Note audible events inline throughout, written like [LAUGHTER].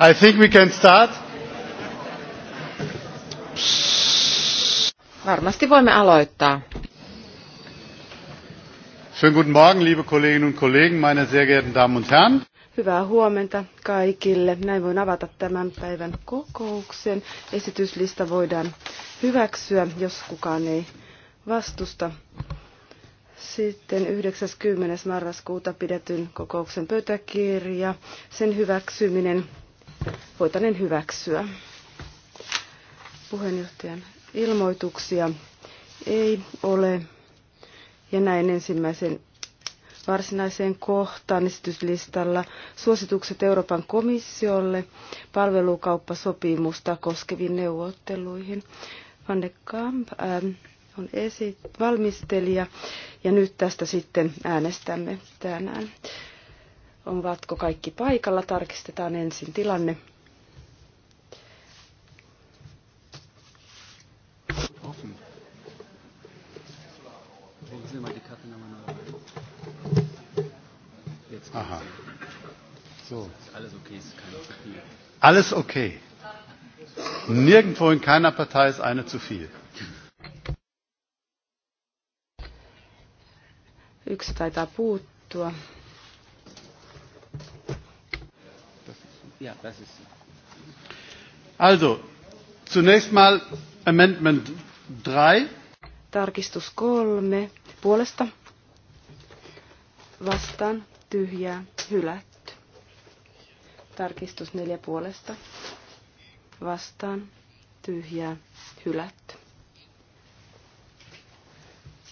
I think we can start. Varmasti voimme aloittaa. Schönen guten Morgen, liebe Kolleginnen und Kollegen, meine sehr geehrten Damen und Herren. Hyvää huomenta kaikille. Näin voin avata tämän päivän kokouksen. Esityslista voidaan hyväksyä, jos kukaan ei vastusta. Sitten 90. marraskuuta pidetyn kokouksen pöytäkirja, sen hyväksyminen voitaneen hyväksyä. Puheenjohtajan ilmoituksia ei ole. Ja näin ensimmäisen varsinaiseen kohtaan esityslistalla suositukset Euroopan komissiolle palvelukauppasopimusta koskeviin neuvotteluihin. Van de Kamp ähm, on esi- valmistelija ja nyt tästä sitten äänestämme tänään. Ovatko kaikki paikalla? Tarkistetaan ensin tilanne. Aha. So. Alles okay. Nirgendwo in keiner Partei ist eine zu viel. Yksi taitaa puuttua. Ja, das ist Also, zunächst mal Amendment 3. Tarkistus 3. Puolesta vastaan tyhjää hylätty. Tarkistus 4. puolesta vastaan tyhjää hylätty.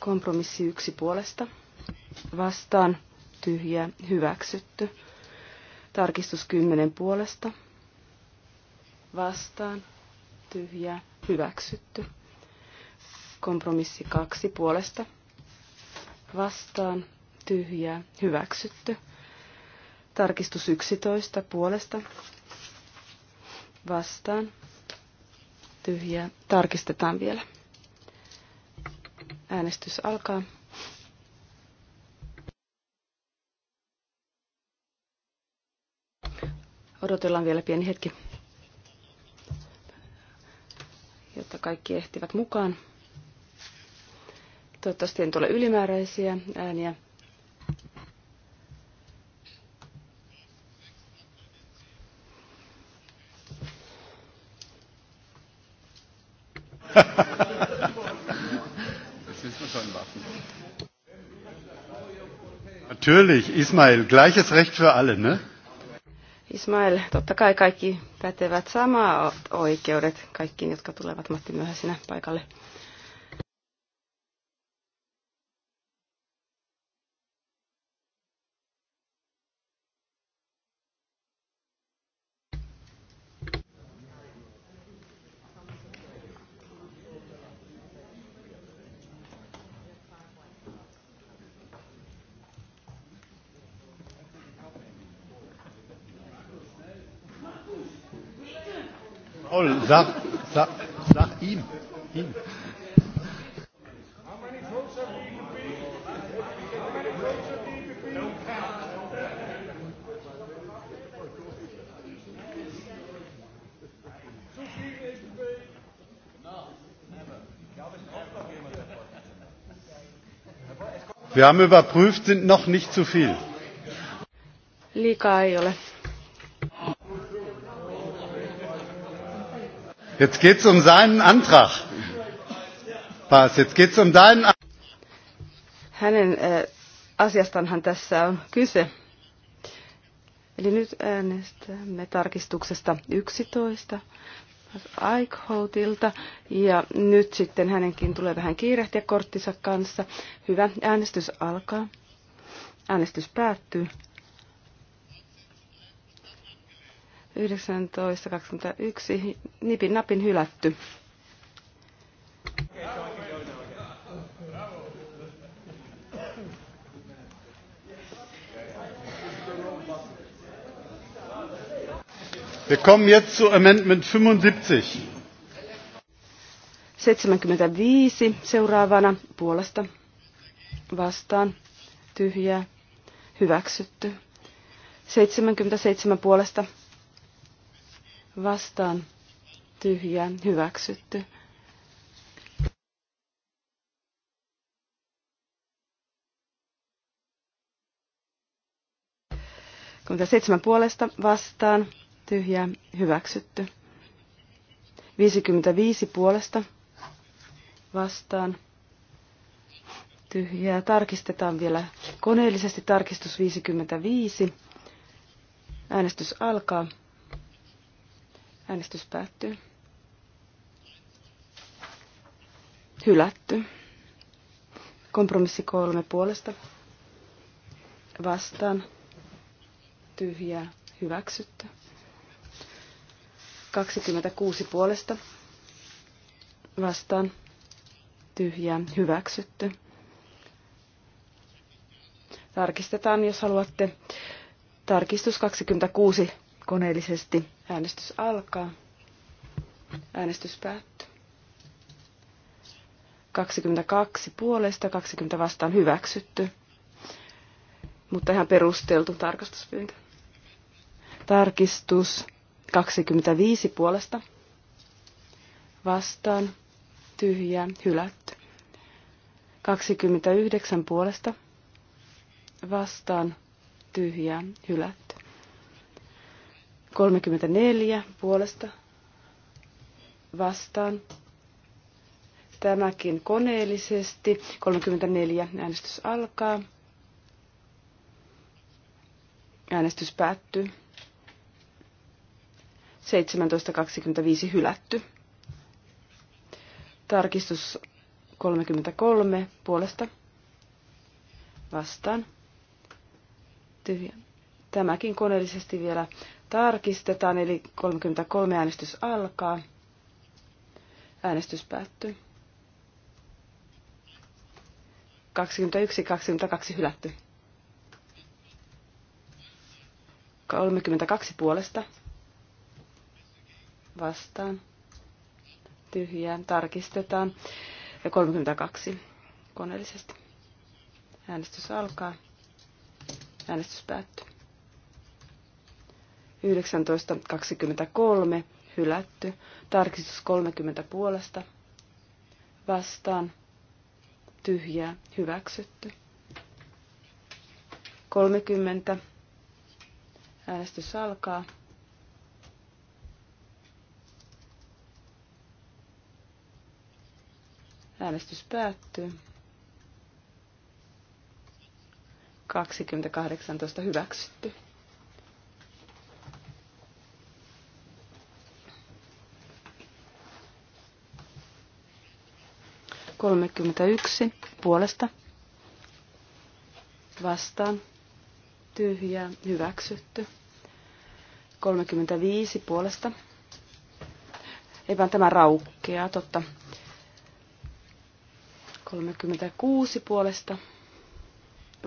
Kompromissi 1. puolesta vastaan tyhjää hyväksytty. Tarkistus kymmenen puolesta. Vastaan. tyhjä Hyväksytty. Kompromissi kaksi puolesta. Vastaan. tyhjä Hyväksytty. Tarkistus 11 puolesta. Vastaan. tyhjä Tarkistetaan vielä. Äänestys alkaa. Odotellaan vielä pieni hetki, jotta kaikki ehtivät mukaan. Toivottavasti en tule ylimääräisiä ääniä. Natürlich, Ismail, gleiches Recht für alle, ne? Ismail, totta kai kaikki pätevät samaa oikeudet kaikkiin, jotka tulevat Matti myöhäisenä paikalle. Sag, sag, sag ihm. ihm. Wir haben überprüft, sind noch nicht zu viel. Liikaa ei ole. Jetzt geht es um seinen Antrag. Pass, jetzt geht es um deinen Antrag. Hänen äh, asiastanhan tässä on kyse. Eli nyt äänestämme tarkistuksesta 11 Aikholtilta. Ja nyt sitten hänenkin tulee vähän kiirehtiä korttinsa kanssa. Hyvä, äänestys alkaa. Äänestys päättyy. 19.21 nipin napin hylätty. Wir kommen jetzt zu Amendment 75. 75 seuraavana puolesta vastaan tyhjää hyväksytty. 77 puolesta vastaan tyhjään hyväksytty. seitsemän puolesta vastaan tyhjää hyväksytty. 55 puolesta vastaan tyhjää. Tarkistetaan vielä koneellisesti tarkistus 55. Äänestys alkaa. Äänestys päättyy. Hylätty. Kompromissi kolme puolesta. Vastaan. Tyhjää. Hyväksytty. 26 puolesta. Vastaan. Tyhjää. Hyväksytty. Tarkistetaan, jos haluatte. Tarkistus 26 koneellisesti. Äänestys alkaa. Äänestys päättyy. 22 puolesta, 20 vastaan hyväksytty. Mutta ihan perusteltu tarkastuspyyntö. Tarkistus 25 puolesta. Vastaan tyhjä, hylätty. 29 puolesta. Vastaan tyhjä, hylätty. 34 puolesta vastaan. Tämäkin koneellisesti. 34 äänestys alkaa. Äänestys päättyy. 17.25 hylätty. Tarkistus 33 puolesta vastaan. Tyhjä. Tämäkin koneellisesti vielä tarkistetaan, eli 33 äänestys alkaa. Äänestys päättyy. 21-22 hylätty. 32 puolesta. Vastaan. Tyhjään. Tarkistetaan. Ja 32 koneellisesti. Äänestys alkaa. Äänestys päättyy. 19.23 hylätty. Tarkistus 30 puolesta vastaan tyhjää hyväksytty. 30. Äänestys alkaa. Äänestys päättyy. 2018 hyväksytty. 31 puolesta vastaan tyhjää hyväksytty. 35 puolesta. Ei vaan tämä raukkea, totta. 36 puolesta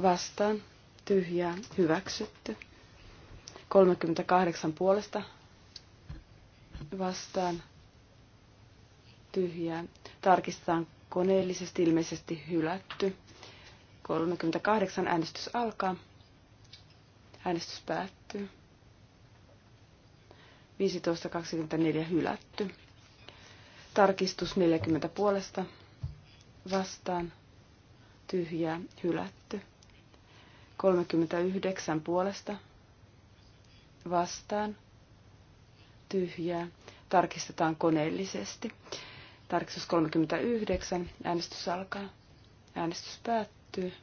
vastaan tyhjää hyväksytty. 38 puolesta vastaan tyhjää. Tarkistetaan koneellisesti ilmeisesti hylätty. 38 äänestys alkaa. Äänestys päättyy. 15.24 hylätty. Tarkistus 40 puolesta. Vastaan. Tyhjää. Hylätty. 39 puolesta. Vastaan. Tyhjää. Tarkistetaan koneellisesti. Tarkistus 39. Äänestys alkaa. Äänestys päättyy.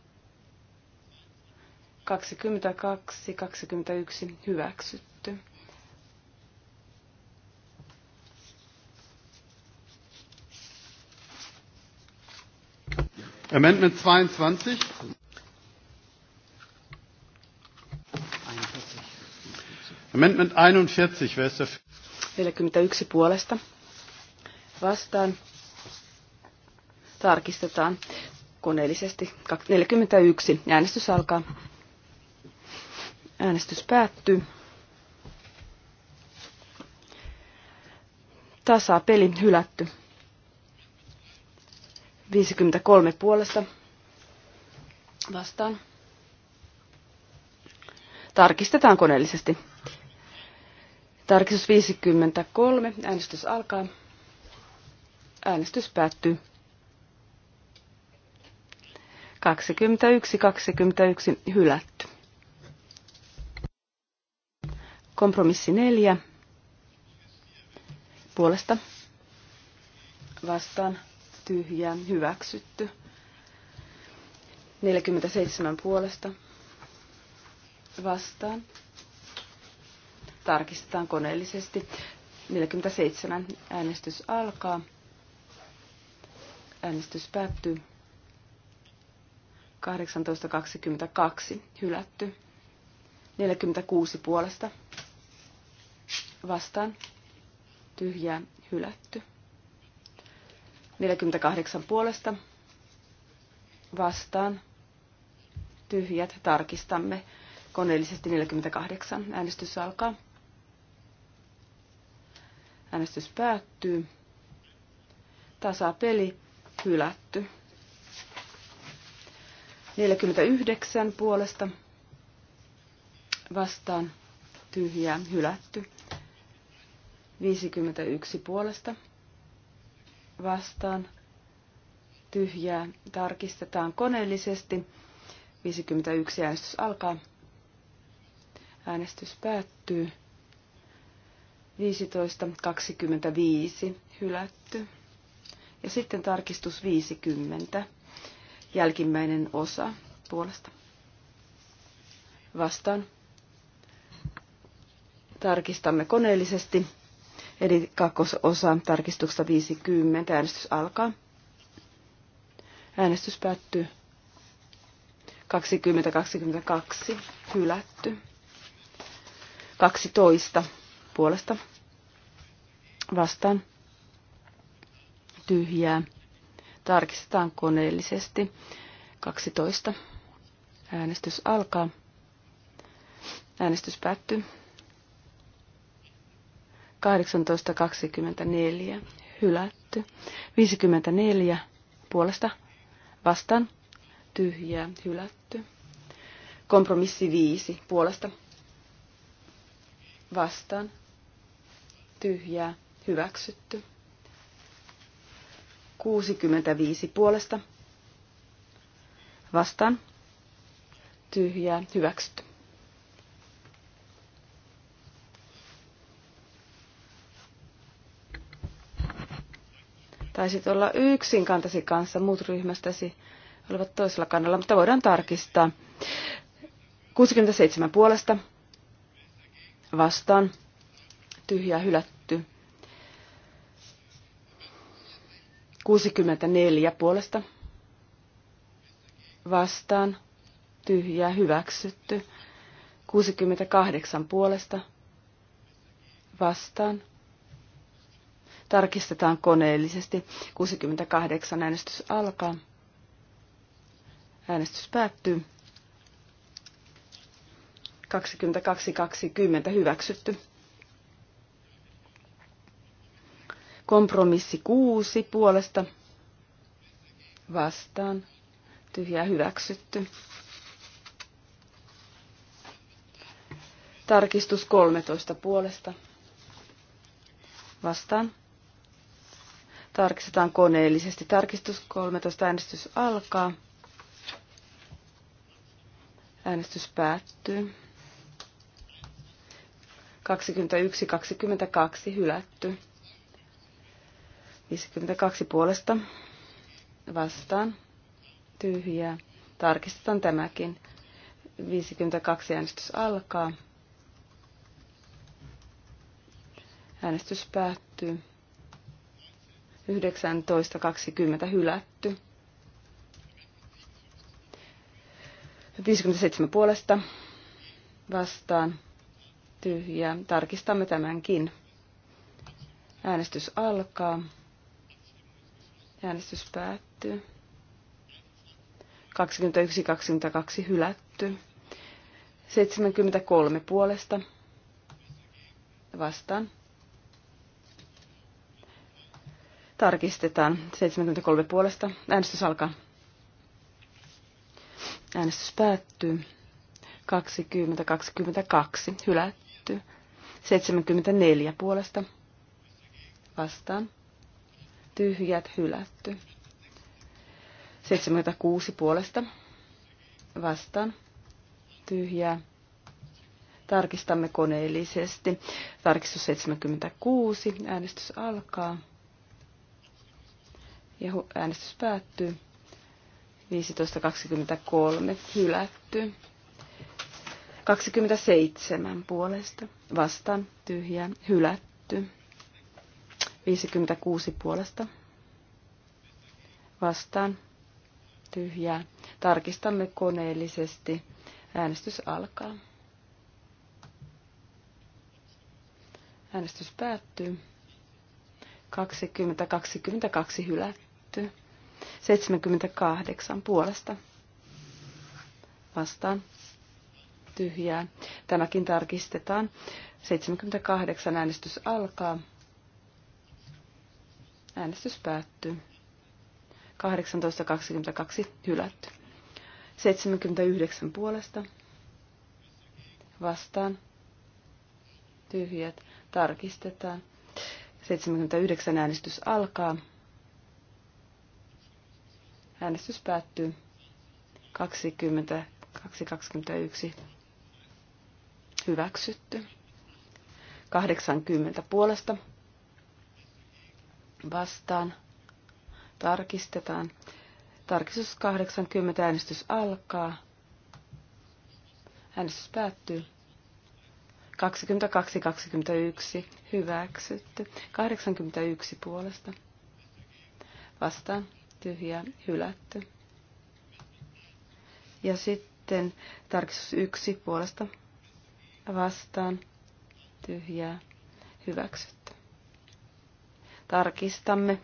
22, 21 hyväksytty. Amendment 22. Amendment 41, wer ist dafür? 41 puolesta vastaan. Tarkistetaan koneellisesti. 41. Äänestys alkaa. Äänestys päättyy. Tasa peli hylätty. 53 puolesta vastaan. Tarkistetaan koneellisesti. Tarkistus 53. Äänestys alkaa. Äänestys päättyy. 21, 21 hylätty. Kompromissi 4. Puolesta vastaan tyhjää hyväksytty. 47 puolesta vastaan. Tarkistetaan koneellisesti. 47 äänestys alkaa. Äänestys päättyy. 18.22. Hylätty. 46 puolesta. Vastaan. Tyhjää. Hylätty. 48 puolesta. Vastaan. Tyhjät. Tarkistamme. Koneellisesti 48. Äänestys alkaa. Äänestys päättyy. Tasapeli hylätty. 49 puolesta vastaan tyhjää hylätty. 51 puolesta vastaan tyhjää tarkistetaan koneellisesti. 51 äänestys alkaa. Äänestys päättyy. 15.25 hylätty. Ja sitten tarkistus 50, jälkimmäinen osa puolesta. Vastaan. Tarkistamme koneellisesti. Eli kakkososa tarkistuksesta 50. Äänestys alkaa. Äänestys päättyy 20-22. Hylätty. 12 puolesta. Vastaan tyhjää. Tarkistetaan koneellisesti. 12. Äänestys alkaa. Äänestys päättyy. 18.24. Hylätty. 54. Puolesta vastaan. Tyhjää. Hylätty. Kompromissi 5. Puolesta vastaan. Tyhjää. Hyväksytty. 65 puolesta vastaan tyhjää hyväksytty. Taisit olla yksin kantasi kanssa, muut ryhmästäsi olivat toisella kannalla, mutta voidaan tarkistaa. 67 puolesta vastaan tyhjää hylätty. 64 puolesta vastaan tyhjä hyväksytty. 68 puolesta vastaan. Tarkistetaan koneellisesti. 68 äänestys alkaa. Äänestys päättyy. 22.20 hyväksytty. Kompromissi kuusi puolesta vastaan. Tyhjää hyväksytty. Tarkistus 13 puolesta. Vastaan. Tarkistetaan koneellisesti. Tarkistus 13. Äänestys alkaa. Äänestys päättyy. 21-22 hylätty. 52 puolesta vastaan tyhjää. Tarkistetaan tämäkin. 52 äänestys alkaa. Äänestys päättyy. 19.20 hylätty. 57 puolesta vastaan tyhjää. Tarkistamme tämänkin. Äänestys alkaa. Äänestys päättyy. 21-22 hylätty. 73 puolesta. Vastaan. Tarkistetaan. 73 puolesta. Äänestys alkaa. Äänestys päättyy. 20-22. Hylätty. 74 puolesta. Vastaan tyhjät hylätty. 76 puolesta vastaan tyhjää. Tarkistamme koneellisesti. Tarkistus 76. Äänestys alkaa. Ja äänestys päättyy. 15.23. Hylätty. 27 puolesta. Vastaan tyhjää. Hylätty. 56 puolesta. Vastaan. Tyhjää. Tarkistamme koneellisesti. Äänestys alkaa. Äänestys päättyy. 20-22 hylätty. 78 puolesta. Vastaan. Tyhjää. Tämäkin tarkistetaan. 78 äänestys alkaa. Äänestys päättyy. 18.22 hylätty. 79 puolesta. Vastaan. Tyhjät. Tarkistetaan. 79 äänestys alkaa. Äänestys päättyy 22.21. Hyväksytty. 80 puolesta vastaan. Tarkistetaan. Tarkistus 80. Äänestys alkaa. Äänestys päättyy. 22-21 hyväksytty. 81 puolesta. Vastaan tyhjä, hylätty. Ja sitten tarkistus 1 puolesta. Vastaan tyhjää hyväksytty. Tarkistamme.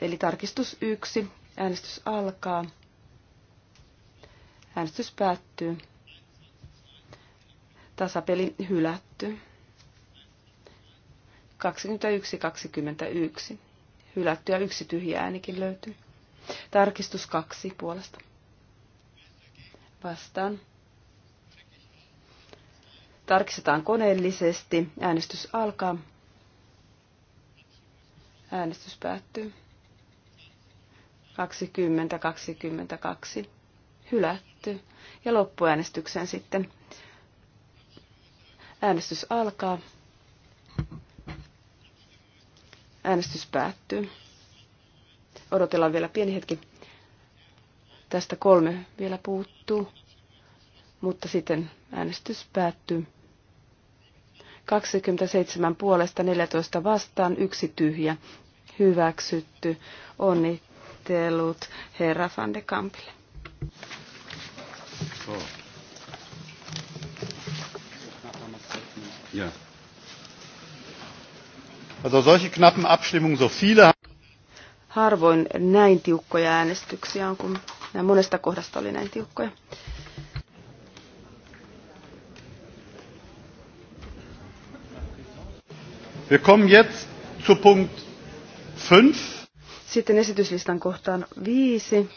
Eli tarkistus 1. Äänestys alkaa. Äänestys päättyy. Tasapeli hylätty. 21-21. Hylätty ja yksi tyhjä äänikin löytyy. Tarkistus kaksi puolesta. Vastaan. Tarkistetaan koneellisesti. Äänestys alkaa. Äänestys päättyy. 20, 22. Hylätty. Ja loppuäänestykseen sitten. Äänestys alkaa. Äänestys päättyy. Odotellaan vielä pieni hetki. Tästä kolme vielä puuttuu, mutta sitten äänestys päättyy. 27 puolesta 14 vastaan, yksi tyhjä. Hyväksytty. Onnittelut herra van de Kampille. Oh. Ja. Also solche knappen Abstimmungen, so viele harvoin näin tiukkoja äänestyksiä on, kun monesta kohdasta oli näin tiukkoja. Wir kommen jetzt zu Punkt 5. Sitten esityslistan kohtaan viisi.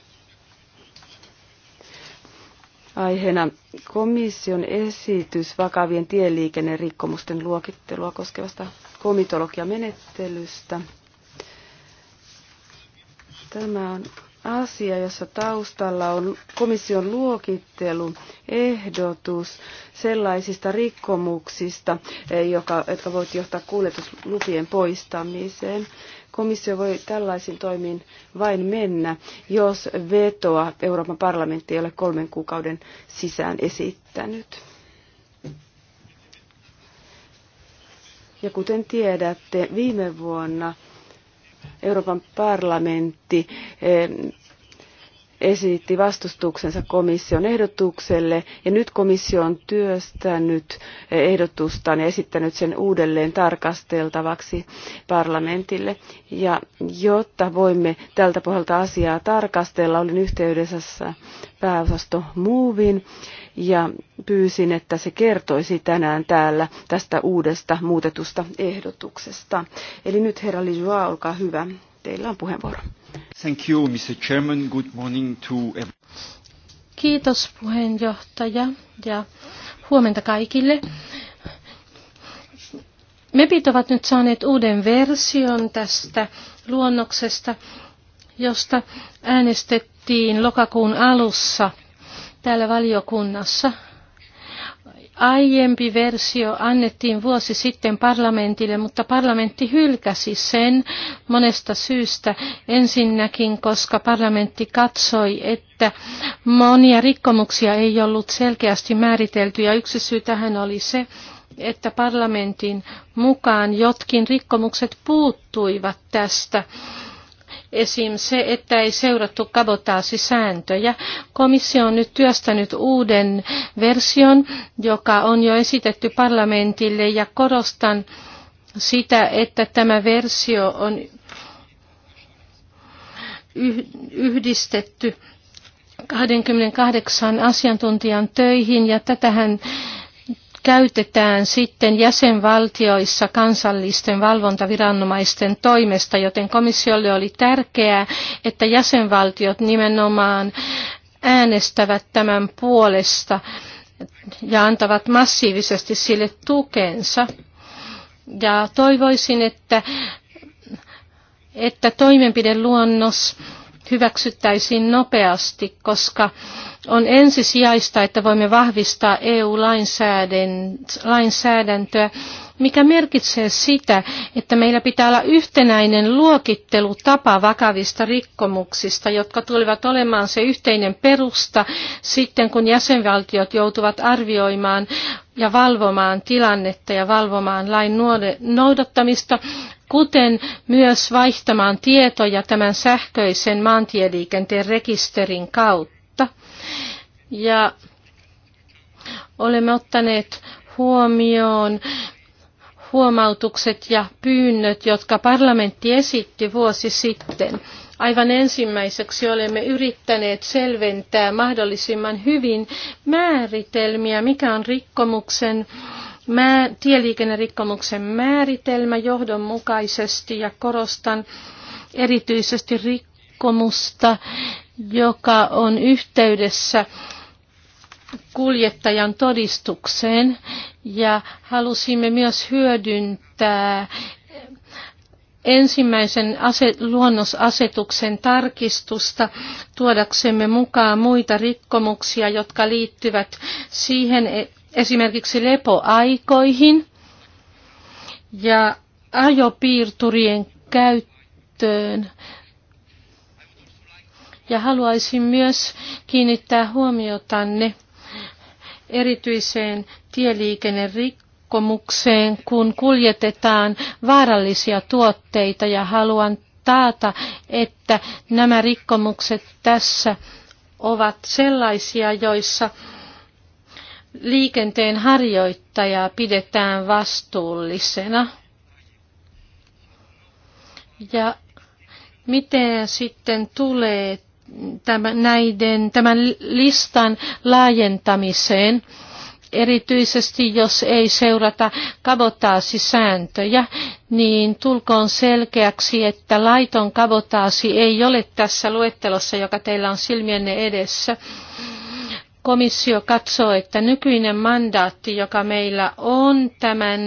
Aiheena komission esitys vakavien tieliikennerikkomusten luokittelua koskevasta komitologiamenettelystä. Tämä on asia, jossa taustalla on komission luokittelu, ehdotus sellaisista rikkomuksista, eh, joka, jotka voivat johtaa kuljetuslupien poistamiseen. Komissio voi tällaisiin toimiin vain mennä, jos vetoa Euroopan parlamentti ei ole kolmen kuukauden sisään esittänyt. Ja kuten tiedätte, viime vuonna Euroopan parlamentti eh, esitti vastustuksensa komission ehdotukselle ja nyt komissio on työstänyt ehdotustaan ja esittänyt sen uudelleen tarkasteltavaksi parlamentille. Ja jotta voimme tältä pohjalta asiaa tarkastella, olin yhteydessä pääosasto Muuvin ja pyysin, että se kertoisi tänään täällä tästä uudesta muutetusta ehdotuksesta. Eli nyt herra Lijua, olkaa hyvä. Teillä on puheenvuoro. Thank you, Mr. Chairman. Good morning to everyone. Kiitos puheenjohtaja ja huomenta kaikille. MEPit ovat nyt saaneet uuden version tästä luonnoksesta, josta äänestettiin lokakuun alussa – täällä valiokunnassa. Aiempi versio annettiin vuosi sitten parlamentille, mutta parlamentti hylkäsi sen monesta syystä. Ensinnäkin, koska parlamentti katsoi, että monia rikkomuksia ei ollut selkeästi määritelty ja yksi syy tähän oli se, että parlamentin mukaan jotkin rikkomukset puuttuivat tästä Esim. se, että ei seurattu kabotaasisääntöjä. Komissio on nyt työstänyt uuden version, joka on jo esitetty parlamentille ja korostan sitä, että tämä versio on yhdistetty 28 asiantuntijan töihin ja tätähän käytetään sitten jäsenvaltioissa kansallisten valvontaviranomaisten toimesta, joten komissiolle oli tärkeää, että jäsenvaltiot nimenomaan äänestävät tämän puolesta ja antavat massiivisesti sille tukensa. Ja toivoisin, että, että toimenpideluonnos luonnos hyväksyttäisiin nopeasti, koska on ensisijaista, että voimme vahvistaa EU-lainsäädäntöä, mikä merkitsee sitä, että meillä pitää olla yhtenäinen luokittelutapa vakavista rikkomuksista, jotka tulevat olemaan se yhteinen perusta sitten, kun jäsenvaltiot joutuvat arvioimaan ja valvomaan tilannetta ja valvomaan lain noudattamista, kuten myös vaihtamaan tietoja tämän sähköisen maantieliikenteen rekisterin kautta. Ja olemme ottaneet huomioon huomautukset ja pyynnöt, jotka parlamentti esitti vuosi sitten. Aivan ensimmäiseksi olemme yrittäneet selventää mahdollisimman hyvin määritelmiä, mikä on rikkomuksen mä, tieliikennerikkomuksen määritelmä johdonmukaisesti ja korostan erityisesti rikkomusta, joka on yhteydessä kuljettajan todistukseen ja halusimme myös hyödyntää ensimmäisen ase- luonnosasetuksen tarkistusta tuodaksemme mukaan muita rikkomuksia, jotka liittyvät siihen, esimerkiksi lepoaikoihin ja ajopiirturien käyttöön. Ja haluaisin myös kiinnittää huomiotanne erityiseen tieliikennerikkomukseen, kun kuljetetaan vaarallisia tuotteita ja haluan taata, että nämä rikkomukset tässä ovat sellaisia, joissa liikenteen harjoittajaa pidetään vastuullisena. Ja miten sitten tulee tämän, näiden, tämän listan laajentamiseen, erityisesti jos ei seurata kabotaasisääntöjä, niin tulkoon selkeäksi, että laiton kabotaasi ei ole tässä luettelossa, joka teillä on silmienne edessä komissio katsoo, että nykyinen mandaatti, joka meillä on tämän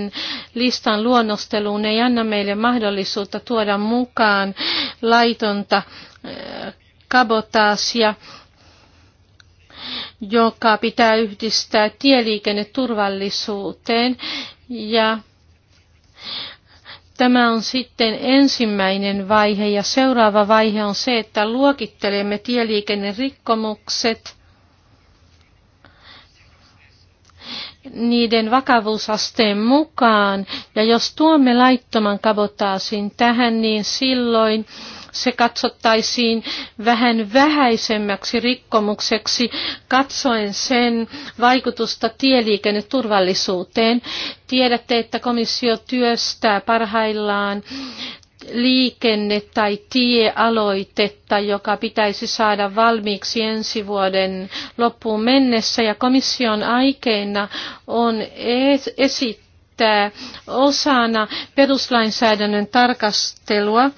listan luonnosteluun, ei anna meille mahdollisuutta tuoda mukaan laitonta eh, kabotaasia, joka pitää yhdistää tieliikenneturvallisuuteen ja Tämä on sitten ensimmäinen vaihe ja seuraava vaihe on se, että luokittelemme tieliikennerikkomukset niiden vakavuusasteen mukaan. Ja jos tuomme laittoman kabotaasin tähän, niin silloin se katsottaisiin vähän vähäisemmäksi rikkomukseksi katsoen sen vaikutusta tieliikenneturvallisuuteen. Tiedätte, että komissio työstää parhaillaan liikenne- tai tiealoitetta, joka pitäisi saada valmiiksi ensi vuoden loppuun mennessä. Ja komission aikeina on esittää osana peruslainsäädännön tarkastelua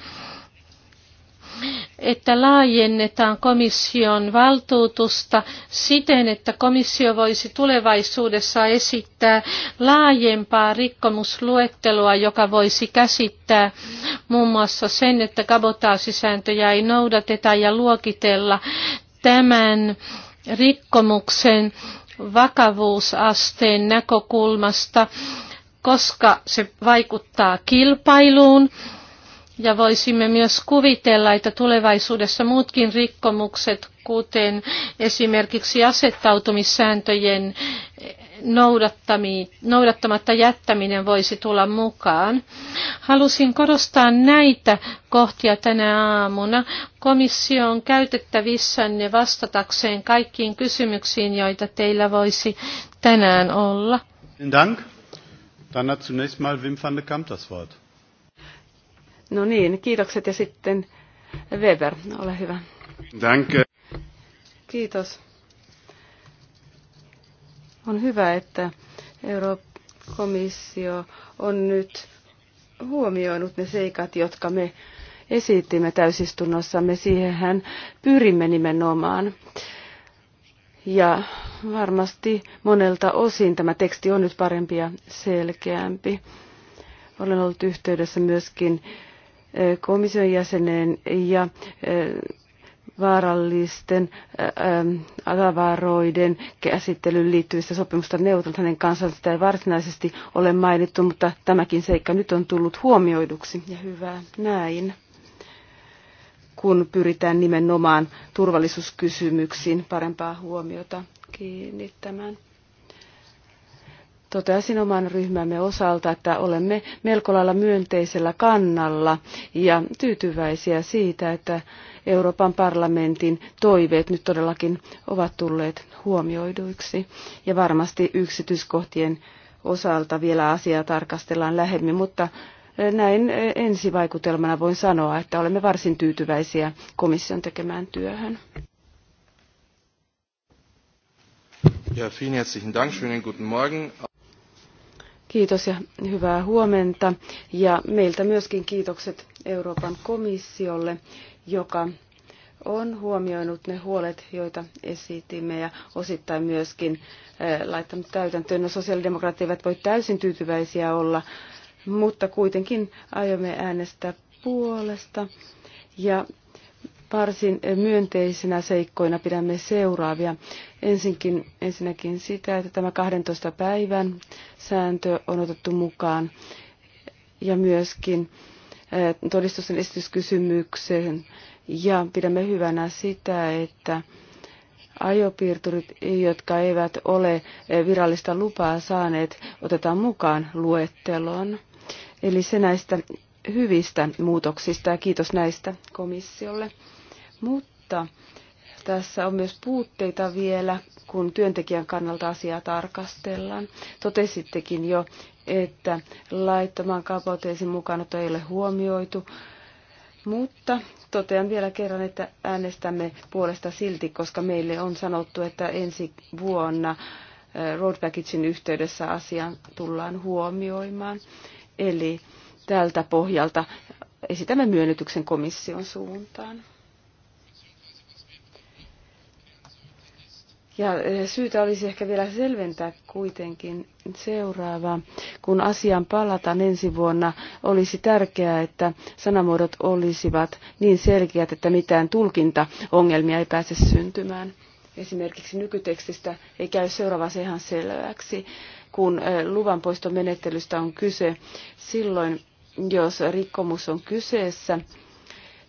että laajennetaan komission valtuutusta siten, että komissio voisi tulevaisuudessa esittää laajempaa rikkomusluettelua, joka voisi käsittää muun muassa sen, että kabotaasisääntöjä ei noudateta ja luokitella tämän rikkomuksen vakavuusasteen näkökulmasta, koska se vaikuttaa kilpailuun, ja voisimme myös kuvitella, että tulevaisuudessa muutkin rikkomukset, kuten esimerkiksi asettautumissääntöjen noudattamatta jättäminen voisi tulla mukaan. Halusin korostaa näitä kohtia tänä aamuna. Komissio on käytettävissänne vastatakseen kaikkiin kysymyksiin, joita teillä voisi tänään olla. Dank. Dann hat zunächst mal Wim van de Kamp das Wort. No niin, kiitokset ja sitten Weber, ole hyvä. Danke. Kiitos. On hyvä, että Eurokomissio on nyt huomioinut ne seikat, jotka me esitimme täysistunnossamme. hän pyrimme nimenomaan. Ja varmasti monelta osin tämä teksti on nyt parempi ja selkeämpi. Olen ollut yhteydessä myöskin komission jäsenen ja vaarallisten alavaroiden käsittelyyn liittyvistä sopimusta neuvottelut hänen kanssaan. Sitä ei varsinaisesti ole mainittu, mutta tämäkin seikka nyt on tullut huomioiduksi ja hyvä näin kun pyritään nimenomaan turvallisuuskysymyksiin parempaa huomiota kiinnittämään. Toteasin oman ryhmämme osalta, että olemme melko lailla myönteisellä kannalla ja tyytyväisiä siitä, että Euroopan parlamentin toiveet nyt todellakin ovat tulleet huomioiduiksi. Ja varmasti yksityiskohtien osalta vielä asiaa tarkastellaan lähemmin, mutta näin ensivaikutelmana voin sanoa, että olemme varsin tyytyväisiä komission tekemään työhön. Ja, vielen herzlichen Dank. Schönen guten Morgen. Kiitos ja hyvää huomenta. Ja meiltä myöskin kiitokset Euroopan komissiolle, joka on huomioinut ne huolet, joita esitimme ja osittain myöskin eh, laittanut täytäntöön. No, sosiaalidemokraatit eivät voi täysin tyytyväisiä olla, mutta kuitenkin aiomme äänestää puolesta. Ja varsin myönteisinä seikkoina pidämme seuraavia. Ensinkin, ensinnäkin sitä, että tämä 12 päivän sääntö on otettu mukaan ja myöskin eh, todistusten esityskysymykseen. ja pidämme hyvänä sitä, että ajopiirturit, jotka eivät ole eh, virallista lupaa saaneet, otetaan mukaan luetteloon. Eli se näistä hyvistä muutoksista ja kiitos näistä komissiolle. Mutta tässä on myös puutteita vielä, kun työntekijän kannalta asiaa tarkastellaan. Totesittekin jo, että laittamaan kapoteesin mukana ei ole huomioitu. Mutta totean vielä kerran, että äänestämme puolesta silti, koska meille on sanottu, että ensi vuonna eh, road packagein yhteydessä asiaan tullaan huomioimaan. Eli tältä pohjalta esitämme myönnytyksen komission suuntaan. Ja eh, syytä olisi ehkä vielä selventää kuitenkin seuraavaa. Kun asiaan palataan ensi vuonna, olisi tärkeää, että sanamuodot olisivat niin selkeät, että mitään tulkintaongelmia ei pääse syntymään. Esimerkiksi nykytekstistä ei käy seuraava se ihan selväksi. Kun eh, luvanpoistomenettelystä on kyse, silloin jos rikkomus on kyseessä,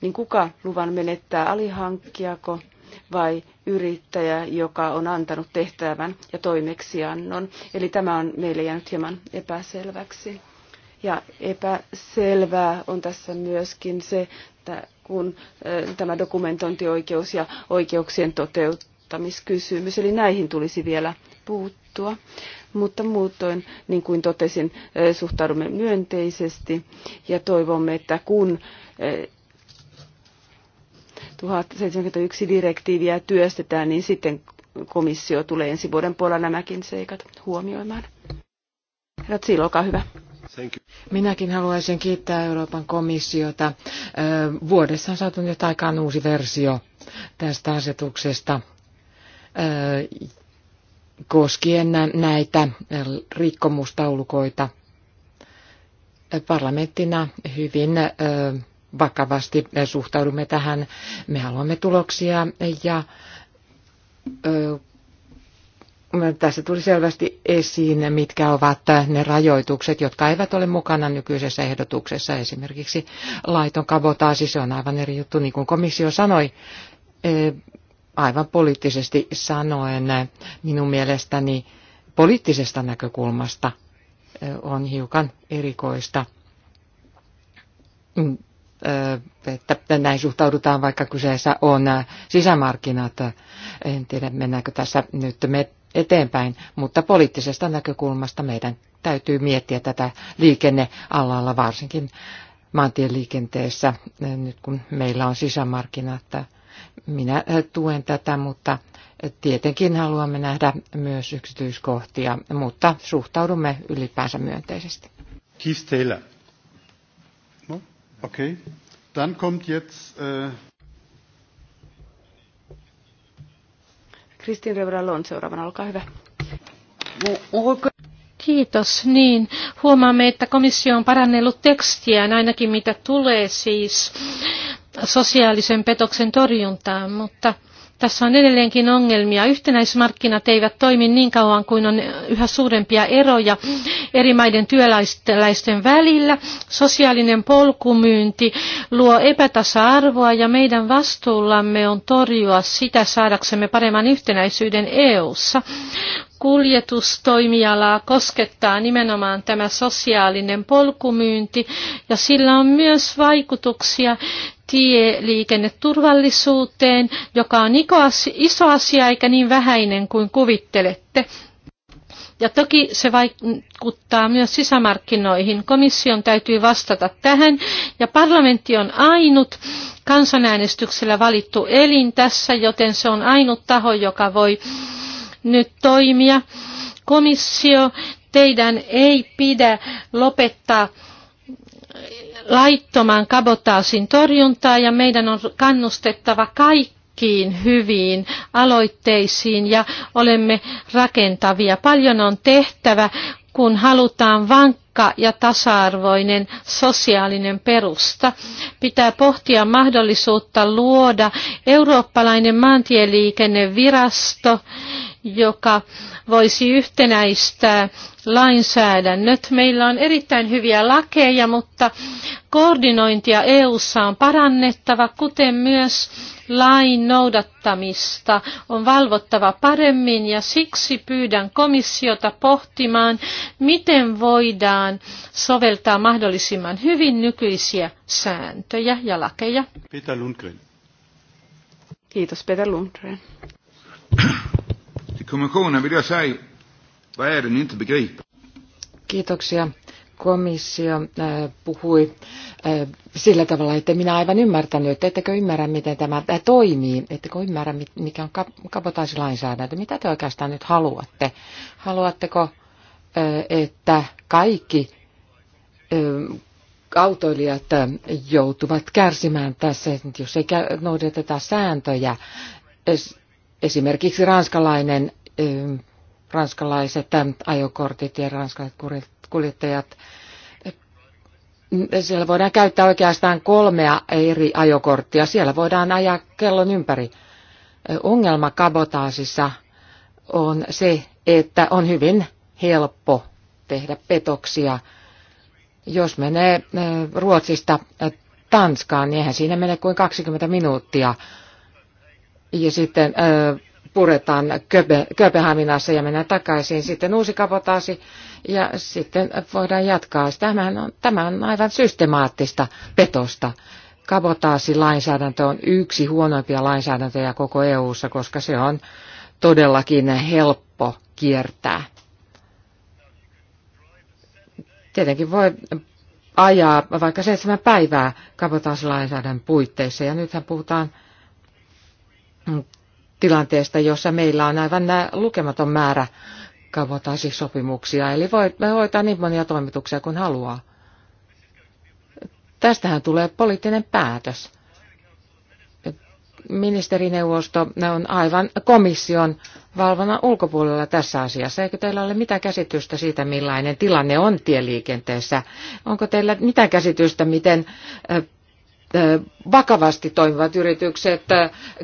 niin kuka luvan menettää, alihankkijako – vai yrittäjä, joka on antanut tehtävän ja toimeksiannon. Eli tämä on meille jäänyt hieman epäselväksi. Ja epäselvää on tässä myöskin se, että kun tämä dokumentointioikeus ja oikeuksien toteuttamiskysymys, eli näihin tulisi vielä puuttua. Mutta muutoin, niin kuin totesin, suhtaudumme myönteisesti ja toivomme, että kun 1071 direktiiviä työstetään, niin sitten komissio tulee ensi vuoden puolella nämäkin seikat huomioimaan. Ratsilo, olkaa hyvä. Minäkin haluaisin kiittää Euroopan komissiota. Vuodessa on saatu nyt aikaan uusi versio tästä asetuksesta koskien näitä rikkomustaulukoita. Parlamenttina hyvin vakavasti suhtaudumme tähän. Me haluamme tuloksia ja tässä tuli selvästi esiin, mitkä ovat ne rajoitukset, jotka eivät ole mukana nykyisessä ehdotuksessa. Esimerkiksi laiton kabotaasi, se on aivan eri juttu, niin kuin komissio sanoi, aivan poliittisesti sanoen minun mielestäni poliittisesta näkökulmasta on hiukan erikoista että näin suhtaudutaan, vaikka kyseessä on sisämarkkinat. En tiedä, mennäänkö tässä nyt me eteenpäin, mutta poliittisesta näkökulmasta meidän täytyy miettiä tätä liikennealalla, varsinkin maantieliikenteessä, nyt kun meillä on sisämarkkinat. Minä tuen tätä, mutta tietenkin haluamme nähdä myös yksityiskohtia, mutta suhtaudumme ylipäänsä myönteisesti. Kiitos Okay. Dann kommt jetzt äh... Kristin Rebralon seuraavana, olkaa hyvä. Kiitos. Niin, huomaamme, että komissio on parannellut tekstiään, ainakin mitä tulee siis sosiaalisen petoksen torjuntaan, mutta tässä on edelleenkin ongelmia. Yhtenäismarkkinat eivät toimi niin kauan kuin on yhä suurempia eroja eri maiden työläisten välillä. Sosiaalinen polkumyynti luo epätasa-arvoa ja meidän vastuullamme on torjua sitä saadaksemme paremman yhtenäisyyden EU:ssa kuljetustoimialaa koskettaa nimenomaan tämä sosiaalinen polkumyynti ja sillä on myös vaikutuksia tieliikenneturvallisuuteen, joka on iso asia eikä niin vähäinen kuin kuvittelette. Ja toki se vaikuttaa myös sisämarkkinoihin. Komission täytyy vastata tähän. Ja parlamentti on ainut kansanäänestyksellä valittu elin tässä, joten se on ainut taho, joka voi äh, nyt toimia. Komissio, teidän ei pidä lopettaa laittoman kabotaasin torjuntaa ja meidän on kannustettava kaikkiin hyviin aloitteisiin ja olemme rakentavia. Paljon on tehtävä, kun halutaan vankka ja tasa-arvoinen sosiaalinen perusta. Pitää pohtia mahdollisuutta luoda eurooppalainen maantieliikennevirasto, virasto joka voisi yhtenäistää lainsäädännöt. Meillä on erittäin hyviä lakeja, mutta koordinointia EU:ssa on parannettava, kuten myös lain noudattamista on valvottava paremmin ja siksi pyydän komissiota pohtimaan, miten voidaan soveltaa mahdollisimman hyvin nykyisiä sääntöjä ja lakeja. Peter Lundgren. Kiitos Peter Lundgren. Kommissionen vill jag säga, vad är det ni inte begriper? Kiitoksia. Komissio äh, puhui äh, sillä tavalla, että minä aivan ymmärtänyt, ettekö ymmärrä, miten tämä äh, toimii, ettekö ymmärrä, mikä on kabotaasilainsäädäntö, mitä te oikeastaan nyt haluatte. Haluatteko, äh, että kaikki äh, autoilijat äh, joutuvat kärsimään tässä, jos ei noudateta sääntöjä. Esimerkiksi ranskalainen ranskalaiset ajokortit ja ranskalaiset kuljettajat. Siellä voidaan käyttää oikeastaan kolmea eri ajokorttia. Siellä voidaan ajaa kellon ympäri. Ongelma kabotaasissa on se, että on hyvin helppo tehdä petoksia. Jos menee Ruotsista Tanskaan, niin eihän siinä mene kuin 20 minuuttia. Ja sitten puretaan Kööpenhaminassa ja mennään takaisin. Sitten uusi kapotaasi ja sitten voidaan jatkaa. Tämähän on, tämä on aivan systemaattista petosta. Kabotaasilainsäädäntö on yksi huonoimpia lainsäädäntöjä koko EU:ssa, koska se on todellakin helppo kiertää. Tietenkin voi ajaa vaikka seitsemän päivää kabotaasilainsäädännön puitteissa ja nythän puhutaan tilanteesta, jossa meillä on aivan äh, lukematon määrä sopimuksia, eli voi hoitaa niin monia toimituksia kuin haluaa. Tästähän tulee poliittinen päätös. Ministerineuvosto on aivan komission valvonnan ulkopuolella tässä asiassa. Eikö teillä ole mitään käsitystä siitä, millainen tilanne on tieliikenteessä? Onko teillä mitään käsitystä, miten äh, vakavasti toimivat yritykset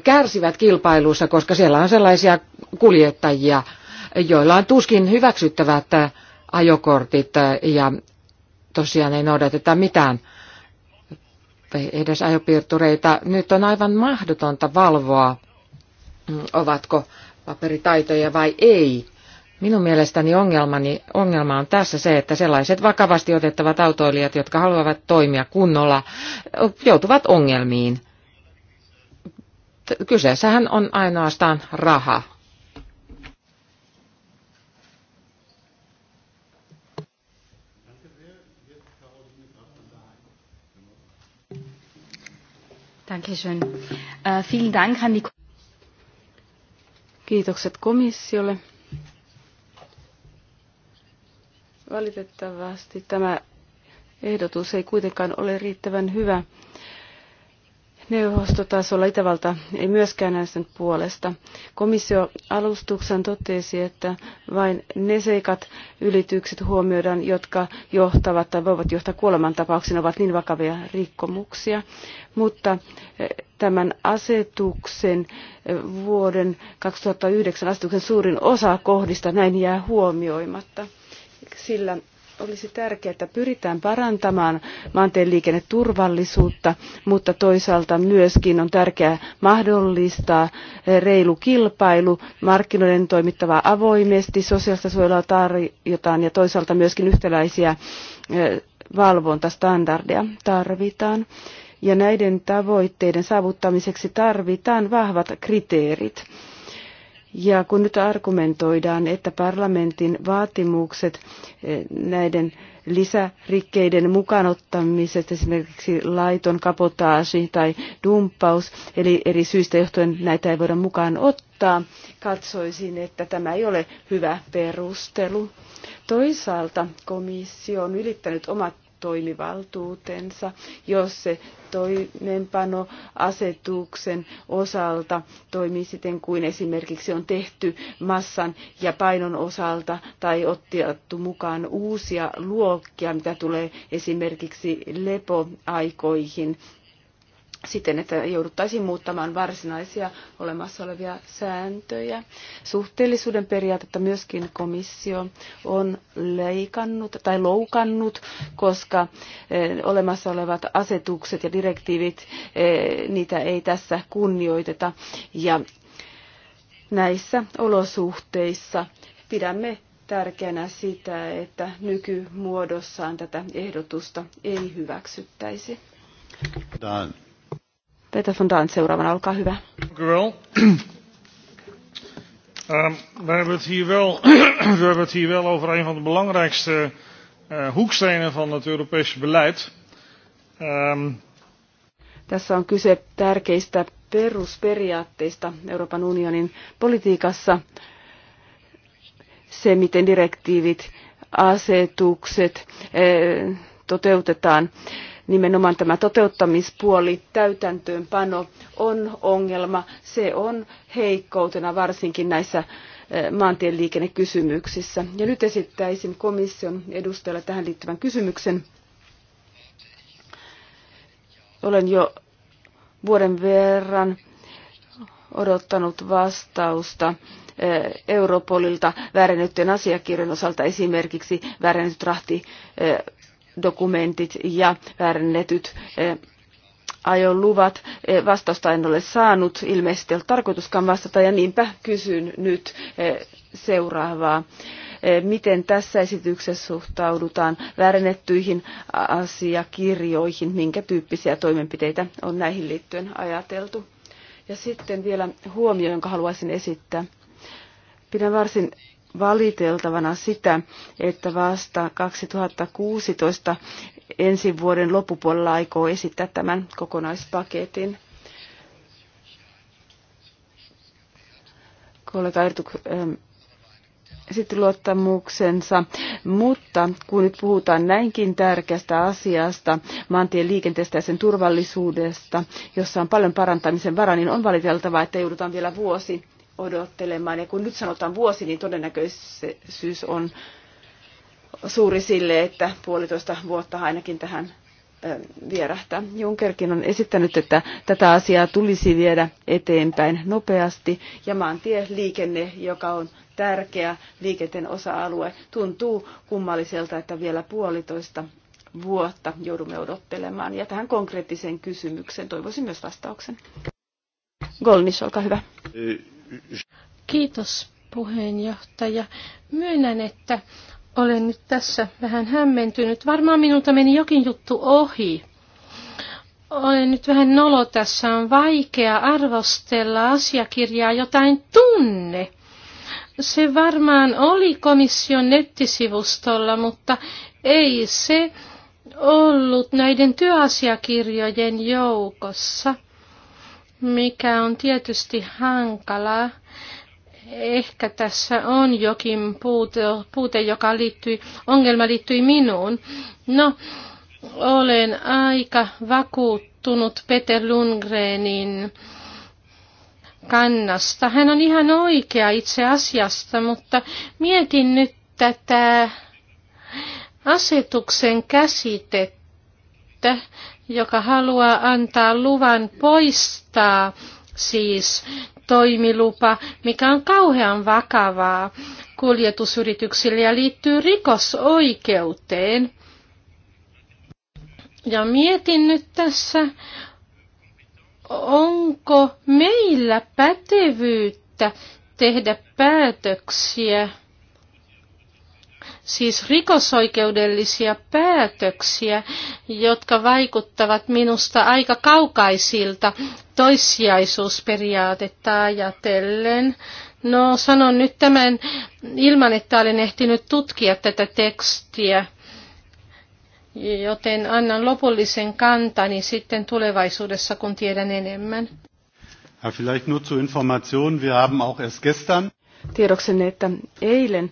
kärsivät kilpailussa, koska siellä on sellaisia kuljettajia, joilla on tuskin hyväksyttävät ajokortit ja tosiaan ei noudateta mitään edes ajopiirtureita. Nyt on aivan mahdotonta valvoa, mm, ovatko paperitaitoja vai ei. Minun mielestäni ongelmani, ongelma on tässä se, että sellaiset vakavasti otettavat autoilijat, jotka haluavat toimia kunnolla, joutuvat ongelmiin. Kyseessähän on ainoastaan raha. Dankeschön. Äh, vielen Dank an die Kiitokset komissiolle Valitettavasti tämä ehdotus ei kuitenkaan ole riittävän hyvä neuvostotasolla Itävalta ei myöskään äänestänyt puolesta. Komissio alustuksen totesi, että vain ne seikat ylitykset huomioidaan, jotka johtavat tai voivat johtaa kuolemantapauksiin, ovat niin vakavia rikkomuksia. Mutta eh, tämän asetuksen eh, vuoden 2009 asetuksen suurin osa kohdista näin jää huomioimatta sillä olisi tärkeää, että pyritään parantamaan maanteen liikenneturvallisuutta, mutta toisaalta myöskin on tärkeää mahdollistaa reilu kilpailu, markkinoiden toimittava avoimesti, sosiaalista suojelua tarjotaan ja toisaalta myöskin yhtäläisiä valvontastandardeja tarvitaan. Ja näiden tavoitteiden saavuttamiseksi tarvitaan vahvat kriteerit ja kun nyt argumentoidaan, että parlamentin vaatimukset eh, näiden lisärikkeiden mukaanottamisesta, esimerkiksi laiton kapotaasi tai dumppaus, eli eri syistä johtuen näitä ei voida mukaan ottaa, katsoisin, että tämä ei ole hyvä perustelu. Toisaalta komissio on ylittänyt omat toimivaltuutensa, jos se toimeenpanoasetuksen osalta toimii siten kuin esimerkiksi on tehty massan ja painon osalta tai otettu mukaan uusia luokkia, mitä tulee esimerkiksi lepoaikoihin siten, että jouduttaisiin muuttamaan varsinaisia olemassa olevia sääntöjä. Suhteellisuuden periaatetta myöskin komissio on leikannut tai loukannut, koska eh, olemassa olevat asetukset ja direktiivit, eh, niitä ei tässä kunnioiteta. Ja näissä olosuhteissa pidämme tärkeänä sitä, että nykymuodossaan tätä ehdotusta ei hyväksyttäisi. Peter von Dalen seuraavana, olkaa hyvä. Ehm, we hebben het hier wel, [CLEARS THROAT] we hebben het hier wel over een van de belangrijkste uh, hoekstenen van het Europese beleid. Um, tässä on kyse tärkeistä perusperiaatteista Euroopan unionin politiikassa. Se, miten direktiivit, asetukset eh, toteutetaan nimenomaan tämä toteuttamispuoli, täytäntöönpano on ongelma. Se on heikkoutena varsinkin näissä eh, maantieliikennekysymyksissä. Ja nyt esittäisin komission edustajalle tähän liittyvän kysymyksen. Olen jo vuoden verran odottanut vastausta. Eh, Europolilta väärennettyjen asiakirjojen osalta esimerkiksi väärennetyt rahti eh, dokumentit ja väärennetyt eh, ajoluvat. Eh, vastausta en ole saanut, ilmeisesti ei ole tarkoituskaan vastata ja niinpä kysyn nyt eh, seuraavaa. Miten tässä esityksessä suhtaudutaan väärennettyihin asiakirjoihin, minkä tyyppisiä toimenpiteitä on näihin liittyen ajateltu? Ja sitten vielä huomio, jonka haluaisin esittää. Pidän varsin valiteltavana sitä, että vasta 2016 ensi vuoden loppupuolella aikoo esittää tämän kokonaispaketin. Kollega Ertuk ähm, esitti luottamuksensa, mutta kun nyt puhutaan näinkin tärkeästä asiasta, maantien liikenteestä ja sen turvallisuudesta, jossa on paljon parantamisen varaa, niin on valiteltavaa, että joudutaan vielä vuosi odottelemaan. Ja kun nyt sanotaan vuosi, niin todennäköisyys on suuri sille, että puolitoista vuotta ainakin tähän vierähtää. Junkerkin on esittänyt, että tätä asiaa tulisi viedä eteenpäin nopeasti ja liikenne, joka on tärkeä liikenteen osa-alue, tuntuu kummalliselta, että vielä puolitoista vuotta joudumme odottelemaan. Ja tähän konkreettiseen kysymykseen toivoisin myös vastauksen. Golnis, olkaa hyvä. Kiitos puheenjohtaja. Myönnän, että olen nyt tässä vähän hämmentynyt. Varmaan minulta meni jokin juttu ohi. Olen nyt vähän nolo tässä. On vaikea arvostella asiakirjaa jotain tunne. Se varmaan oli komission nettisivustolla, mutta ei se ollut näiden työasiakirjojen joukossa mikä on tietysti hankalaa. Ehkä tässä on jokin puute, puute joka liittyy, ongelma liittyy minuun. No, olen aika vakuuttunut Peter Lundgrenin kannasta. Hän on ihan oikea itse asiasta, mutta mietin nyt tätä asetuksen käsitettä ympäristö, joka haluaa antaa luvan poistaa siis toimilupa, mikä on kauhean vakavaa kuljetusyrityksille ja liittyy rikosoikeuteen. Ja mietin nyt tässä, onko meillä pätevyyttä tehdä päätöksiä siis rikosoikeudellisia päätöksiä, jotka vaikuttavat minusta aika kaukaisilta toissijaisuusperiaatetta ajatellen. No sanon nyt tämän ilman, että olen ehtinyt tutkia tätä tekstiä, joten annan lopullisen kantani sitten tulevaisuudessa, kun tiedän enemmän. Ja, vielleicht nur zur Information, wir haben auch erst gestern Tiedoksenne, että eilen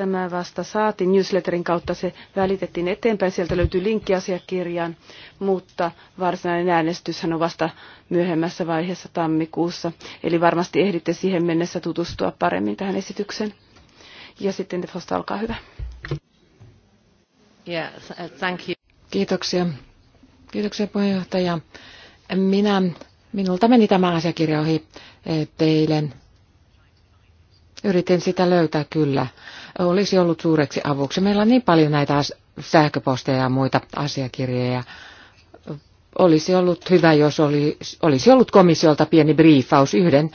Tämä vasta saatiin newsletterin kautta, se välitettiin eteenpäin, sieltä löytyy linkki asiakirjaan, mutta varsinainen äänestyshän on vasta myöhemmässä vaiheessa tammikuussa, eli varmasti ehditte siihen mennessä tutustua paremmin tähän esitykseen. Ja sitten Defosta, olkaa hyvä. Yes, thank you. Kiitoksia. Kiitoksia puheenjohtaja. Minä, minulta meni tämä asiakirja ohi teille Yritin sitä löytää kyllä. Olisi ollut suureksi avuksi. Meillä on niin paljon näitä sähköposteja ja muita asiakirjoja. Olisi ollut hyvä, jos oli, olisi ollut komissiolta pieni briefaus, yhden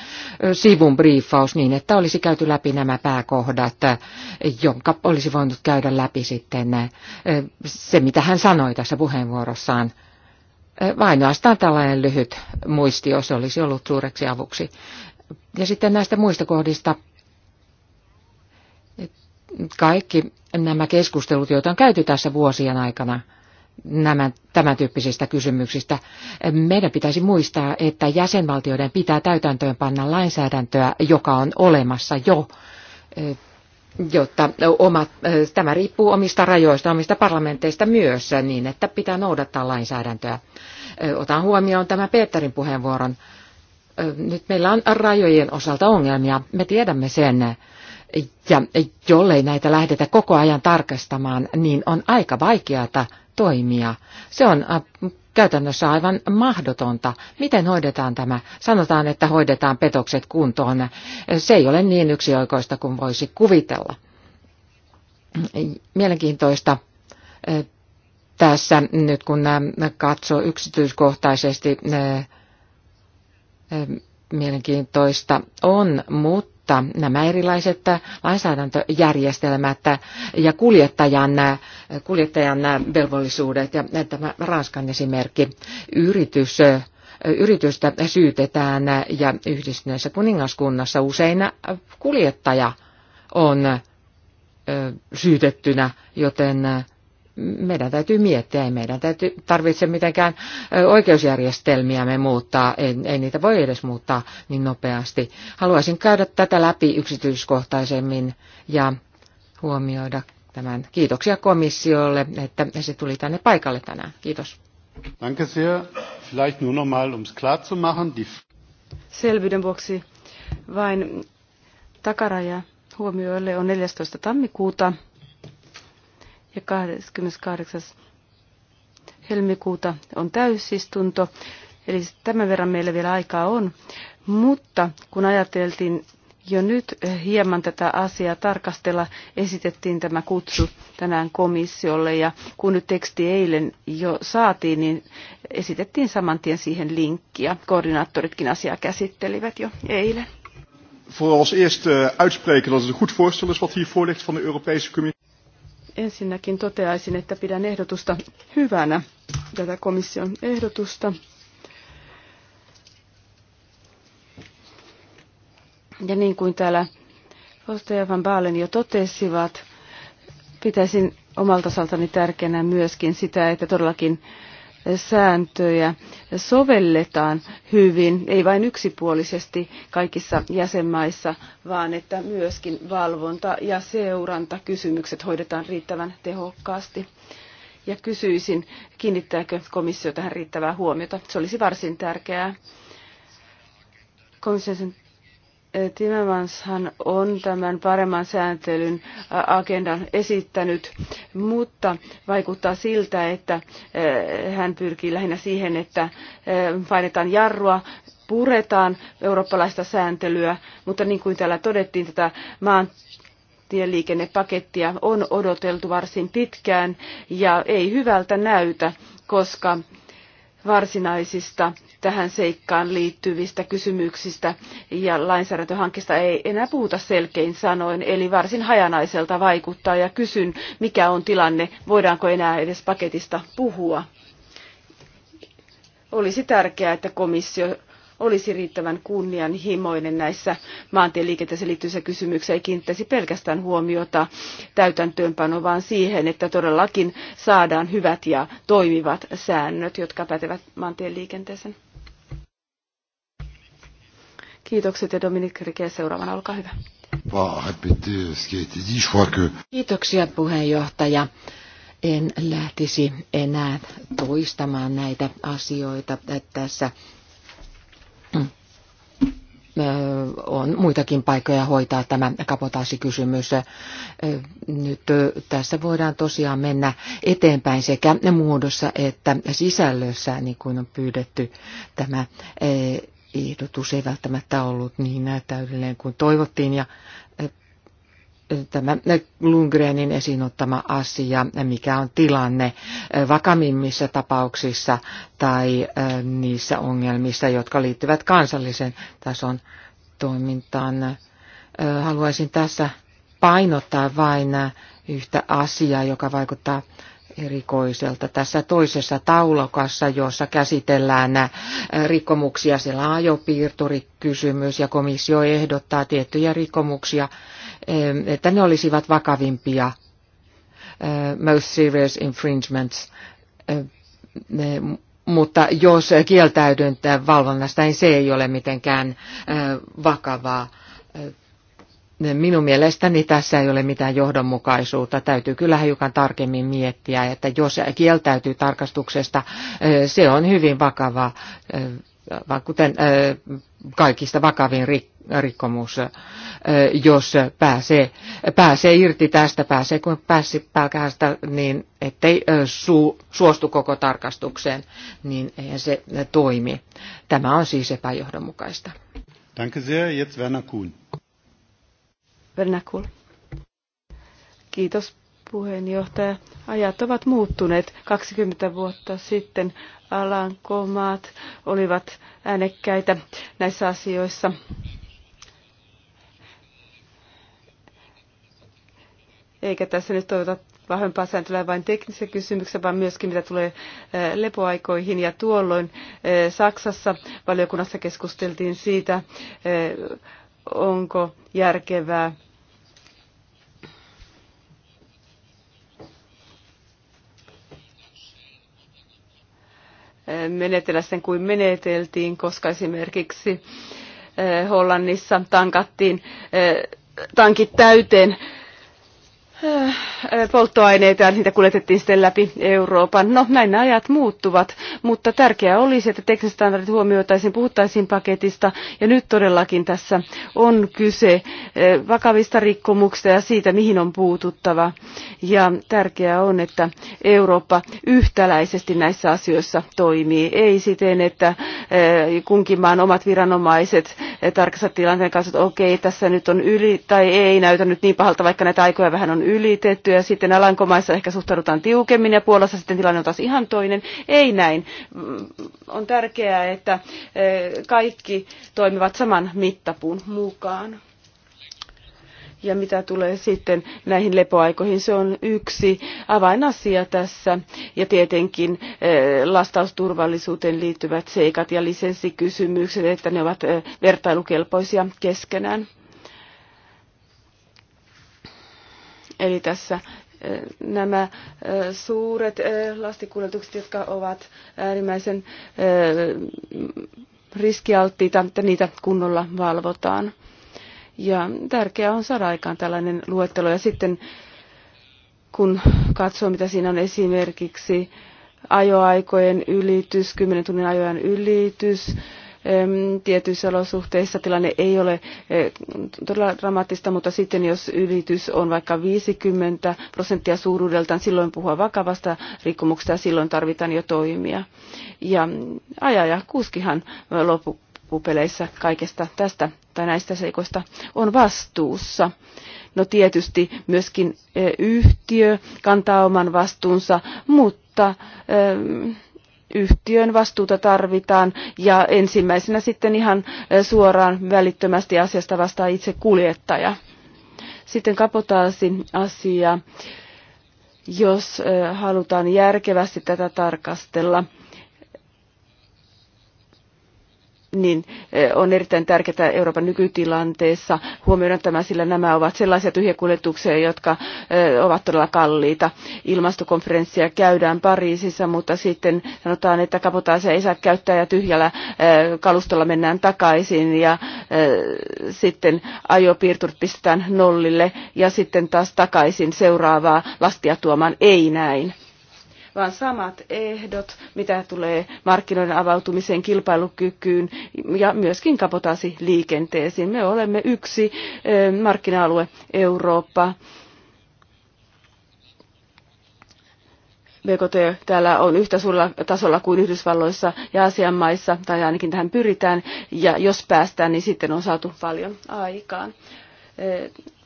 sivun briefaus niin, että olisi käyty läpi nämä pääkohdat, jonka olisi voinut käydä läpi sitten se, mitä hän sanoi tässä puheenvuorossaan. vain Ainoastaan tällainen lyhyt muistio, se olisi ollut suureksi avuksi. Ja sitten näistä muista kohdista kaikki nämä keskustelut, joita on käyty tässä vuosien aikana nämä, tämän tyyppisistä kysymyksistä. Meidän pitäisi muistaa, että jäsenvaltioiden pitää täytäntöön panna lainsäädäntöä, joka on olemassa jo, jotta omat, tämä riippuu omista rajoista, omista parlamenteista myös, niin että pitää noudattaa lainsäädäntöä. Otan huomioon tämän Peterin puheenvuoron. Nyt meillä on rajojen osalta ongelmia. Me tiedämme sen, ja jollei näitä lähdetä koko ajan tarkastamaan, niin on aika vaikeata toimia. Se on äh, käytännössä aivan mahdotonta. Miten hoidetaan tämä? Sanotaan, että hoidetaan petokset kuntoon. Se ei ole niin yksioikoista kuin voisi kuvitella. Mielenkiintoista äh, tässä nyt kun äh, katsoo yksityiskohtaisesti mielenkiintoista on, mutta nämä erilaiset lainsäädäntöjärjestelmät ja kuljettajan, kuljettajan velvollisuudet ja tämä Ranskan esimerkki, yritys yritystä syytetään ja yhdistyneessä kuningaskunnassa usein kuljettaja on syytettynä, joten meidän täytyy miettiä, ei meidän täytyy tarvitse mitenkään me muuttaa, ei, ei niitä voi edes muuttaa niin nopeasti. Haluaisin käydä tätä läpi yksityiskohtaisemmin ja huomioida tämän. Kiitoksia komissiolle, että se tuli tänne paikalle tänään. Kiitos. Danke sehr. Vielleicht nur noch mal, ums klar zu machen, die... Selvyyden vuoksi vain takaraja huomioille on 14. tammikuuta ja 28. helmikuuta on täysistunto, eli tämän verran meillä vielä aikaa on. Mutta kun ajateltiin jo nyt hieman tätä asiaa tarkastella, esitettiin tämä kutsu tänään komissiolle ja kun nyt teksti eilen jo saatiin, niin esitettiin saman tien siihen linkki ja koordinaattoritkin asiaa käsittelivät jo eilen. Voor als eerste eh, uitspreken dat het een goed voorstel is wat hier ligt van de Europese Commissie. Ensinnäkin toteaisin, että pidän ehdotusta hyvänä, tätä komission ehdotusta. Ja niin kuin täällä Foster ja Van Baalen jo totesivat, pitäisin omalta osaltani tärkeänä myöskin sitä, että todellakin sääntöjä sovelletaan hyvin, ei vain yksipuolisesti kaikissa jäsenmaissa, vaan että myöskin valvonta- ja seurantakysymykset hoidetaan riittävän tehokkaasti. Ja kysyisin, kiinnittääkö komissio tähän riittävää huomiota. Se olisi varsin tärkeää. Komission Timmermanshan on tämän paremman sääntelyn agendan esittänyt, mutta vaikuttaa siltä, että hän pyrkii lähinnä siihen, että painetaan jarrua, puretaan eurooppalaista sääntelyä, mutta niin kuin täällä todettiin, tätä maan tieliikennepakettia on odoteltu varsin pitkään ja ei hyvältä näytä, koska varsinaisista tähän seikkaan liittyvistä kysymyksistä ja lainsäädäntöhankkeesta ei enää puhuta selkein sanoin, eli varsin hajanaiselta vaikuttaa ja kysyn, mikä on tilanne, voidaanko enää edes paketista puhua. Olisi tärkeää, että komissio olisi riittävän kunnianhimoinen näissä maantieliikenteeseen liittyvissä kysymyksissä, ei kiinnittäisi pelkästään huomiota täytäntöönpanoon, vaan siihen, että todellakin saadaan hyvät ja toimivat säännöt, jotka pätevät maantieliikenteeseen. Kiitokset ja Dominik Rike seuraavana, olkaa hyvä. Kiitoksia puheenjohtaja. En lähtisi enää toistamaan näitä asioita tässä on muitakin paikkoja hoitaa tämä kapotaasikysymys. Nyt tässä voidaan tosiaan mennä eteenpäin sekä muodossa että sisällössä, niin kuin on pyydetty tämä ehdotus ei välttämättä ollut niin täydellinen kuin toivottiin ja tämä Lundgrenin esiin ottama asia, mikä on tilanne vakavimmissa tapauksissa tai niissä ongelmissa, jotka liittyvät kansallisen tason toimintaan. Haluaisin tässä painottaa vain yhtä asiaa, joka vaikuttaa erikoiselta. Tässä toisessa taulokassa, jossa käsitellään rikkomuksia, siellä on ajopiirturikysymys ja komissio ehdottaa tiettyjä rikkomuksia että ne olisivat vakavimpia eh, most serious infringements, mutta jos kieltäydyntä valvonnasta, niin se ei ole mitenkään eh, vakavaa. Eh, minun mielestäni tässä ei ole mitään johdonmukaisuutta. Täytyy kyllä hiukan tarkemmin miettiä, että jos kieltäytyy tarkastuksesta, se on hyvin vakava, kuten kaikista vakavin rikki rikkomus, eh, jos pääsee, pääsee irti tästä, pääsee kun pääsi pälkähästä, niin ettei eh, su, suostu koko tarkastukseen, niin eihän se eh, toimi. Tämä on siis epäjohdonmukaista. Danke sehr, jetzt Werner Kuhn. Werner Kuhn. Kiitos puheenjohtaja. Ajat ovat muuttuneet. 20 vuotta sitten Alankomaat olivat äänekkäitä näissä asioissa. eikä tässä nyt toivota vahvempaa sääntelyä vain teknisiä kysymyksiä, vaan myöskin mitä tulee lepoaikoihin. Ja tuolloin Saksassa valiokunnassa keskusteltiin siitä, onko järkevää menetellä sen kuin meneteltiin, koska esimerkiksi Hollannissa tankattiin tankit täyteen Äh, äh, polttoaineita ja niitä kuljetettiin sitten läpi Euroopan. No näin ajat muuttuvat, mutta tärkeää olisi, että tekniset standardit huomioitaisiin, puhuttaisiin paketista ja nyt todellakin tässä on kyse äh, vakavista rikkomuksista ja siitä, mihin on puututtava. Ja tärkeää on, että Eurooppa yhtäläisesti näissä asioissa toimii, ei siten, että kunkin maan omat viranomaiset tarkastavat tilanteen kanssa, että okei, tässä nyt on yli tai ei näytä nyt niin pahalta, vaikka näitä aikoja vähän on yli ylitetty ja sitten Alankomaissa ehkä suhtaudutaan tiukemmin ja Puolassa sitten tilanne on taas ihan toinen. Ei näin. On tärkeää, että eh, kaikki toimivat saman mittapuun mukaan. Ja mitä tulee sitten näihin lepoaikoihin, se on yksi avainasia tässä. Ja tietenkin eh, lastausturvallisuuteen liittyvät seikat ja lisenssikysymykset, että ne ovat eh, vertailukelpoisia keskenään. Eli tässä nämä suuret lastikuljetukset, jotka ovat äärimmäisen riskialttiita, että niitä kunnolla valvotaan. Ja tärkeää on saada aikaan tällainen luettelo. Ja sitten kun katsoo, mitä siinä on esimerkiksi ajoaikojen ylitys, 10 tunnin ajoajan ylitys, tietyissä olosuhteissa tilanne ei ole e, todella dramaattista, mutta sitten jos ylitys on vaikka 50 prosenttia suuruudeltaan, silloin puhua vakavasta rikkomuksesta ja silloin tarvitaan jo toimia. Ja ajaja kuskihan loppupeleissä kaikesta tästä tai näistä seikoista on vastuussa. No tietysti myöskin e, yhtiö kantaa oman vastuunsa, mutta mutta yhtiön vastuuta tarvitaan ja ensimmäisenä sitten ihan eh, suoraan välittömästi asiasta vastaa itse kuljettaja. Sitten kapotaasin asia, jos eh, halutaan järkevästi tätä tarkastella niin eh, on erittäin tärkeää Euroopan nykytilanteessa huomioida tämä, sillä nämä ovat sellaisia tyhjäkuljetuksia, jotka eh, ovat todella kalliita. Ilmastokonferenssia käydään Pariisissa, mutta sitten sanotaan, että kapotaasia ei saa käyttää ja tyhjällä eh, kalustolla mennään takaisin ja sitten ajopiirturit pistetään nollille ja sitten taas takaisin seuraavaa lastia tuomaan ei näin vaan samat ehdot, mitä tulee markkinoiden avautumiseen, kilpailukykyyn ja myöskin kapotaasiliikenteeseen. Me olemme yksi markkina-alue Eurooppa. BKT täällä on yhtä suurella tasolla kuin Yhdysvalloissa ja Aasian maissa, tai ainakin tähän pyritään, ja jos päästään, niin sitten on saatu paljon aikaan.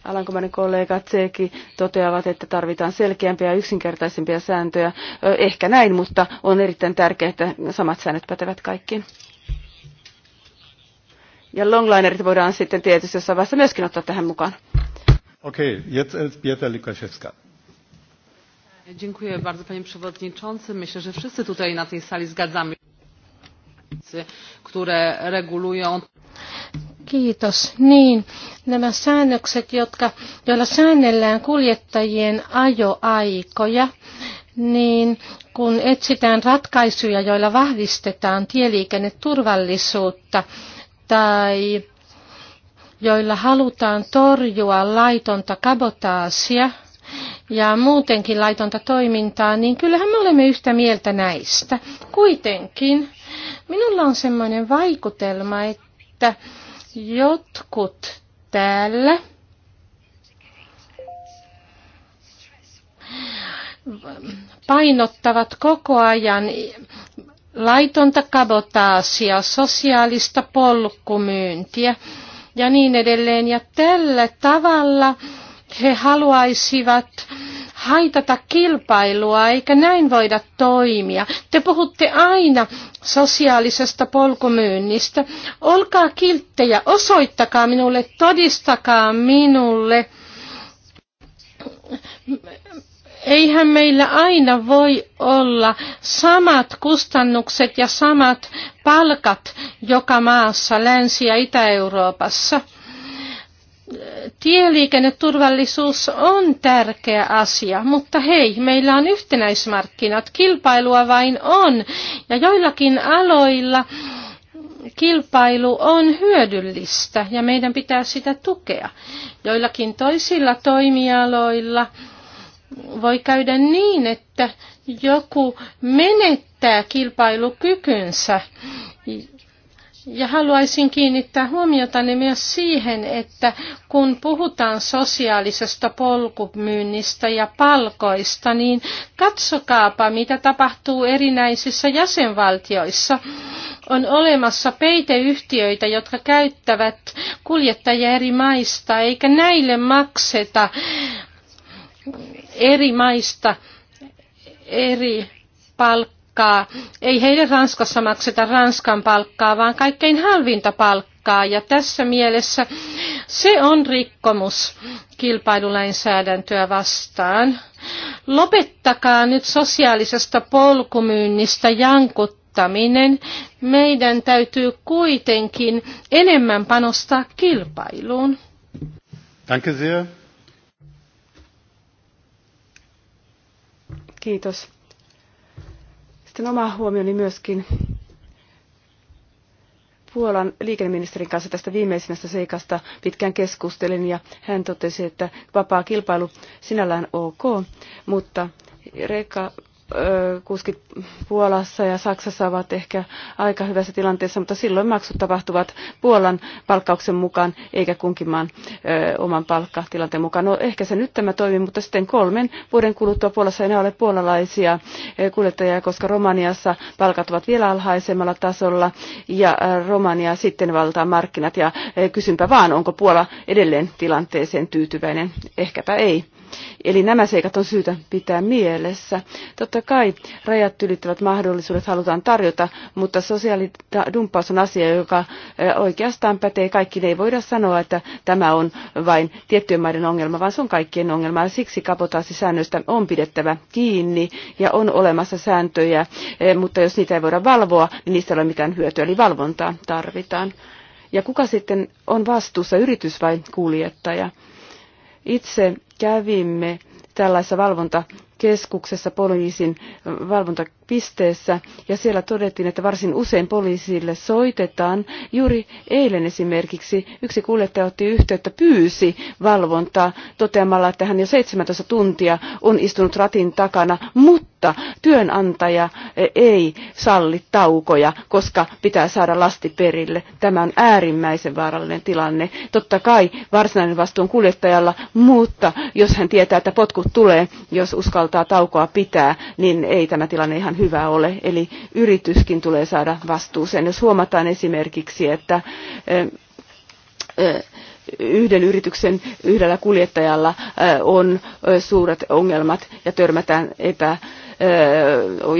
Alankomainen kollega Tseki toteavat, että tarvitaan selkeämpiä ja yksinkertaisempia sääntöjä. Ehkä näin, mutta on erittäin tärkeää, että samat säännöt pätevät kaikkiin. Ja longlinerit voidaan sitten tietysti jossain vaiheessa myöskin ottaa tähän mukaan. Okei, okay, jetzt Elżbieta äh, Lukaszewska. Dziękuję bardzo panie przewodniczący. Myślę, że wszyscy tutaj na tej sali zgadzamy które regulują Kiitos. Niin, nämä säännökset, jotka, joilla säännellään kuljettajien ajoaikoja, niin kun etsitään ratkaisuja, joilla vahvistetaan tieliikenneturvallisuutta tai joilla halutaan torjua laitonta kabotaasia ja muutenkin laitonta toimintaa, niin kyllähän me olemme yhtä mieltä näistä. Kuitenkin minulla on sellainen vaikutelma, että Jotkut täällä painottavat koko ajan laitonta kabotaasia, sosiaalista polkkumyyntiä ja niin edelleen. Ja tällä tavalla he haluaisivat haitata kilpailua, eikä näin voida toimia. Te puhutte aina sosiaalisesta polkumyynnistä. Olkaa kilttejä, osoittakaa minulle, todistakaa minulle. Eihän meillä aina voi olla samat kustannukset ja samat palkat joka maassa, Länsi- ja Itä-Euroopassa tieliikenneturvallisuus on tärkeä asia, mutta hei, meillä on yhtenäismarkkinat, kilpailua vain on, ja joillakin aloilla kilpailu on hyödyllistä ja meidän pitää sitä tukea. Joillakin toisilla toimialoilla voi käydä niin, että joku menettää kilpailukykynsä ja haluaisin kiinnittää huomiota myös siihen, että kun puhutaan sosiaalisesta polkumyynnistä ja palkoista, niin katsokaapa, mitä tapahtuu erinäisissä jäsenvaltioissa. On olemassa peiteyhtiöitä, jotka käyttävät kuljettajia eri maista, eikä näille makseta eri maista eri palkkoja palkkaa. Ei heidän Ranskassa makseta Ranskan palkkaa, vaan kaikkein halvinta palkkaa. Ja tässä mielessä se on rikkomus kilpailulainsäädäntöä vastaan. Lopettakaa nyt sosiaalisesta polkumyynnistä jankut meidän täytyy kuitenkin enemmän panostaa kilpailuun. Danke sehr. Kiitos. Sitten oma huomioni myöskin Puolan liikenneministerin kanssa tästä viimeisimmästä seikasta pitkään keskustelin ja hän totesi, että vapaa kilpailu sinällään ok, mutta reka kuskit Puolassa ja Saksassa ovat ehkä aika hyvässä tilanteessa, mutta silloin maksut tapahtuvat Puolan palkkauksen mukaan eikä kunkin maan ö, oman palkkatilanteen mukaan. No ehkä se nyt tämä toimii, mutta sitten kolmen vuoden kuluttua Puolassa ei enää ole puolalaisia kuljettajia, koska Romaniassa palkat ovat vielä alhaisemmalla tasolla ja Romania sitten valtaa markkinat ja kysympä vaan, onko Puola edelleen tilanteeseen tyytyväinen. Ehkäpä ei. Eli nämä seikat on syytä pitää mielessä. Totta kai rajat ylittävät mahdollisuudet halutaan tarjota, mutta sosiaalidumppaus on asia, joka oikeastaan pätee kaikki Ei voida sanoa, että tämä on vain tiettyjen maiden ongelma, vaan se on kaikkien ongelma. Ja siksi kapotaasisäännöistä on pidettävä kiinni ja on olemassa sääntöjä, mutta jos niitä ei voida valvoa, niin niistä ei ole mitään hyötyä, eli valvontaa tarvitaan. Ja kuka sitten on vastuussa, yritys vai kuljettaja? Itse kävimme tällaisessa valvonta keskuksessa poliisin valvontapisteessä ja siellä todettiin, että varsin usein poliisille soitetaan. Juuri eilen esimerkiksi yksi kuljettaja otti yhteyttä, pyysi valvontaa toteamalla, että hän jo 17 tuntia on istunut ratin takana, mutta työnantaja ei salli taukoja, koska pitää saada lasti perille. Tämä on äärimmäisen vaarallinen tilanne. Totta kai varsinainen vastuu on kuljettajalla, mutta jos hän tietää, että potkut tulee, jos uskaltaa uskaltaa taukoa pitää, niin ei tämä tilanne ihan hyvä ole. Eli yrityskin tulee saada vastuuseen. Jos huomataan esimerkiksi, että yhden yrityksen yhdellä kuljettajalla on suuret ongelmat ja törmätään epä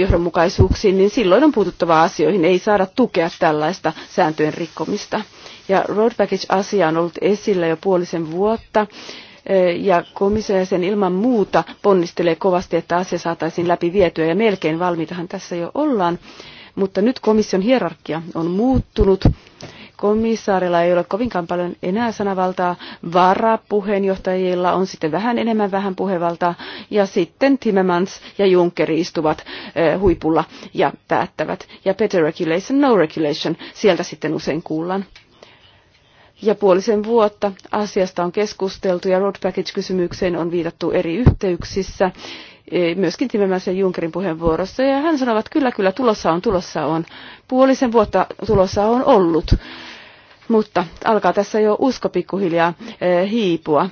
johdonmukaisuuksiin, niin silloin on puututtava asioihin. Ei saada tukea tällaista sääntöjen rikkomista. Ja road package-asia on ollut esillä jo puolisen vuotta ja komissio sen ilman muuta ponnistelee kovasti, että asia saataisiin läpi vietyä ja melkein valmiitahan tässä jo ollaan. Mutta nyt komission hierarkia on muuttunut. Komissaarilla ei ole kovinkaan paljon enää sanavaltaa, varapuheenjohtajilla on sitten vähän enemmän vähän puhevaltaa ja sitten Timmermans ja Juncker istuvat huipulla ja päättävät. Ja better regulation, no regulation, sieltä sitten usein kuullaan ja puolisen vuotta asiasta on keskusteltu ja road package-kysymykseen on viitattu eri yhteyksissä, e, myöskin Timmermansen Junkerin puheenvuorossa. Ja hän sanoi, että kyllä, kyllä, tulossa on, tulossa on. Puolisen vuotta tulossa on ollut, mutta alkaa tässä jo usko pikkuhiljaa e, hiipua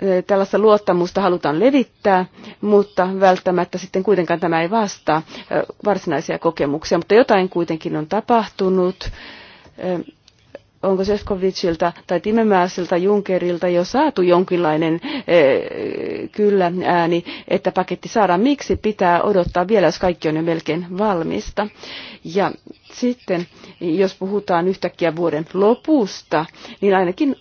e, tällaista luottamusta halutaan levittää, mutta välttämättä sitten kuitenkaan tämä ei vastaa varsinaisia kokemuksia, mutta jotain kuitenkin on tapahtunut onko Sefkovicilta tai Timmermansilta Junckerilta jo saatu jonkinlainen kyllä ääni, että paketti saadaan. Miksi pitää odottaa vielä, jos kaikki on jo melkein valmista? Ja sitten, jos puhutaan yhtäkkiä vuoden lopusta, niin ainakin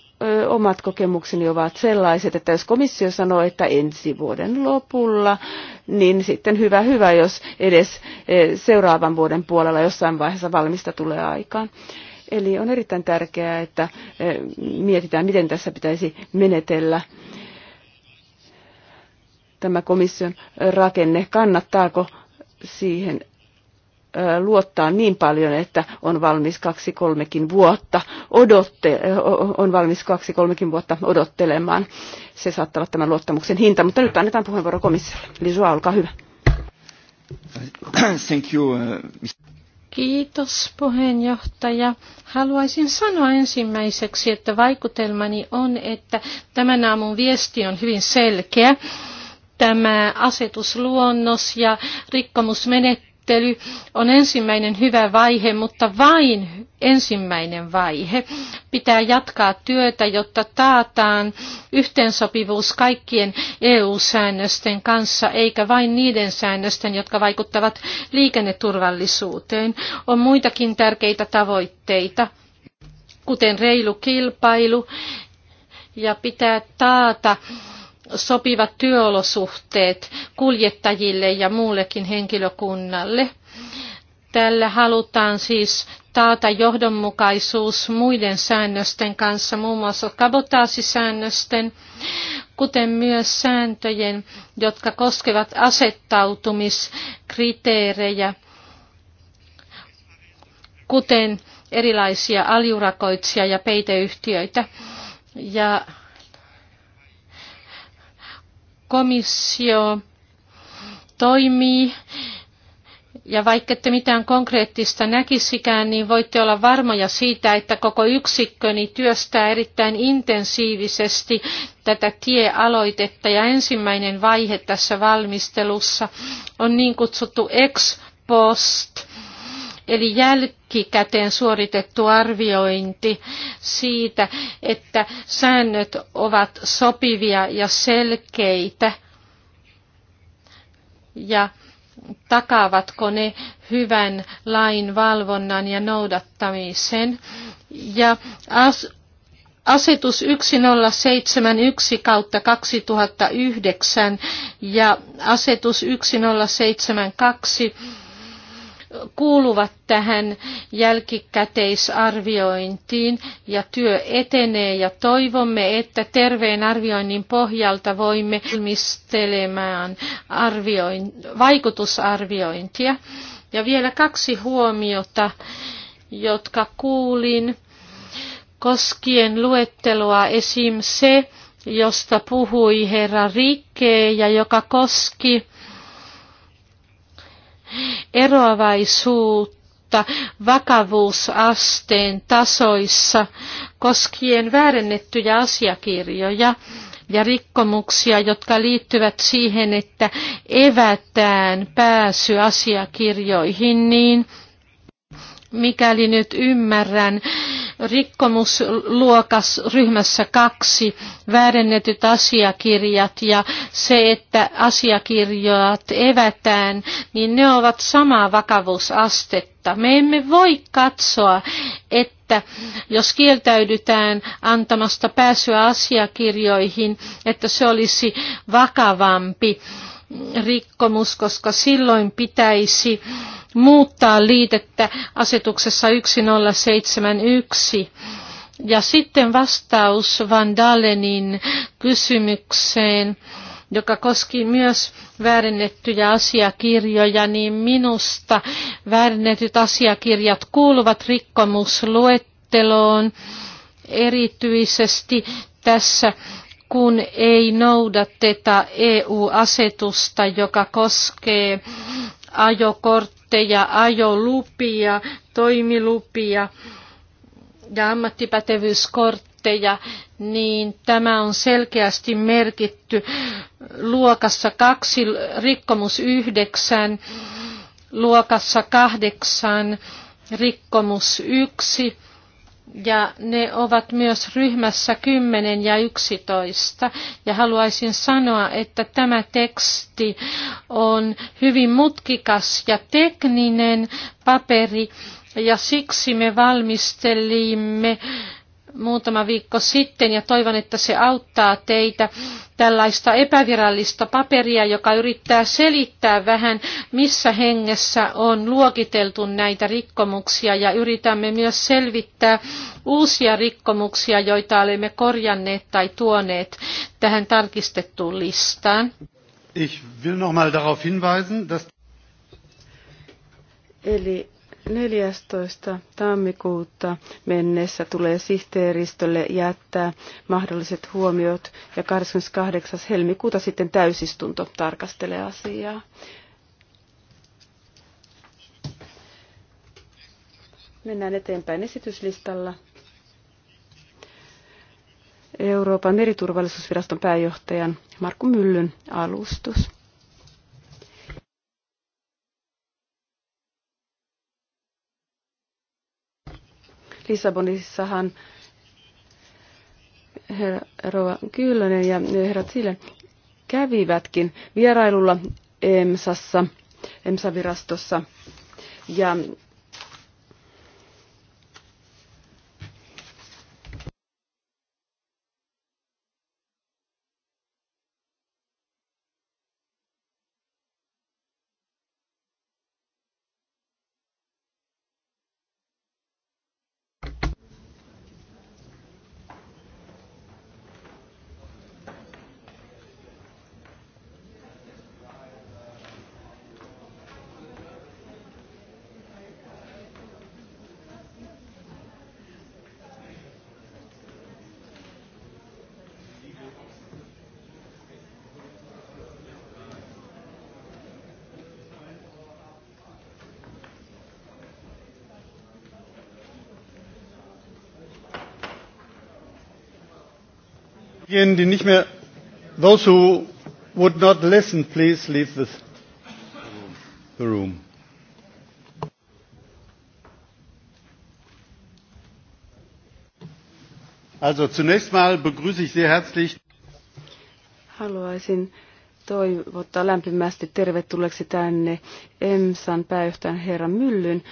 omat kokemukseni ovat sellaiset, että jos komissio sanoo, että ensi vuoden lopulla, niin sitten hyvä hyvä, jos edes seuraavan vuoden puolella jossain vaiheessa valmista tulee aikaan. Eli on erittäin tärkeää, että eh, mietitään, miten tässä pitäisi menetellä tämä komission rakenne. Kannattaako siihen eh, luottaa niin paljon, että on valmis kaksi kolmekin vuotta, odotte, on valmis kaksi kolmekin vuotta odottelemaan. Se saattaa olla tämän luottamuksen hinta, mutta nyt annetaan puheenvuoro komissiolle. Lisua, olkaa hyvä. Thank you. Uh, Kiitos puheenjohtaja. Haluaisin sanoa ensimmäiseksi, että vaikutelmani on, että tämän aamun viesti on hyvin selkeä. Tämä asetusluonnos ja rikkomusmenettely käsittely on ensimmäinen hyvä vaihe, mutta vain ensimmäinen vaihe. Pitää jatkaa työtä, jotta taataan yhteensopivuus kaikkien EU-säännösten kanssa, eikä vain niiden säännösten, jotka vaikuttavat liikenneturvallisuuteen. On muitakin tärkeitä tavoitteita kuten reilu kilpailu ja pitää taata sopivat työolosuhteet kuljettajille ja muullekin henkilökunnalle. Tällä halutaan siis taata johdonmukaisuus muiden säännösten kanssa, muun muassa kabotaasisäännösten, kuten myös sääntöjen, jotka koskevat asettautumiskriteerejä, kuten erilaisia aliurakoitsija- ja peiteyhtiöitä. Ja komissio toimii. Ja vaikka ette mitään konkreettista näkisikään, niin voitte olla varmoja siitä, että koko yksikköni työstää erittäin intensiivisesti tätä tiealoitetta. Ja ensimmäinen vaihe tässä valmistelussa on niin kutsuttu ex post eli jälkikäteen suoritettu arviointi siitä, että säännöt ovat sopivia ja selkeitä ja takaavatko ne hyvän lain valvonnan ja noudattamisen. Ja asetus 1071 kautta 2009 ja asetus 1072 kuuluvat tähän jälkikäteisarviointiin ja työ etenee ja toivomme, että terveen arvioinnin pohjalta voimme valmistelemaan arvioin, vaikutusarviointia. Ja vielä kaksi huomiota, jotka kuulin koskien luetteloa esim. se, josta puhui herra Rikke ja joka koski eroavaisuutta vakavuusasteen tasoissa koskien väärennettyjä asiakirjoja ja rikkomuksia, jotka liittyvät siihen, että evätään pääsy asiakirjoihin, niin mikäli nyt ymmärrän, rikkomusluokas ryhmässä kaksi väärennetyt asiakirjat ja se, että asiakirjat evätään, niin ne ovat samaa vakavuusastetta. Me emme voi katsoa, että jos kieltäydytään antamasta pääsyä asiakirjoihin, että se olisi vakavampi rikkomus, koska silloin pitäisi muuttaa liitettä asetuksessa 1071. Ja sitten vastaus Van Dalenin kysymykseen, joka koski myös väärennettyjä asiakirjoja, niin minusta väärennetyt asiakirjat kuuluvat rikkomusluetteloon erityisesti tässä kun ei noudateta EU-asetusta, joka koskee ajokort kursseja, ajolupia, toimilupia ja ammattipätevyyskortteja, niin tämä on selkeästi merkitty luokassa kaksi rikkomus yhdeksän, luokassa kahdeksan rikkomus yksi ja ne ovat myös ryhmässä 10 ja 11. Ja haluaisin sanoa, että tämä teksti on hyvin mutkikas ja tekninen paperi ja siksi me valmistelimme muutama viikko sitten ja toivon, että se auttaa teitä tällaista epävirallista paperia, joka yrittää selittää vähän, missä hengessä on luokiteltu näitä rikkomuksia ja yritämme myös selvittää uusia rikkomuksia, joita olemme korjanneet tai tuoneet tähän tarkistettuun listaan. Ich will noch mal darauf hinweisen, dass Eli 14. tammikuuta mennessä tulee sihteeristölle jättää mahdolliset huomiot ja 28. helmikuuta sitten täysistunto tarkastelee asiaa. Mennään eteenpäin esityslistalla. Euroopan meriturvallisuusviraston pääjohtajan Markku Myllyn alustus. Lissabonissahan herra Rova Kyllönen ja herra Sille kävivätkin vierailulla EMSassa, EMSA-virastossa. Ja Diejenigen, die nicht mehr, those who would not listen, please leave the, the room. Also zunächst mal begrüße ich sehr herzlich. Haluaisin toivottaa lämpimästi tervetulleeksi tänne EMSAn pääjohtajan herra Myllyn.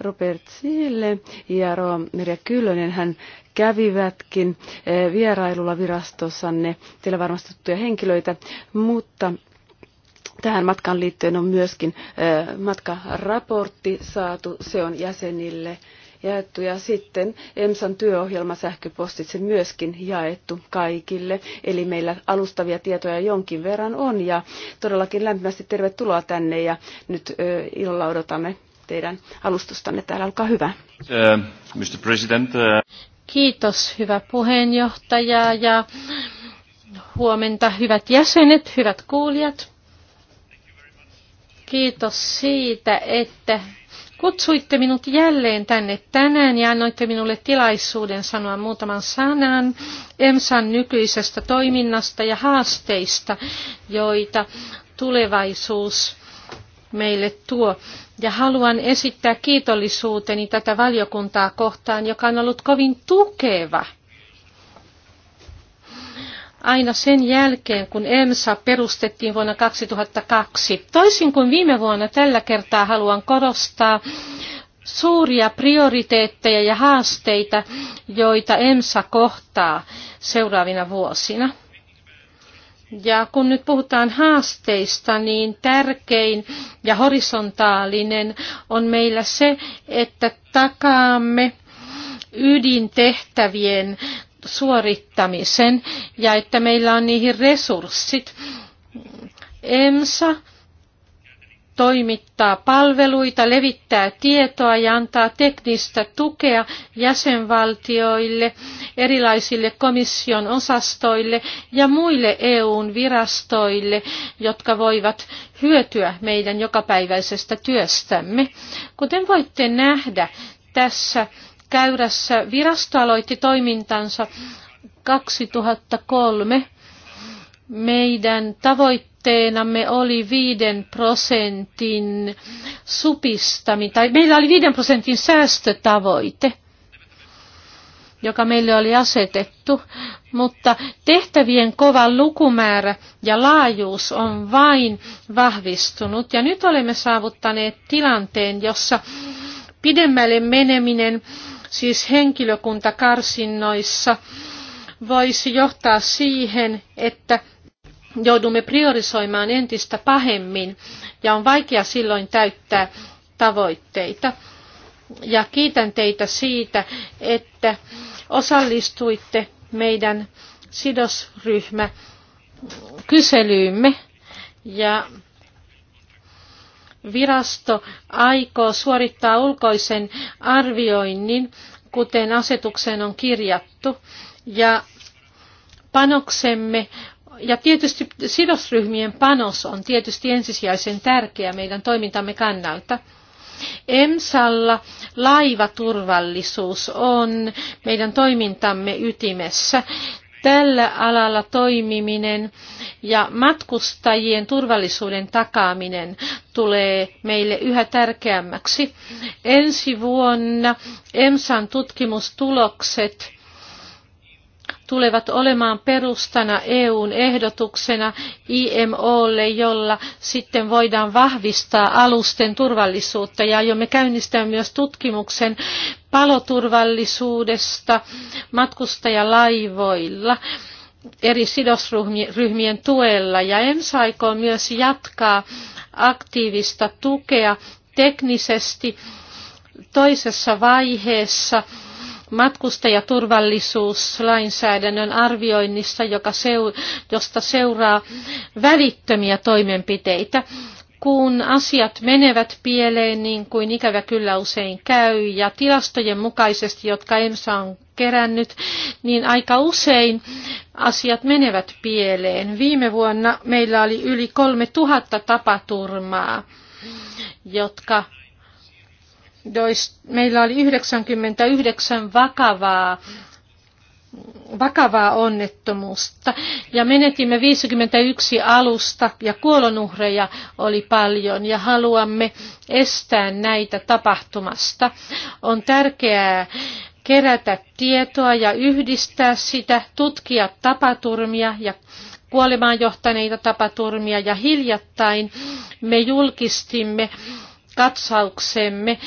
Robert Sille ja Roa Merja Kyllönen. Hän kävivätkin eh, vierailulla virastossanne, teillä varmasti tuttuja henkilöitä, mutta tähän matkaan liittyen on myöskin eh, matkaraportti saatu, se on jäsenille jaettu ja sitten EMSAn työohjelma sähköpostitse myöskin jaettu kaikille. Eli meillä alustavia tietoja jonkin verran on ja todellakin lämpimästi tervetuloa tänne ja nyt eh, illalla odotamme teidän alustustanne täällä. Olkaa hyvä. Uh, Mr. President, uh... Kiitos, hyvä puheenjohtaja ja huomenta hyvät jäsenet, hyvät kuulijat. Kiitos siitä, että kutsuitte minut jälleen tänne tänään ja annoitte minulle tilaisuuden sanoa muutaman sanan EMSAn nykyisestä toiminnasta ja haasteista, joita tulevaisuus meille tuo. Ja haluan esittää kiitollisuuteni tätä valiokuntaa kohtaan, joka on ollut kovin tukeva. Aina sen jälkeen, kun EMSA perustettiin vuonna 2002. Toisin kuin viime vuonna, tällä kertaa haluan korostaa suuria prioriteetteja ja haasteita, joita EMSA kohtaa seuraavina vuosina. Ja kun nyt puhutaan haasteista, niin tärkein ja horisontaalinen on meillä se, että takaamme ydintehtävien suorittamisen ja että meillä on niihin resurssit. EMSA toimittaa palveluita, levittää tietoa ja antaa teknistä tukea jäsenvaltioille, erilaisille komission osastoille ja muille EUn virastoille, jotka voivat hyötyä meidän jokapäiväisestä työstämme. Kuten voitte nähdä, tässä käyrässä virasto aloitti toimintansa 2003 meidän tavoitteenamme oli 5 prosentin supistaminen, tai meillä oli 5 prosentin säästötavoite, joka meille oli asetettu, mutta tehtävien kova lukumäärä ja laajuus on vain vahvistunut. Ja nyt olemme saavuttaneet tilanteen, jossa pidemmälle meneminen, siis henkilökuntakarsinnoissa, voisi johtaa siihen, että joudumme priorisoimaan entistä pahemmin ja on vaikea silloin täyttää tavoitteita. Ja kiitän teitä siitä, että osallistuitte meidän sidosryhmä kyselyymme ja virasto aikoo suorittaa ulkoisen arvioinnin, kuten asetukseen on kirjattu, ja panoksemme ja tietysti sidosryhmien panos on tietysti ensisijaisen tärkeä meidän toimintamme kannalta. EMSalla laivaturvallisuus on meidän toimintamme ytimessä. Tällä alalla toimiminen ja matkustajien turvallisuuden takaaminen tulee meille yhä tärkeämmäksi. Ensi vuonna EMSAn tutkimustulokset tulevat olemaan perustana EUn ehdotuksena IMOlle, jolla sitten voidaan vahvistaa alusten turvallisuutta. Ja aiomme käynnistää myös tutkimuksen paloturvallisuudesta matkustajalaivoilla eri sidosryhmien tuella. Ja EMSA aikoo myös jatkaa aktiivista tukea teknisesti toisessa vaiheessa matkustajaturvallisuuslainsäädännön arvioinnissa, joka seu, josta seuraa välittömiä toimenpiteitä. Kun asiat menevät pieleen, niin kuin ikävä kyllä usein käy, ja tilastojen mukaisesti, jotka EMSA on kerännyt, niin aika usein asiat menevät pieleen. Viime vuonna meillä oli yli 3000 tapaturmaa, jotka meillä oli 99 vakavaa vakavaa onnettomuutta. Ja menetimme 51 alusta ja kuolonuhreja oli paljon ja haluamme estää näitä tapahtumasta. On tärkeää kerätä tietoa ja yhdistää sitä, tutkia tapaturmia ja kuolemaan johtaneita tapaturmia ja hiljattain me julkistimme katsauksemme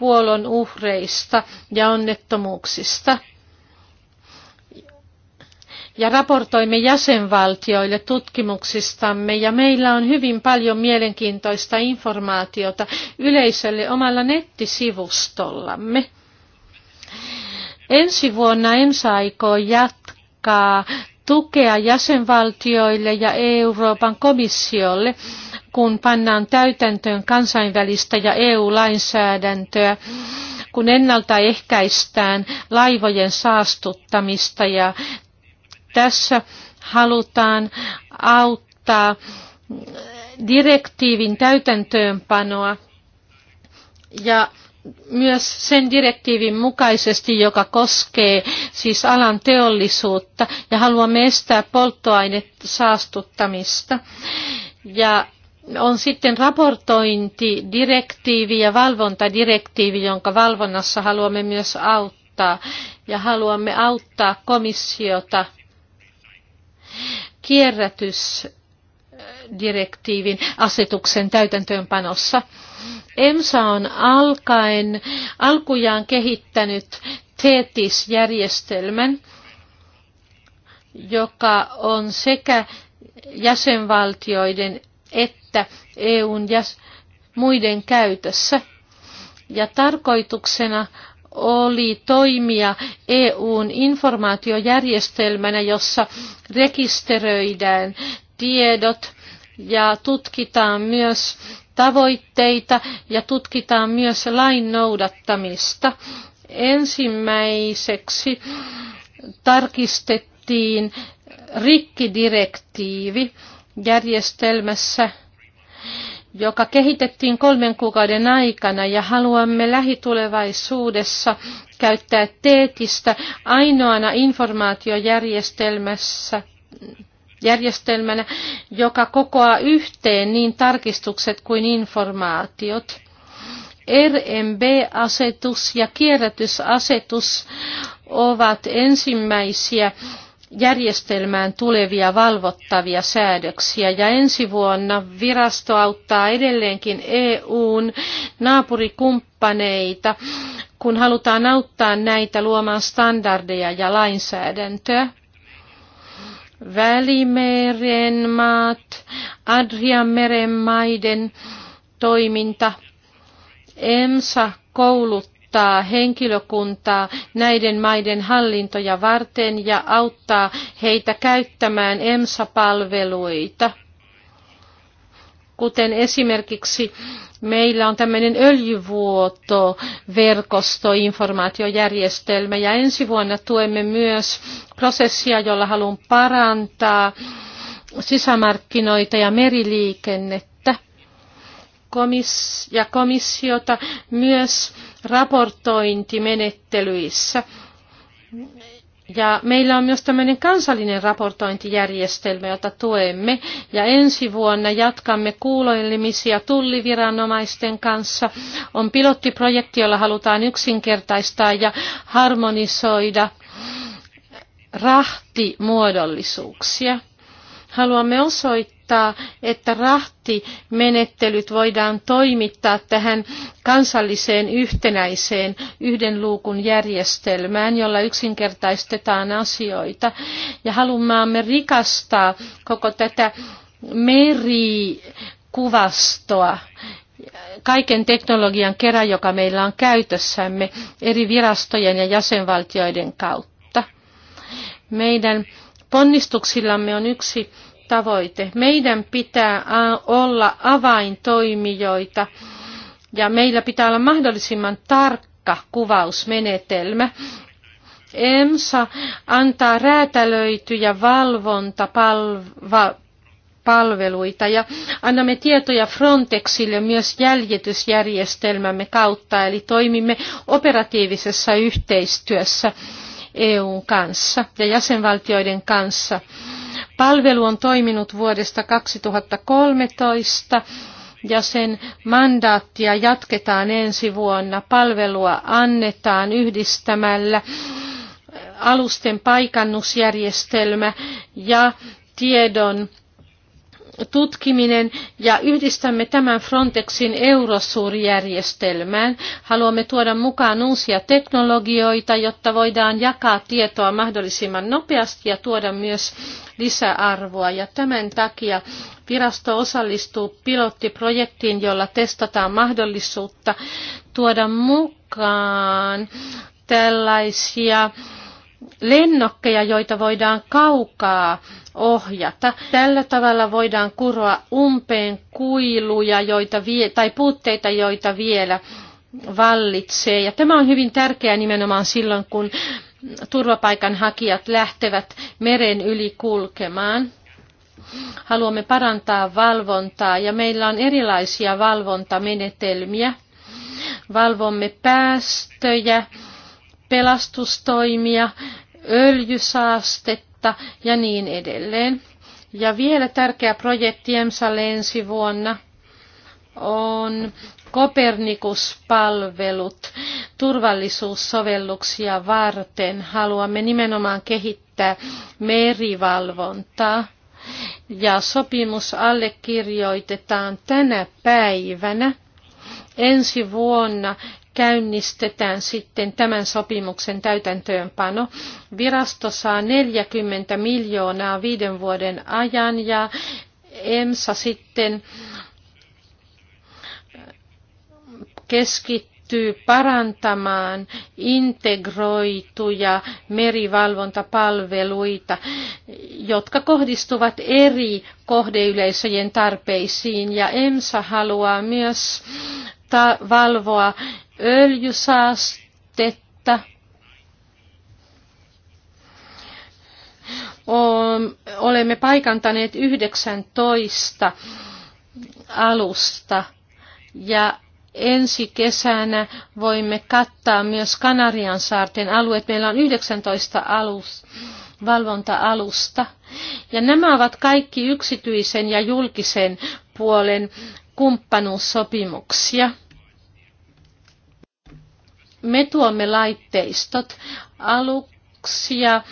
kuolon uhreista ja onnettomuuksista. Ja raportoimme jäsenvaltioille tutkimuksistamme ja meillä on hyvin paljon mielenkiintoista informaatiota yleisölle omalla nettisivustollamme. Ensi vuonna ensi aikoo jatkaa tukea jäsenvaltioille ja Euroopan komissiolle kun pannaan täytäntöön kansainvälistä ja EU-lainsäädäntöä, kun ennaltaehkäistään laivojen saastuttamista ja tässä halutaan auttaa direktiivin täytäntöönpanoa ja myös sen direktiivin mukaisesti, joka koskee siis alan teollisuutta ja haluamme estää polttoainet saastuttamista. Ja on sitten raportointidirektiivi ja valvontadirektiivi, jonka valvonnassa haluamme myös auttaa. Ja haluamme auttaa komissiota kierrätysdirektiivin asetuksen täytäntöönpanossa. EMSA on alkaen alkujaan kehittänyt TETIS-järjestelmän, joka on sekä jäsenvaltioiden että että EUn ja muiden käytössä. Ja tarkoituksena oli toimia EUn informaatiojärjestelmänä, jossa rekisteröidään tiedot ja tutkitaan myös tavoitteita ja tutkitaan myös lain noudattamista. Ensimmäiseksi tarkistettiin rikkidirektiivi järjestelmässä joka kehitettiin kolmen kuukauden aikana ja haluamme lähitulevaisuudessa käyttää teetistä ainoana informaatiojärjestelmässä järjestelmänä, joka kokoaa yhteen niin tarkistukset kuin informaatiot. RMB-asetus ja kierrätysasetus ovat ensimmäisiä järjestelmään tulevia valvottavia säädöksiä ja ensi vuonna virasto auttaa edelleenkin EUn naapurikumppaneita, kun halutaan auttaa näitä luomaan standardeja ja lainsäädäntöä. Välimeren maat, Adrianmeren maiden toiminta, EMSA kouluttaa kouluttaa henkilökuntaa näiden maiden hallintoja varten ja auttaa heitä käyttämään EMSA-palveluita. Kuten esimerkiksi meillä on tämmöinen öljyvuoto informaatiojärjestelmä ja ensi vuonna tuemme myös prosessia, jolla haluan parantaa sisämarkkinoita ja meriliikennettä komis- ja komissiota myös raportointimenettelyissä. Ja meillä on myös tämmöinen kansallinen raportointijärjestelmä, jota tuemme. Ja ensi vuonna jatkamme kuuloelimisiä tulliviranomaisten kanssa. On pilottiprojekti, jolla halutaan yksinkertaistaa ja harmonisoida rahtimuodollisuuksia. Haluamme osoittaa, ehdottaa, että rahtimenettelyt voidaan toimittaa tähän kansalliseen yhtenäiseen yhden luukun järjestelmään, jolla yksinkertaistetaan asioita. Ja haluamme rikastaa koko tätä merikuvastoa kaiken teknologian kerran, joka meillä on käytössämme eri virastojen ja jäsenvaltioiden kautta. Meidän ponnistuksillamme on yksi tavoite. Meidän pitää olla avaintoimijoita ja meillä pitää olla mahdollisimman tarkka kuvausmenetelmä. EMSA antaa räätälöityjä valvontapalveluita ja annamme tietoja Frontexille myös jäljitysjärjestelmämme kautta, eli toimimme operatiivisessa yhteistyössä EUn kanssa ja jäsenvaltioiden kanssa. Palvelu on toiminut vuodesta 2013 ja sen mandaattia jatketaan ensi vuonna. Palvelua annetaan yhdistämällä alusten paikannusjärjestelmä ja tiedon tutkiminen ja yhdistämme tämän Frontexin Eurosur-järjestelmään. Haluamme tuoda mukaan uusia teknologioita, jotta voidaan jakaa tietoa mahdollisimman nopeasti ja tuoda myös lisäarvoa. Ja tämän takia virasto osallistuu pilottiprojektiin, jolla testataan mahdollisuutta tuoda mukaan tällaisia lennokkeja, joita voidaan kaukaa ohjata. Tällä tavalla voidaan kuroa umpeen kuiluja joita vie, tai puutteita, joita vielä vallitsee. Ja tämä on hyvin tärkeää nimenomaan silloin, kun turvapaikanhakijat lähtevät meren yli kulkemaan. Haluamme parantaa valvontaa ja meillä on erilaisia valvontamenetelmiä. Valvomme päästöjä, pelastustoimia öljysaastetta ja niin edelleen. Ja vielä tärkeä projekti EMSAlle ensi vuonna on Kopernikus-palvelut turvallisuussovelluksia varten. Haluamme nimenomaan kehittää merivalvontaa. Ja sopimus allekirjoitetaan tänä päivänä ensi vuonna käynnistetään sitten tämän sopimuksen täytäntöönpano. Virasto saa 40 miljoonaa viiden vuoden ajan ja EMSA sitten keskittyy parantamaan integroituja merivalvontapalveluita, jotka kohdistuvat eri kohdeyleisöjen tarpeisiin. Ja EMSA haluaa myös valvoa öljysaastetta. Olemme paikantaneet 19 alusta ja ensi kesänä voimme kattaa myös Kanarian saarten alueet. Meillä on 19 alus, valvonta-alusta. Ja nämä ovat kaikki yksityisen ja julkisen puolen kumppanuussopimuksia. Me tuomme laitteistot, aluksia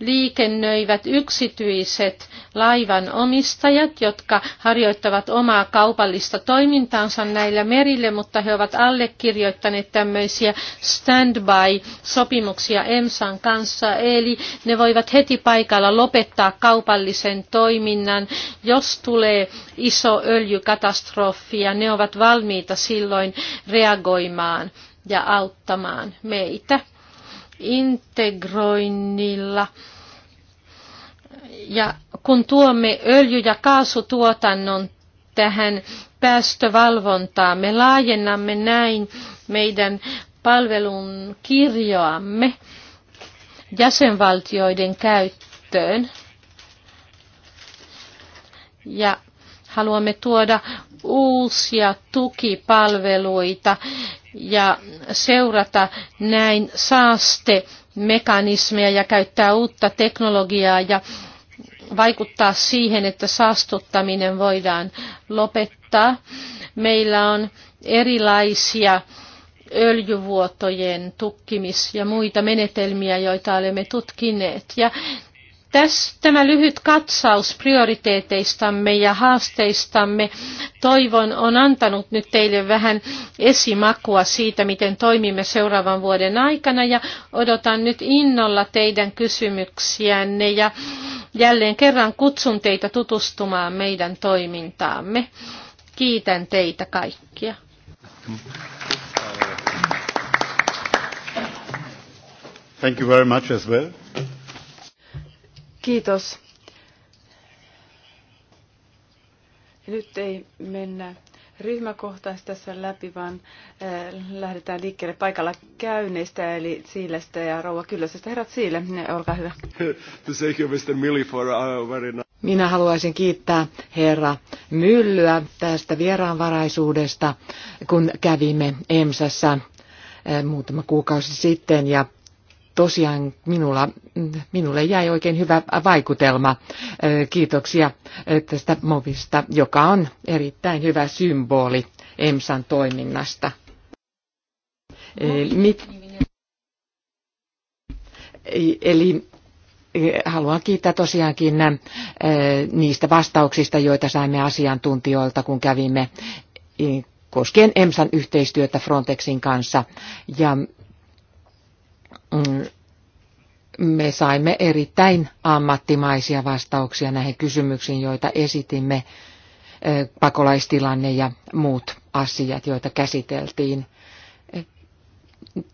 liikennöivät yksityiset laivan omistajat, jotka harjoittavat omaa kaupallista toimintaansa näillä merille, mutta he ovat allekirjoittaneet tämmöisiä standby-sopimuksia EMSAn kanssa, eli ne voivat heti paikalla lopettaa kaupallisen toiminnan, jos tulee iso öljykatastrofi ja ne ovat valmiita silloin reagoimaan ja auttamaan meitä integroinnilla. Ja kun tuomme öljy- ja kaasutuotannon tähän päästövalvontaan, me laajennamme näin meidän palvelun kirjoamme jäsenvaltioiden käyttöön. Ja haluamme tuoda uusia tukipalveluita ja seurata näin saastemekanismeja ja käyttää uutta teknologiaa ja vaikuttaa siihen, että saastuttaminen voidaan lopettaa. Meillä on erilaisia öljyvuotojen tukkimis- ja muita menetelmiä, joita olemme tutkineet. Ja tässä tämä lyhyt katsaus prioriteeteistamme ja haasteistamme toivon on antanut nyt teille vähän esimakua siitä, miten toimimme seuraavan vuoden aikana ja odotan nyt innolla teidän kysymyksiänne ja jälleen kerran kutsun teitä tutustumaan meidän toimintaamme. Kiitän teitä kaikkia. Thank you very much as well. Kiitos. Nyt ei mennä ryhmäkohtaisesti tässä läpi, vaan eh, lähdetään liikkeelle paikalla käyneistä, eli Siilestä ja Rouva Kyllösestä. Herrat Siile, olkaa hyvä. [LAUGHS] Uh, Minä haluaisin kiittää herra Myllyä tästä vieraanvaraisuudesta, kun kävimme EMSässä eh, muutama kuukausi sitten ja tosiaan minulla, minulle jäi oikein hyvä vaikutelma. Kiitoksia tästä movista, joka on erittäin hyvä symboli EMSAn toiminnasta. Mit, eli haluan kiittää tosiaankin niistä vastauksista, joita saimme asiantuntijoilta, kun kävimme koskien EMSAn yhteistyötä Frontexin kanssa. Ja Mm, me saimme erittäin ammattimaisia vastauksia näihin kysymyksiin, joita esitimme, pakolaistilanne ja muut asiat, joita käsiteltiin.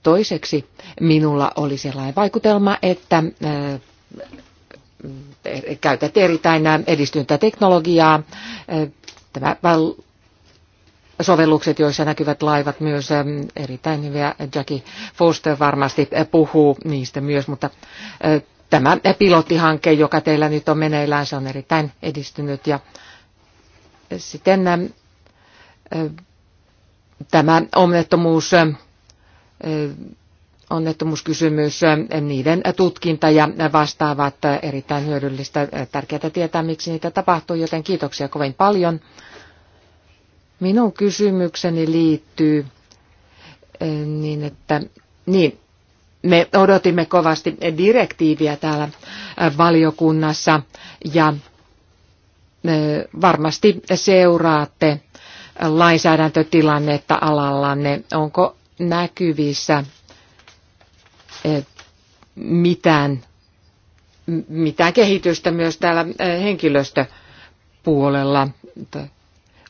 Toiseksi minulla oli sellainen vaikutelma, että e, käytät erittäin edistyntä teknologiaa. Tämä sovellukset, joissa näkyvät laivat myös ähm, erittäin hyviä. Jackie Foster varmasti äh, puhuu niistä myös, mutta äh, tämä pilottihanke, joka teillä nyt on meneillään, se on erittäin edistynyt ja äh, sitten ähm, tämä onnettomuus onnettomuuskysymys, niiden tutkinta ja vastaavat erittäin hyödyllistä. Tärkeää tietää, miksi niitä tapahtuu, joten kiitoksia kovin paljon Minun kysymykseni liittyy eh, niin, että niin, me odotimme kovasti direktiiviä täällä eh, valiokunnassa ja eh, varmasti seuraatte lainsäädäntötilannetta alallanne. Onko näkyvissä mitään, mitään kehitystä myös täällä henkilöstöpuolella?